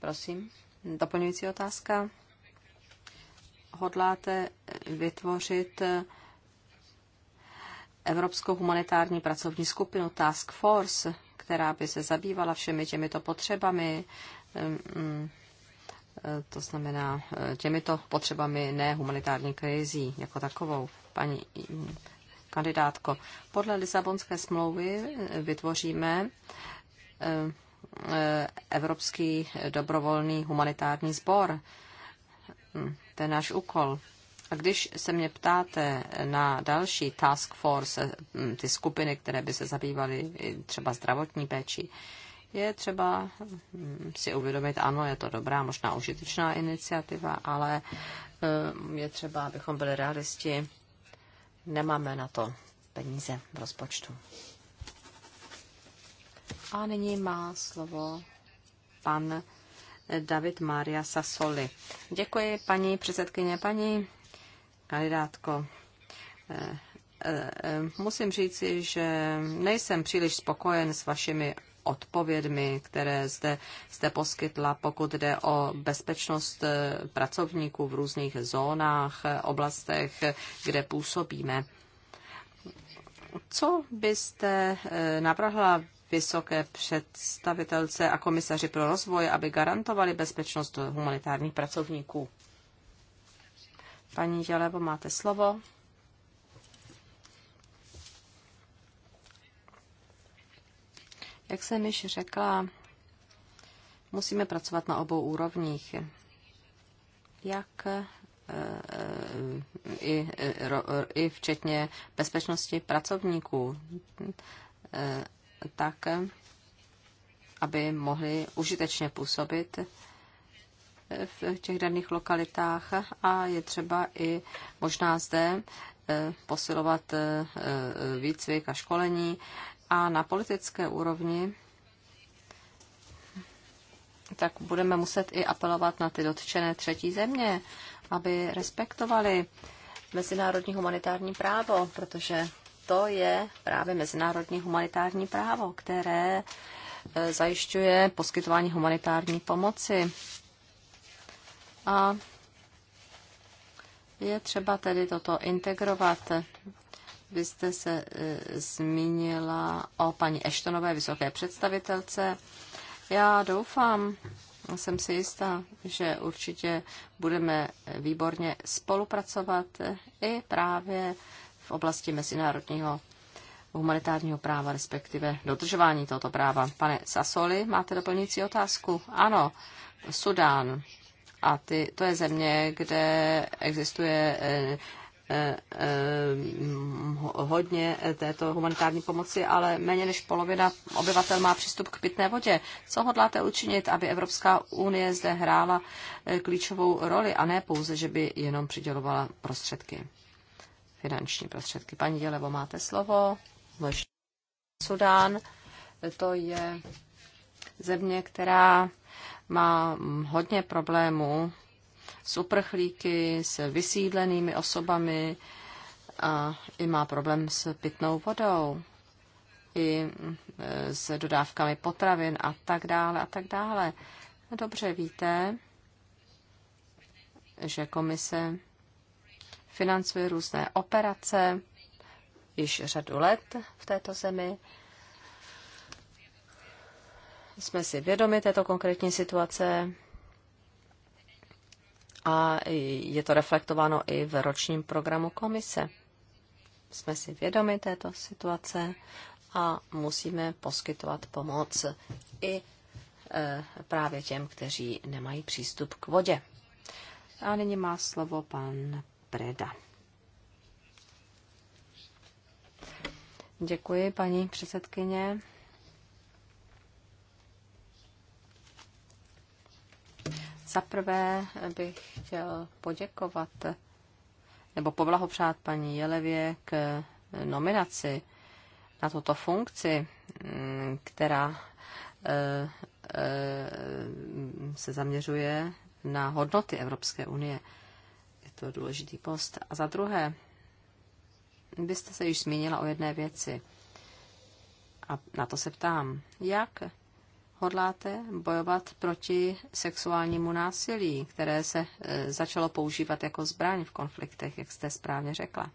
Prosím, doplňující otázka. Hodláte vytvořit Evropskou humanitární pracovní skupinu Task Force, která by se zabývala všemi těmito potřebami ehm, Eh, to znamená eh, těmito potřebami, ne humanitární krizí jako takovou. Paní kandidátko, podle Lisabonské smlouvy eh, vytvoříme Evropský dobrovolný humanitární sbor. Hm, to je náš úkol. A když se mě ptáte na další task force, hm, ty skupiny, které by se zabývaly třeba zdravotní péči, je třeba hm, si uvědomit, ano, je to dobrá, možná užitečná iniciativa, ale hm, je třeba, abychom byli realisti, nemáme na to peníze v rozpočtu. A nyní má slovo pan David Maria Sasoli. Děkuji, paní předsedkyně, paní kandidátko. Eh, eh, eh, musím říci, že nejsem příliš spokojen s vašimi odpovědmi, které zde jste poskytla, pokud jde o bezpečnost eh, pracovníků v různých zónách, eh, oblastech, eh, kde působíme. Co byste navrhla vysoké představitelce a komisaři pro rozvoj, aby garantovali bezpečnost humanitárních pracovníků? Paní Želevo, máte slovo. Jak jsem již řekla, musíme pracovat na obou úrovních. Jak eh, eh, i, eh, i včetně bezpečnosti pracovníků, tak aby mohli užitečně působit v těch daných lokalitách a je třeba i možná zde posilovat výcvik a školení a na politické úrovni tak budeme muset i apelovat na ty dotčené třetí země, aby respektovali mezinárodní humanitární právo, protože to je právě mezinárodní humanitární právo, které e, zajišťuje poskytování humanitární pomoci. A je třeba tedy toto integrovat vy jste se e, zmínila o paní Eštonové vysoké představitelce. Já doufám, jsem si jistá, že určitě budeme výborně spolupracovat i právě v oblasti mezinárodního humanitárního práva, respektive dodržování tohoto práva. Pane Sasoli, máte doplňující otázku? Ano, Sudán. A ty, to je země, kde existuje e, Eh, eh, hodně této humanitární pomoci, ale méně než polovina obyvatel má přístup k pitné vodě. Co hodláte učinit, aby Evropská unie zde hrála eh, klíčovou roli a ne pouze, že by jenom přidělovala prostředky, finanční prostředky? Paní Dělevo, máte slovo. Sudán, to je země, která má hodně problémů s uprchlíky, s vysídlenými osobami a i má problém s pitnou vodou, i e, s dodávkami potravin a tak dále a tak dále. Dobře víte, že komise financuje různé operace již řadu let v této zemi. Jsme si vědomi této konkrétní situace a je to reflektováno i v ročním programu komise. Jsme si vědomi této situace a musíme poskytovat pomoc i e, právě těm, kteří nemají přístup k vodě. A nyní má slovo pan Preda. Děkuji, paní předsedkyně. Za prvé bych chtěl poděkovat nebo poblahopřát paní Jelevě k nominaci na tuto funkci, mm, která e, e, se zaměřuje na hodnoty Evropské unie. Je to důležitý post. A za druhé, byste se již zmínila o jedné věci. A na to se ptám. Jak hodláte bojovat proti sexuálnímu násilí, které se e, začalo používat jako zbraň v konfliktech, jak jste správně řekla.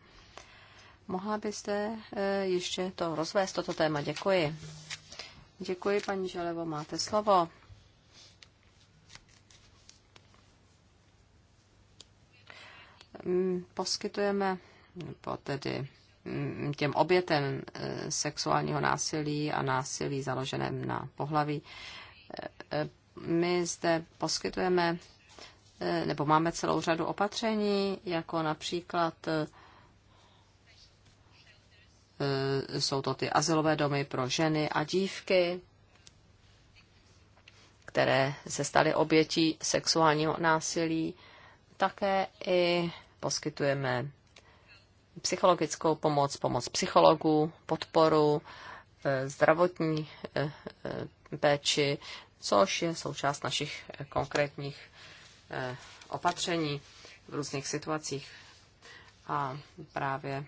Mohla byste e, ještě to rozvést, toto téma? Děkuji. Děkuji, paní Želevo, máte slovo. Mm, poskytujeme, nebo tedy Mm, těm obětem eh, sexuálního násilí a násilí založeném na pohlaví. Eh, eh, my zde poskytujeme nebo máme celou řadu opatření, jako například jsou to ty asilové domy pro ženy a dívky, které se staly obětí sexuálního násilí. Také i poskytujeme psychologickou pomoc, pomoc psychologů, podporu, eh, zdravotní eh, eh, péči, což je součást našich konkrétních opatření v různých situacích. A právě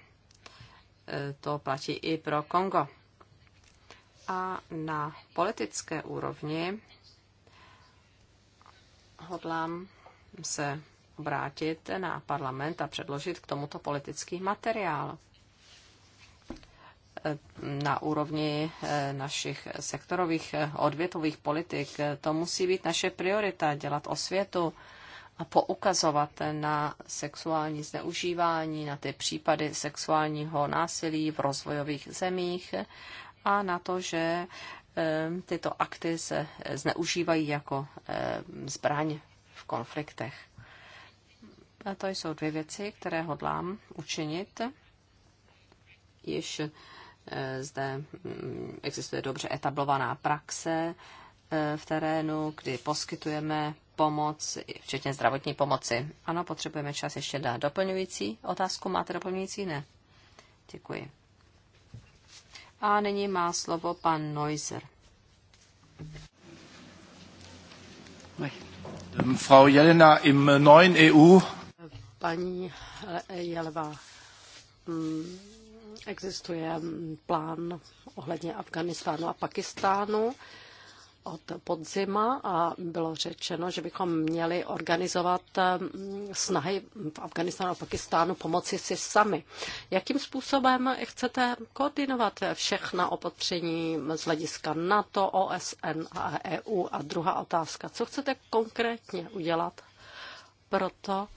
to platí i pro Kongo. A na politické úrovni hodlám se obrátit na parlament a předložit k tomuto politický materiál na úrovni eh, našich sektorových eh, odvětových politik. Eh, to musí být naše priorita, dělat osvětu a poukazovat na sexuální zneužívání, na ty případy sexuálního násilí v rozvojových zemích a na to, že tyto akty se zneužívají jako zbraň v konfliktech. A to jsou dvě věci, které hodlám učinit. Již eh, zde mm, existuje dobře etablovaná praxe eh, v terénu, kdy poskytujeme pomoc, včetně zdravotní pomoci. Ano, potřebujeme čas ještě na doplňující otázku. Máte doplňující? Ne. Děkuji. A nyní má slovo pan Neuser. Frau Jelena, im neuen EU Paní Jeleva, mm, existuje plán ohledně Afganistánu a Pakistánu od podzima a bylo řečeno, že bychom měli organizovat mm, snahy v Afganistánu a Pakistánu pomoci si sami. Jakým způsobem chcete koordinovat všechna opatření z hlediska NATO, OSN a EU? A druhá otázka, co chcete konkrétně udělat pro to,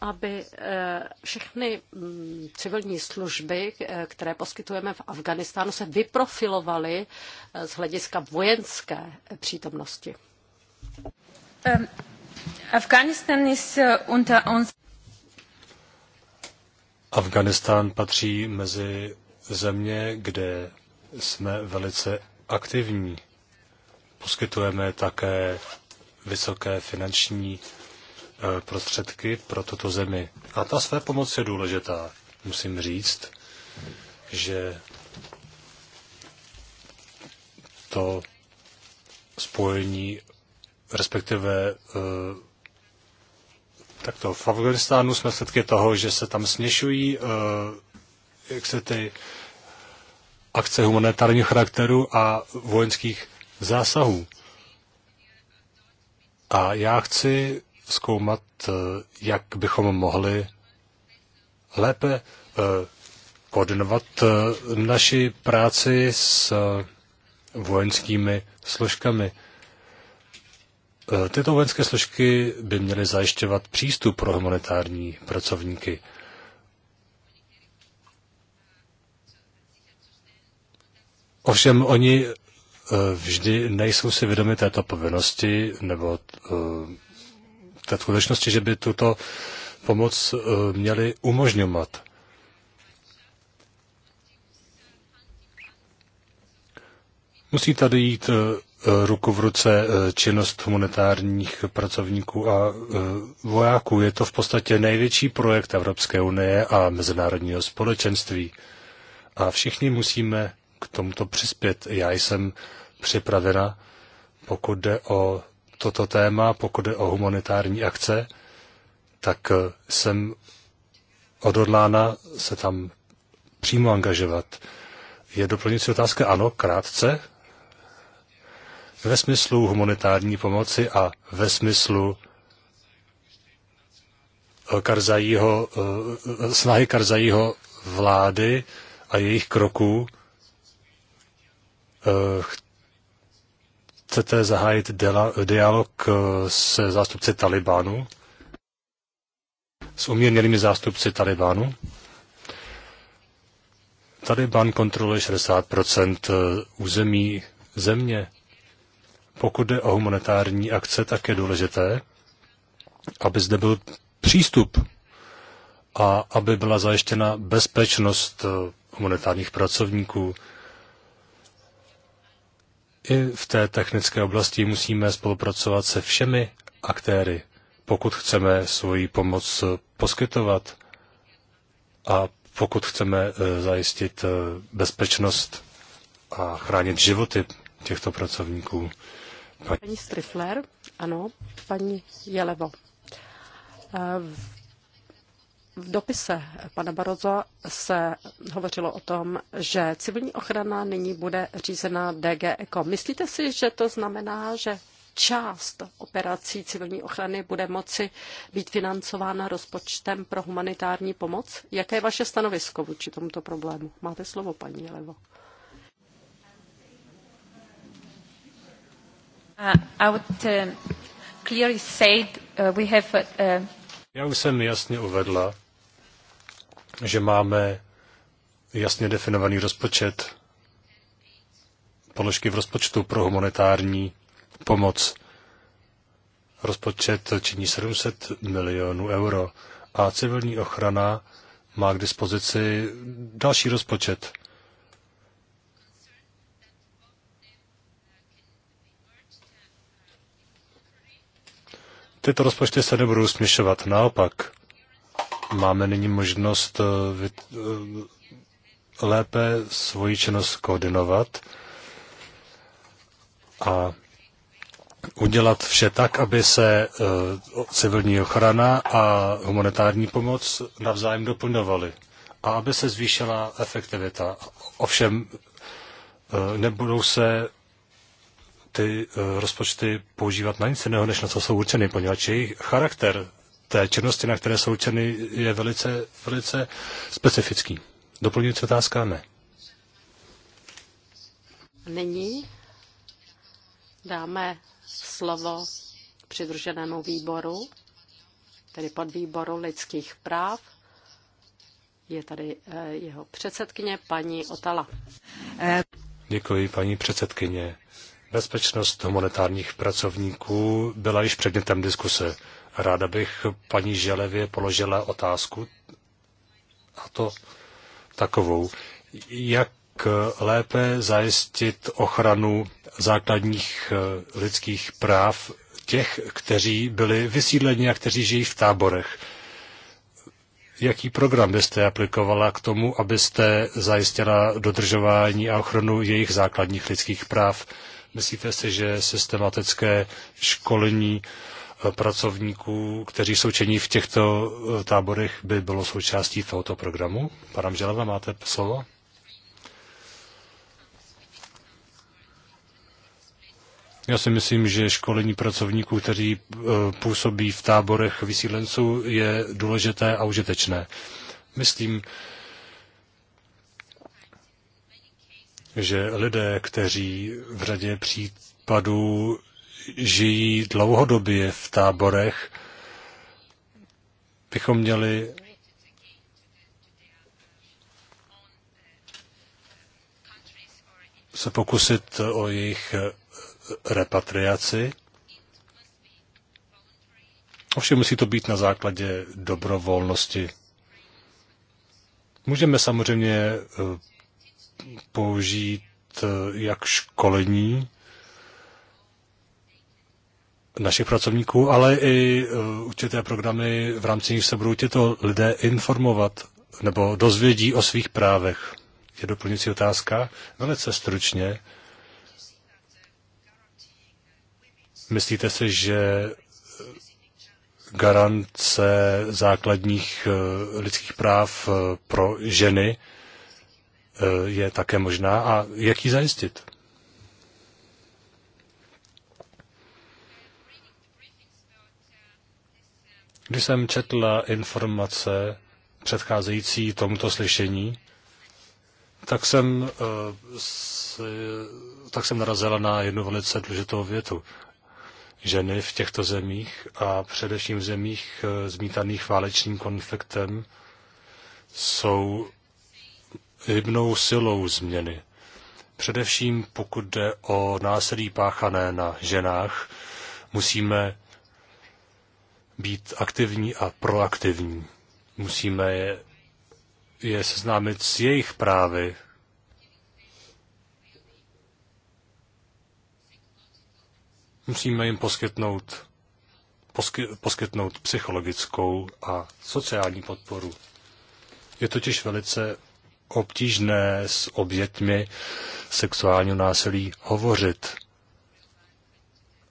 aby eh, všechny mm, civilní služby, eh, které poskytujeme v Afganistánu, se vyprofilovaly eh, z hlediska vojenské přítomnosti. Afganistán patří mezi země, kde jsme velice aktivní. Poskytujeme také vysoké finanční Eh, prostředky pro tuto zemi. A ta své pomoc je důležitá. Musím říct, že to spojení, respektive eh, takto v Afganistánu jsme svědky toho, že se tam směšují eh, jak se ty akce humanitárního charakteru a vojenských zásahů. A já chci zkoumat, eh, jak bychom mohli lépe eh, koordinovat eh, naši práci s vojenskými složkami. Tyto vojenské složky by měly zajišťovat přístup pro humanitární pracovníky. Ovšem oni vždy nejsou si vědomi této povinnosti nebo té skutečnosti, že by tuto pomoc eh, měli umožňovat. Musí tady jít eh, ruku v ruce eh, činnost humanitárních pracovníků a vojáků. Je to v podstatě největší projekt Evropské unie a mezinárodního společenství. A všichni musíme k tomuto přispět. Já jsem připravena, pokud jde o toto téma, pokud je o humanitární akce, tak eh, jsem odhodlána se tam přímo angažovat. Je doplňující otázka? Ano, krátce. Ve smyslu humanitární pomoci a ve smyslu eh, Karzajího, eh, snahy Karzajího vlády a jejich kroků chcete zahájit dialog eh, se zástupci Talibánu? S umírněnými zástupci Talibánu? Taliban kontroluje 60 eh, území země. Pokud jde o humanitární akce, tak je důležité, aby zde byl přístup a aby byla zajištěna bezpečnost eh, humanitárních pracovníků. I v té technické oblasti musíme spolupracovat se všemi aktéry, pokud chceme svoji pomoc poskytovat a pokud chceme eh, zajistit eh, bezpečnost a chránit životy těchto pracovníků. Paní, paní Strifler, ano, paní Jelevo. Eh, v dopise pana Barozo se hovořilo o tom, že civilní ochrana nyní bude řízena DG ECO. Myslíte si, že to znamená, že část operací civilní ochrany bude moci být financována rozpočtem pro humanitární pomoc? Jaké je vaše stanovisko vůči tomuto problému? Máte slovo, paní Levo. Uh, I would, uh, clearly uh, we have, Já už jsem jasně uvedla, že máme jasně definovaný rozpočet, položky v rozpočtu pro humanitární pomoc. Rozpočet činí 700 milionů euro a civilní ochrana má k dispozici další rozpočet. Tyto rozpočty se nebudou směšovat, naopak máme nyní možnost eh, eh, lépe svoji činnost koordinovat a udělat vše tak, aby se eh, civilní ochrana a humanitární pomoc navzájem doplňovaly a aby se zvýšila efektivita. Ovšem nebudou se ty rozpočty používat na nic jiného, než na co jsou určeny, poněvadž jejich charakter té činnosti, na které jsou černy, je velice, velice specifický. Doplňující otázka? Ne. Nyní dáme slovo přidruženému výboru, tedy podvýboru lidských práv. Je tady eh, jeho předsedkyně, paní Otala. Děkuji, paní předsedkyně. Bezpečnost humanitárních pracovníků byla již předmětem diskuse. Ráda bych paní Želevě položila otázku, a to takovou. Jak lépe zajistit ochranu základních eh, lidských práv těch, kteří byli vysídleni a kteří žijí v táborech? Jaký program byste aplikovala k tomu, abyste zajistila dodržování a ochranu jejich základních lidských práv? Myslíte si, že systematické školení pracovníků, kteří jsou činní v těchto eh, táborech, by bylo součástí tohoto programu? Pana Želeva, máte slovo? Já si myslím, že školení pracovníků, kteří eh, působí v táborech vysídlenců, je důležité a užitečné. Myslím, že lidé, kteří v řadě případů žijí dlouhodobě v táborech, bychom měli se pokusit o jejich repatriaci. Ovšem musí to být na základě dobrovolnosti. Můžeme samozřejmě eh, použít eh, jak školení, našich pracovníků, ale i e, určité programy, v rámci nich se budou těto lidé informovat nebo dozvědí o svých právech. Je doplňující otázka? Velice stručně. Myslíte si, že garance základních e, lidských práv e, pro ženy je také možná a jak ji zajistit? Když jsem četla informace předcházející tomuto slyšení, tak jsem, eh, tak jsem narazila na jednu velice důležitou větu. Ženy v těchto zemích a především v zemích eh, zmítaných válečným konfliktem jsou hybnou silou změny. Především pokud jde o násilí páchané na ženách, musíme být aktivní a proaktivní. Musíme je, je seznámit s jejich právy. Musíme jim poskytnout, posky, poskytnout psychologickou a sociální podporu. Je totiž velice obtížné s oběťmi sexuálního násilí hovořit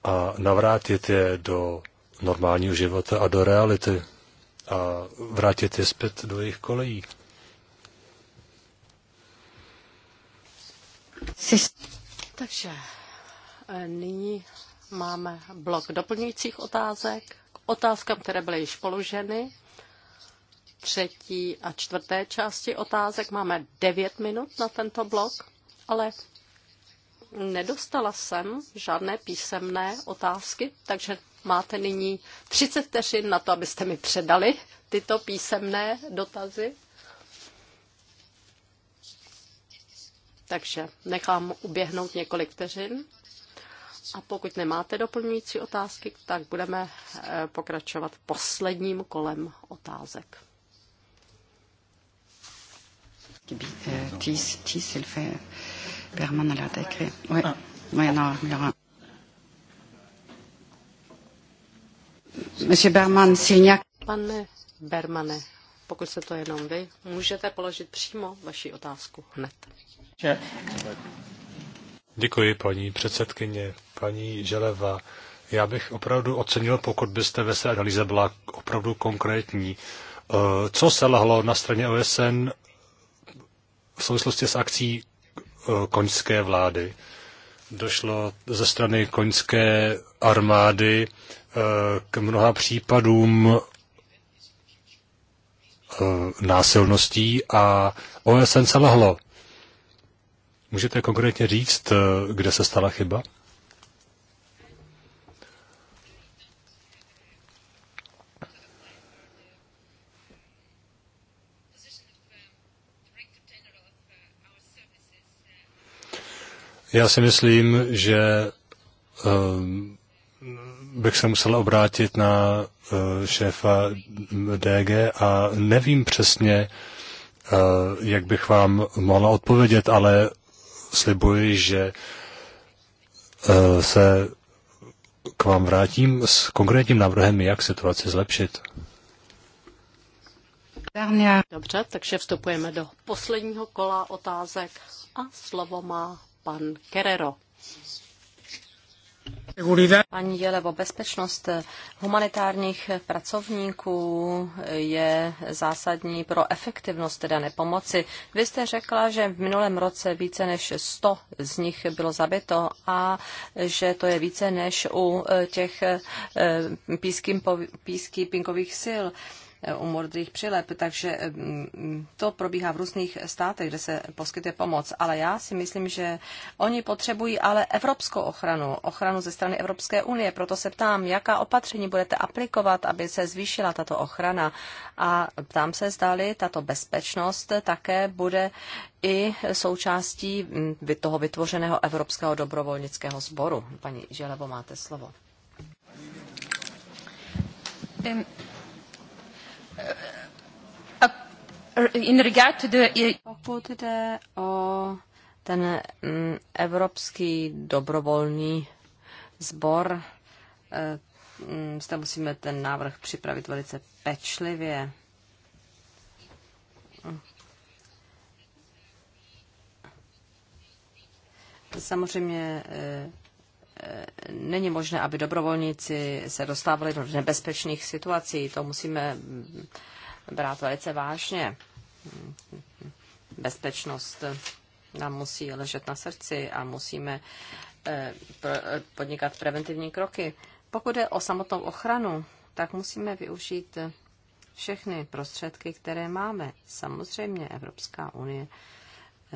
a navrátit je do normálního života a do reality a vrátit je zpět do jejich kolejí. Takže eh, nyní máme blok doplňujících otázek k otázkám, které byly již položeny. Třetí a čtvrté části otázek máme devět minut na tento blok, ale nedostala jsem žádné písemné otázky, takže Máte nyní 30 vteřin na to, abyste mi předali tyto písemné dotazy. Takže nechám uběhnout několik vteřin. A pokud nemáte doplňující otázky, tak budeme eh, pokračovat posledním kolem otázek. Tis, tis, elle fait permanent à la décret. Oui, ah. oui, non, il y aura. Berman, Pane Bermane, pokud se to jenom vy, můžete položit přímo vaši otázku hned. Děkuji, paní předsedkyně, paní Želeva. Já bych opravdu ocenil, pokud byste ve své analýze byla opravdu konkrétní. Eh, co se lehlo na straně OSN v souvislosti s akcí eh, koňské vlády? Došlo ze strany koňské armády k mnoha případům eh, násilností a OSN lehlo. Můžete konkrétně říct, eh, kde se stala chyba? Já si myslím, že um, bych se musela obrátit na eh, šéfa DG a nevím přesně, eh, jak bych vám mohla odpovědět, ale slibuji, že eh, se k vám vrátím s konkrétním návrhem, jak situaci zlepšit. Dobře, takže vstupujeme do posledního kola otázek a slovo má pan Kerero. Paní Jelevo, bezpečnost humanitárních pracovníků je zásadní pro efektivnost teda nepomoci. Vy jste řekla, že v minulém roce více než 100 z nich bylo zabito a že to je více než u těch eh, písky, sil. Eh, u modrých přilep, takže mm, mm, to probíhá v různých státech, kde se poskytuje pomoc. Ale já si myslím, že oni potřebují ale evropskou ochranu, ochranu ze strany Evropské unie. Proto se ptám, jaká opatření budete aplikovat, aby se zvýšila tato ochrana. A ptám se, zdali tato bezpečnost také bude i součástí mm, toho vytvořeného Evropského dobrovolnického sboru. Paní Želevo, máte slovo. Eh, eh, in regard to the... Eh, Pokud jde o ten mm, evropský dobrovolný sbor, mm, zde musíme ten návrh připravit velice pečlivě. Samozřejmě není možné, aby dobrovolníci se dostávali do nebezpečných situací. To musíme brát velice vážně. Bezpečnost nám musí ležet na srdci a musíme eh, podnikat preventivní kroky. Pokud je o samotnou ochranu, tak musíme využít všechny prostředky, které máme. Samozřejmě Evropská unie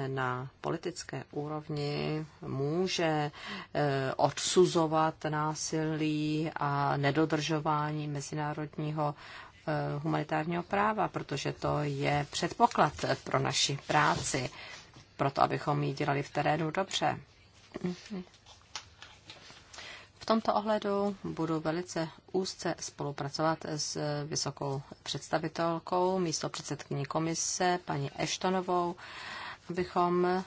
na politické úrovni může eh, odsuzovat násilí a nedodržování mezinárodního eh, humanitárního práva, protože to je předpoklad pro naši práci, proto abychom ji dělali v terénu dobře. V tomto ohledu budu velice úzce spolupracovat s vysokou představitelkou, místo předsedkyní komise, paní Eštonovou, abychom eh,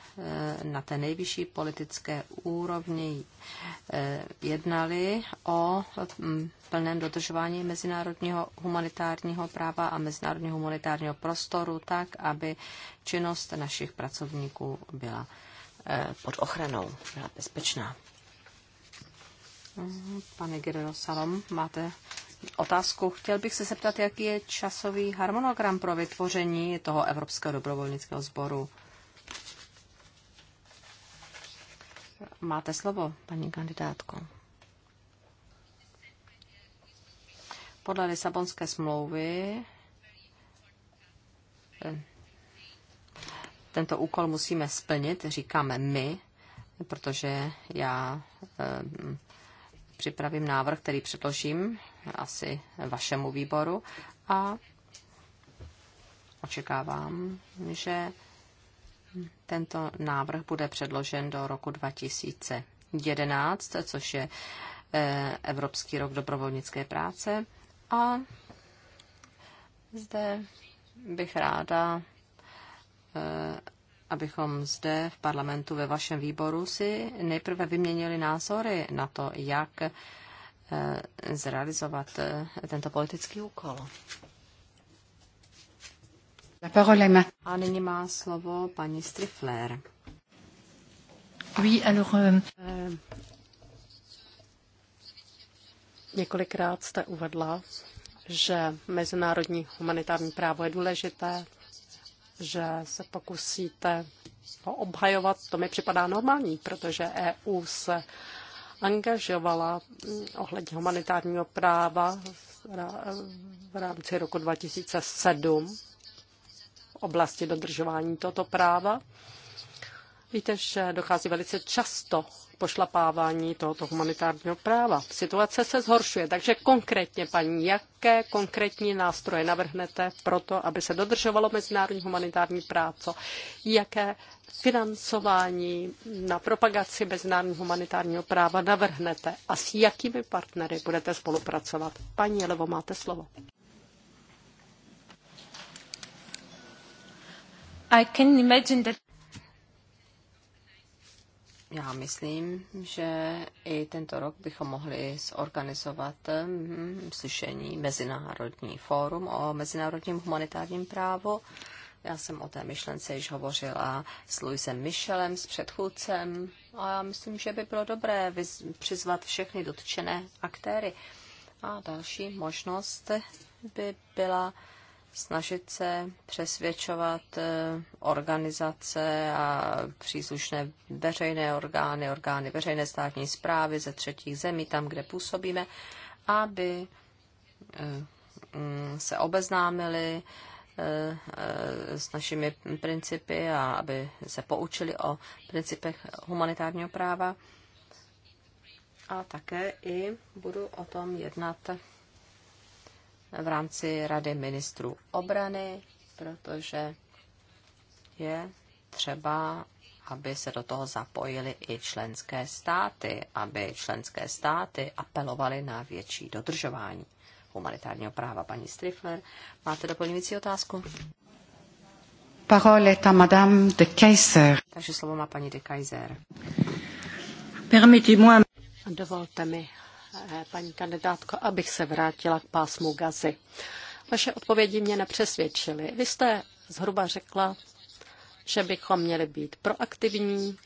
na té nejvyšší politické úrovni eh, jednali o mm, plném dodržování mezinárodního humanitárního práva a mezinárodního humanitárního prostoru tak, aby činnost našich pracovníků byla eh, pod ochranou, byla bezpečná. Mm, pane Guerrero Salom, máte otázku. Chtěl bych se zeptat, jaký je časový harmonogram pro vytvoření toho Evropského dobrovolnického sboru. Máte slovo, paní kandidátko. Podle Lisabonské smlouvy eh, tento úkol musíme splnit, říkáme my, protože já eh, připravím návrh, který předložím asi vašemu výboru a očekávám, že tento návrh bude předložen do roku 2011, což je eh, Evropský rok dobrovolnické práce. A zde bych ráda, eh, abychom zde v parlamentu ve vašem výboru si nejprve vyměnili názory na to, jak eh, zrealizovat tento politický úkol. A nyní má slovo paní Strifler. Oui, alors, euh... Eh, několikrát jste uvedla, že mezinárodní humanitární právo je důležité, že se pokusíte ho obhajovat. To mi připadá normální, protože EU se angažovala mm, ohledně humanitárního práva v rámci roku 2007 oblasti dodržování tohoto práva. Víte, že dochází velice často k pošlapávání tohoto humanitárního práva. Situace se zhoršuje, takže konkrétně, paní, jaké konkrétní nástroje navrhnete pro to, aby se dodržovalo mezinárodní humanitární právo? Jaké financování na propagaci mezinárodního humanitárního práva navrhnete a s jakými partnery budete spolupracovat? Paní Levo, máte slovo. I can imagine that já myslím, že i tento rok bychom mohli zorganizovat hm, slyšení Mezinárodní fórum o mezinárodním humanitárním právu. Já jsem o té myšlence již hovořila s Luisem Michelem, s předchůdcem, a já myslím, že by bylo dobré přizvat všechny dotčené aktéry. A další možnost by byla snažit se přesvědčovat eh, organizace a příslušné veřejné orgány, orgány veřejné státní zprávy ze třetích zemí, tam, kde působíme, aby eh, mm, se obeznámili eh, s našimi principy a aby se poučili o principech humanitárního práva. A také i budu o tom jednat v rámci Rady ministrů obrany, protože je třeba, aby se do toho zapojili i členské státy, aby členské státy apelovaly na větší dodržování humanitárního práva. Paní Strifler, máte doplňující otázku? Parole ta Madame de Kaiser. Takže slovo má paní de Kaiser. Dovolte mi, Eh, paní kandidátko, abych se vrátila k pásmu gazy. Vaše odpovědi mě nepřesvědčily. Vy jste zhruba řekla, že bychom měli být proaktivní,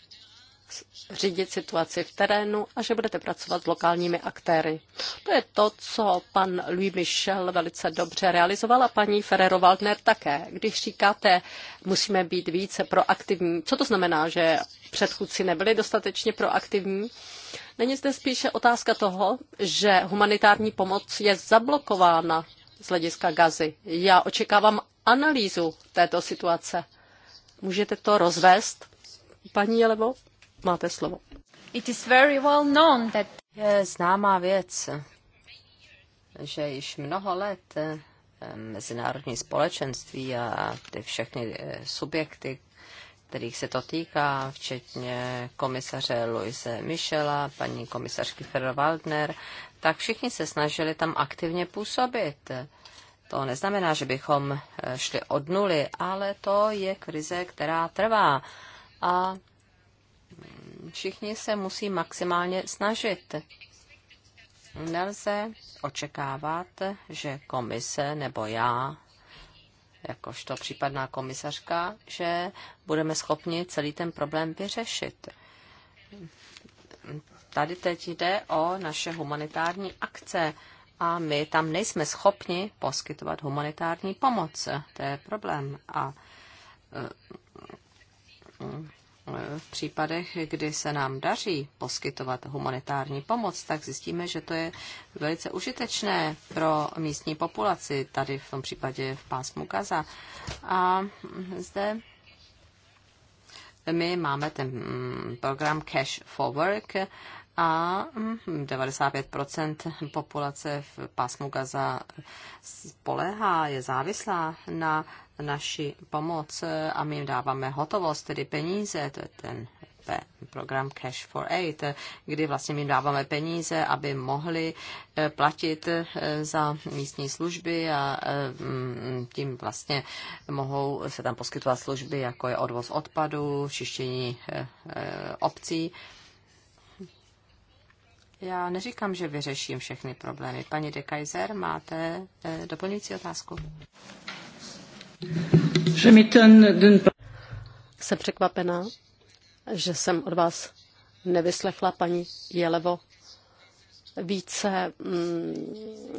řídit situaci v terénu a že budete pracovat s lokálními aktéry. To je to, co pan Louis Michel velice dobře realizoval a paní Ferrero Waldner také. Když říkáte, musíme být více proaktivní, co to znamená, že předchůdci nebyli dostatečně proaktivní? Není zde spíše otázka toho, že humanitární pomoc je zablokována z hlediska gazy. Já očekávám analýzu této situace. Můžete to rozvést, paní Jelevo? Máte slovo. It is very well known that... Je známá věc, že již mnoho let eh, mezinárodní společenství a ty všechny eh, subjekty, kterých se to týká, včetně komisaře Louise Michela, paní komisařky Ferro Waldner, tak všichni se snažili tam aktivně působit. To neznamená, že bychom eh, šli od nuly, ale to je krize, která trvá. A všichni se musí maximálně snažit. Nelze očekávat, že komise nebo já, jakožto případná komisařka, že budeme schopni celý ten problém vyřešit. Tady teď jde o naše humanitární akce a my tam nejsme schopni poskytovat humanitární pomoc. To je problém. A eh, v případech, kdy se nám daří poskytovat humanitární pomoc, tak zjistíme, že to je velice užitečné pro místní populaci, tady v tom případě v pásmu Gaza. A zde my máme ten mm, program Cash for Work a 95% mm, populace v pásmu Gaza spolehá, je závislá na naši pomoc eh, a my jim dáváme hotovost, tedy peníze, to je ten program Cash for Aid, eh, kdy vlastně jim dáváme peníze, aby mohli eh, platit za místní služby a mm, tím vlastně mohou se tam poskytovat služby, jako je odvoz odpadu, čištění obcí. Já neříkám, že vyřeším všechny problémy. Paní de Kaiser, máte doplňující otázku? Jsem překvapená, že jsem od vás nevyslechla paní Jelevo více mm,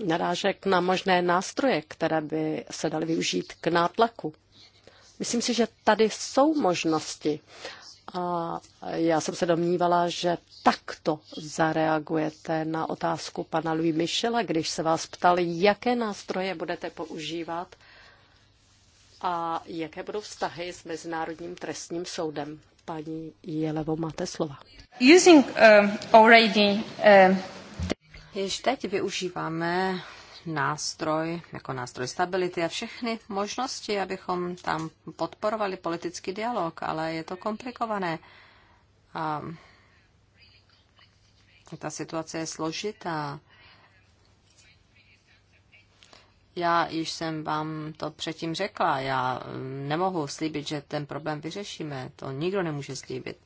narážek na možné nástroje, které by se daly využít k nátlaku. Myslím si, že tady jsou možnosti. A já jsem se domnívala, že takto zareagujete na otázku pana Louis Michela, když se vás ptali, jaké nástroje budete používat a jaké budou vztahy s Mezinárodním trestním soudem. Paní Jelevo, máte slova. Using, uh, already, uh... Již teď využíváme nástroj, jako nástroj stability a všechny možnosti, abychom tam podporovali politický dialog, ale je to komplikované. A ta situace je složitá Já již jsem vám to předtím řekla. Já mm, nemohu slíbit, že ten problém vyřešíme. To nikdo nemůže slíbit.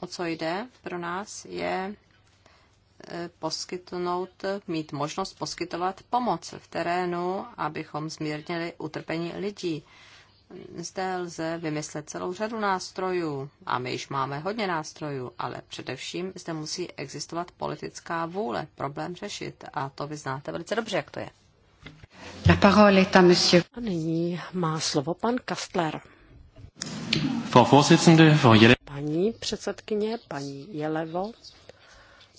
O co jde pro nás je e, poskytnout, mít možnost poskytovat pomoc v terénu, abychom zmírnili utrpení lidí. Zde lze vymyslet celou řadu nástrojů a my již máme hodně nástrojů, ale především zde musí existovat politická vůle problém řešit a to vy znáte velice dobře, jak to je. La parole est à monsieur. A nyní má slovo pan Kastler. Paní předsedkyně, paní Jelevo,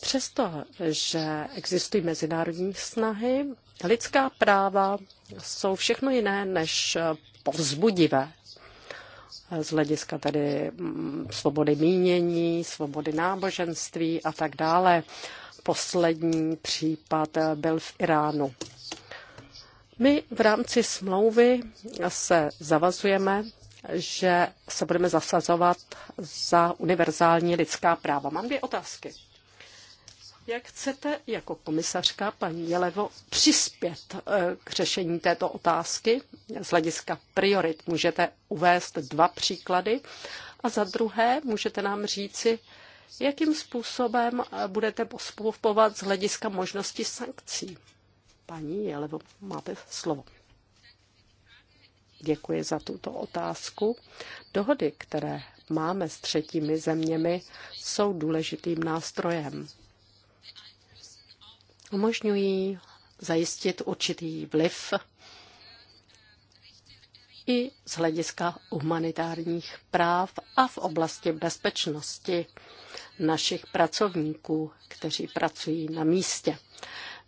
přesto, že existují mezinárodní snahy, lidská práva jsou všechno jiné než povzbudivé z hlediska tedy mm, svobody mínění, svobody náboženství a tak dále. Poslední případ byl v Iránu. My v rámci smlouvy se zavazujeme, že se budeme zasazovat za univerzální lidská práva. Mám dvě otázky. Jak chcete jako komisařka, paní Jelevo, přispět eh, k řešení této otázky z hlediska priorit? Můžete uvést dva příklady. A za druhé, můžete nám říci, jakým způsobem eh, budete postupovat z hlediska možnosti sankcí? Paní Jelevo, máte slovo. Děkuji za tuto otázku. Dohody, které máme s třetími zeměmi, jsou důležitým nástrojem. Umožňují zajistit určitý vliv i z hlediska humanitárních práv a v oblasti bezpečnosti našich pracovníků, kteří pracují na místě.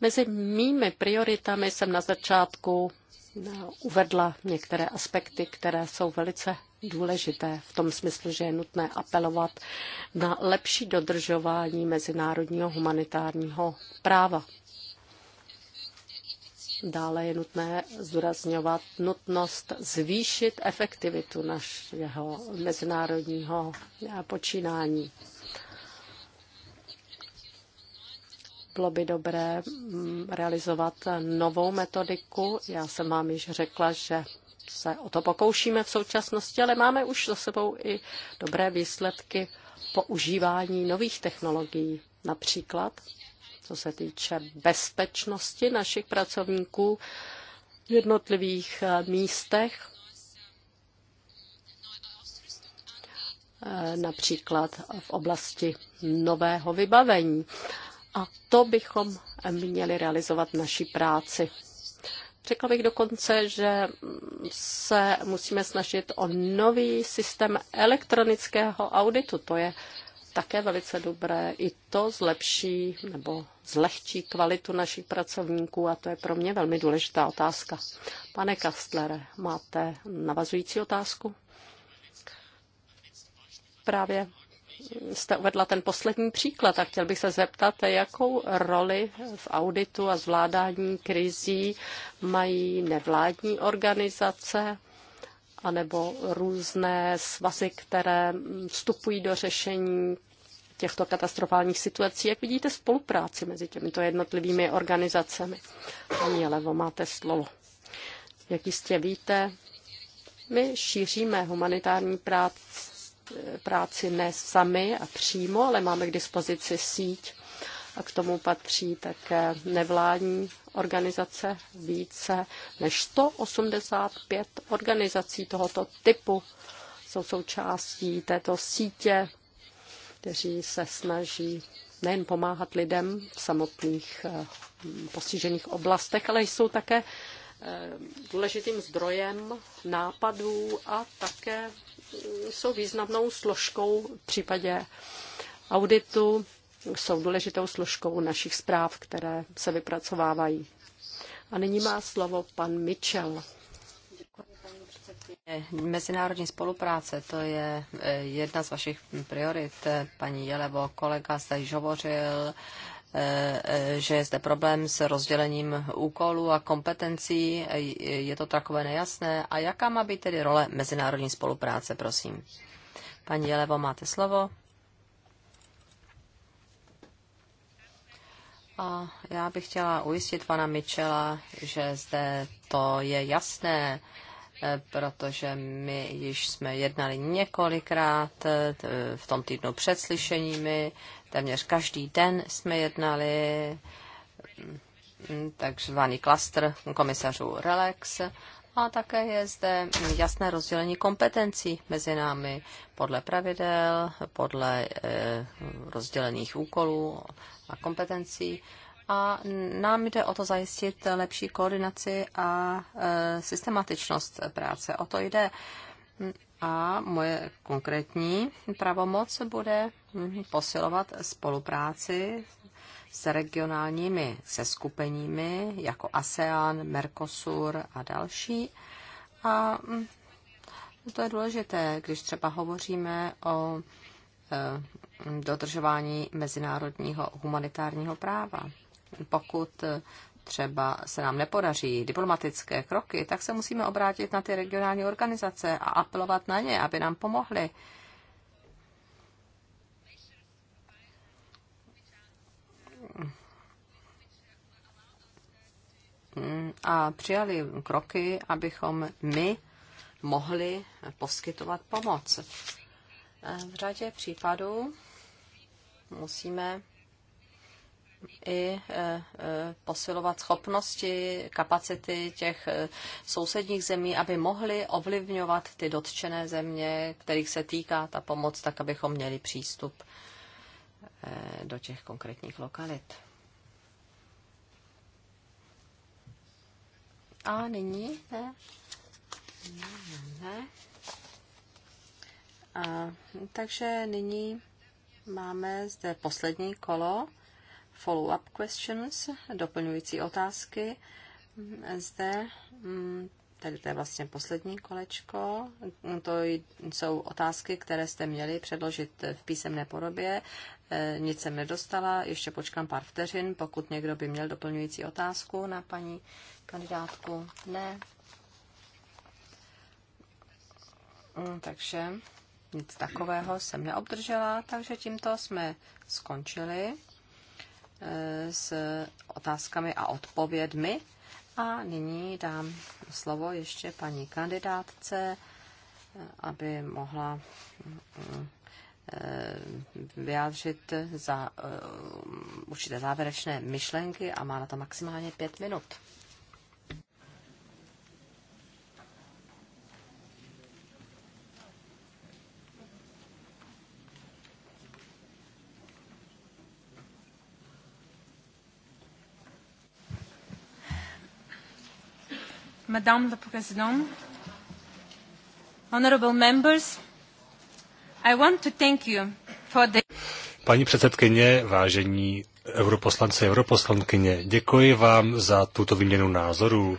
Mezi mými prioritami jsem na začátku eh, uvedla některé aspekty, které jsou velice důležité v tom smyslu, že je nutné apelovat na lepší dodržování mezinárodního humanitárního práva. Dále je nutné zdůrazňovat nutnost zvýšit efektivitu našeho mezinárodního eh, počínání. Bylo by dobré mm, realizovat novou metodiku. Já jsem vám již řekla, že se o to pokoušíme v současnosti, ale máme už za sebou i dobré výsledky používání nových technologií. Například, co se týče bezpečnosti našich pracovníků v jednotlivých eh, místech, eh, například v oblasti nového vybavení. A to bychom měli realizovat v naší práci. Řekla bych dokonce, že se musíme snažit o nový systém elektronického auditu. To je také velice dobré. I to zlepší nebo zlehčí kvalitu našich pracovníků a to je pro mě velmi důležitá otázka. Pane Kastlere, máte navazující otázku? Právě jste uvedla ten poslední příklad a chtěl bych se zeptat, jakou roli v auditu a zvládání krizí mají nevládní organizace anebo různé svazy, které vstupují do řešení těchto katastrofálních situací. Jak vidíte spolupráci mezi těmito jednotlivými organizacemi? Paní Levo, máte slovo. Jak jistě víte, my šíříme humanitární práci práci ne sami a přímo, ale máme k dispozici síť a k tomu patří také nevládní organizace, více než 185 organizací tohoto typu jsou součástí této sítě, kteří se snaží nejen pomáhat lidem v samotných eh, postižených oblastech, ale jsou také eh, důležitým zdrojem nápadů a také jsou významnou složkou v případě auditu, jsou důležitou složkou našich zpráv, které se vypracovávají. A nyní má slovo pan Mitchell. Mezinárodní spolupráce, to je eh, jedna z vašich priorit, eh, paní Jelevo, kolega zde již hovořil že je zde problém s rozdělením úkolů a kompetencí, je to takové nejasné. A jaká má být tedy role mezinárodní spolupráce, prosím? Paní Jelevo, máte slovo. A já bych chtěla ujistit pana Michela, že zde to je jasné, protože my již jsme jednali několikrát v tom týdnu před slyšeními, Téměř každý den jsme jednali mm, takzvaný klastr komisařů Relax a také je zde jasné rozdělení kompetencí mezi námi podle pravidel, podle eh, rozdělených úkolů a kompetencí. A nám jde o to zajistit lepší koordinaci a eh, systematičnost práce. O to jde a moje konkrétní pravomoc bude posilovat spolupráci s regionálními seskupeními jako ASEAN, Mercosur a další. A mm, to je důležité, když třeba hovoříme o e, dodržování mezinárodního humanitárního práva. Pokud e, třeba se nám nepodaří diplomatické kroky, tak se musíme obrátit na ty regionální organizace a apelovat na ně, aby nám pomohly. A přijali kroky, abychom my mohli poskytovat pomoc. V řadě případů musíme i e, e, posilovat schopnosti, kapacity těch e, sousedních zemí, aby mohly ovlivňovat ty dotčené země, kterých se týká ta pomoc, tak abychom měli přístup do těch konkrétních lokalit. A nyní? Ne. Ne. ne. A, takže nyní máme zde poslední kolo follow-up questions, doplňující otázky. Zde, mm, tady to je vlastně poslední kolečko, to jsou otázky, které jste měli předložit v písemné podobě. E, nic jsem nedostala, ještě počkám pár vteřin, pokud někdo by měl doplňující otázku na paní kandidátku. Ne. Mm, takže nic takového jsem neobdržela, takže tímto jsme skončili Eh, s otázkami a odpovědmi. A nyní dám slovo ještě paní kandidátce, eh, aby mohla eh, vyjádřit za určité závěrečné myšlenky a má na to maximálně pět minut. Madame la Présidente, honorable members, I want to thank you for the... Paní předsedkyně, vážení europoslanci, europoslankyně, děkuji vám za tuto výměnu názorů.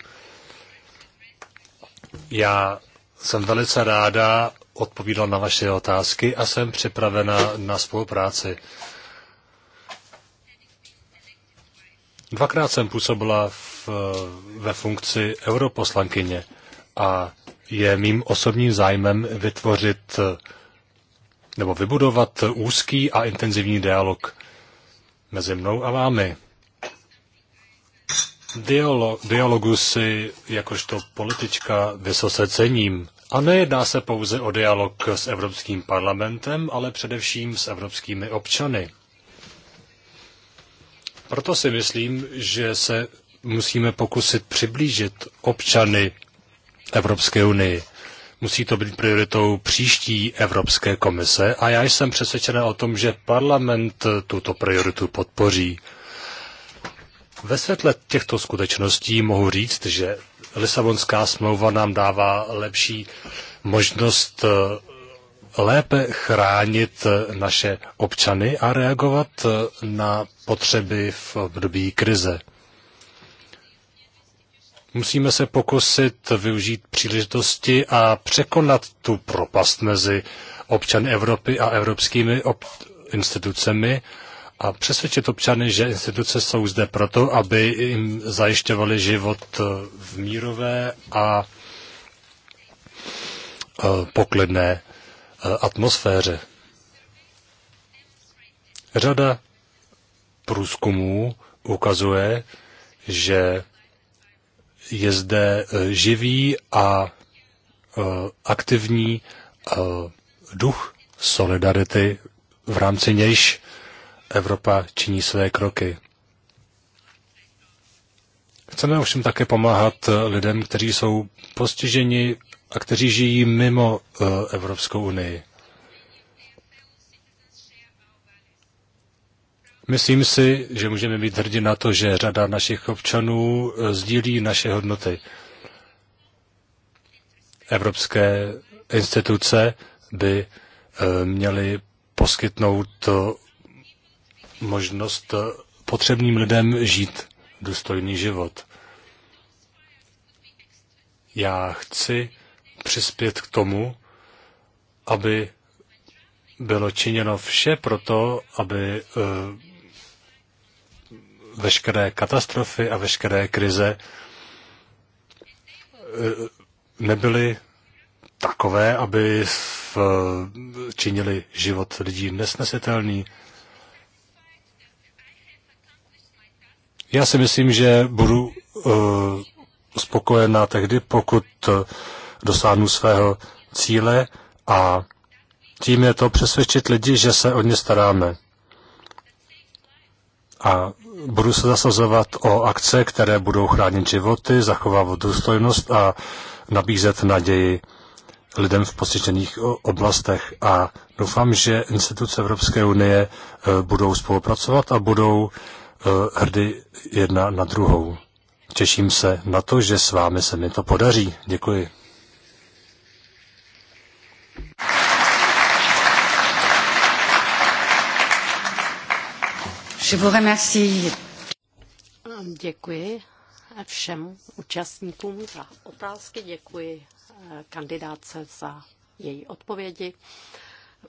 Já jsem velice ráda odpovídala na vaše otázky a jsem připravena na spolupráci. Dvakrát jsem působila v ve funkci europoslankyně a je mým osobním zájmem vytvořit nebo vybudovat úzký a intenzivní dialog mezi mnou a vámi. Dialo, dialogu si jakožto politička vysoce cením. A nejedná se pouze o dialog s Evropským parlamentem, ale především s evropskými občany. Proto si myslím, že se musíme pokusit přiblížit občany Evropské unii. Musí to být prioritou příští Evropské komise a já jsem přesvědčen o tom, že parlament tuto prioritu podpoří. Ve světle těchto skutečností mohu říct, že Lisabonská smlouva nám dává lepší možnost eh, lépe chránit eh, naše občany a reagovat eh, na potřeby v období krize. Musíme se pokusit využít příležitosti a překonat tu propast mezi občany Evropy a evropskými institucemi a přesvědčit občany, že instituce jsou zde proto, aby jim zajišťovaly život eh, v mírové a eh, poklidné eh, atmosféře. Řada průzkumů ukazuje, že je zde eh, živý a eh, aktivní eh, duch solidarity, v rámci nějž Evropa činí své kroky. Chceme ovšem také pomáhat lidem, kteří jsou postiženi a kteří žijí mimo Evropskou unii. Myslím si, že můžeme být hrdí na to, že řada našich občanů eh, sdílí naše hodnoty. Evropské instituce by eh, měly poskytnout eh, možnost potřebným lidem žít důstojný život. Já chci přispět k tomu, aby bylo činěno vše proto, aby veškeré katastrofy a veškeré krize e, nebyly takové, aby činili život lidí nesnesitelný. Já si myslím, že budu uh, e, spokojená tehdy, pokud dosáhnu svého cíle a tím je to přesvědčit lidi, že se o ně staráme. A budu se zasazovat o akce, které budou chránit životy, zachovávat důstojnost a nabízet naději lidem v postižených oblastech. A doufám, že instituce Evropské unie e, budou spolupracovat a budou e, hrdy jedna na druhou. Těším se na to, že s vámi se mi to podaří. Děkuji. Děkuji všem účastníkům za otázky, děkuji eh, kandidáce za její odpovědi.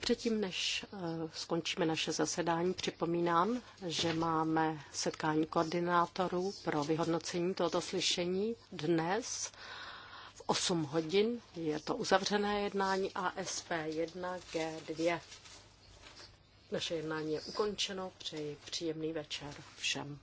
Předtím, než eh, skončíme naše zasedání, připomínám, že máme setkání koordinátorů pro vyhodnocení tohoto slyšení dnes v 8 hodin. Je to uzavřené jednání ASP 1G2. Naše jednání je ukončeno. Přeji příjemný večer všem.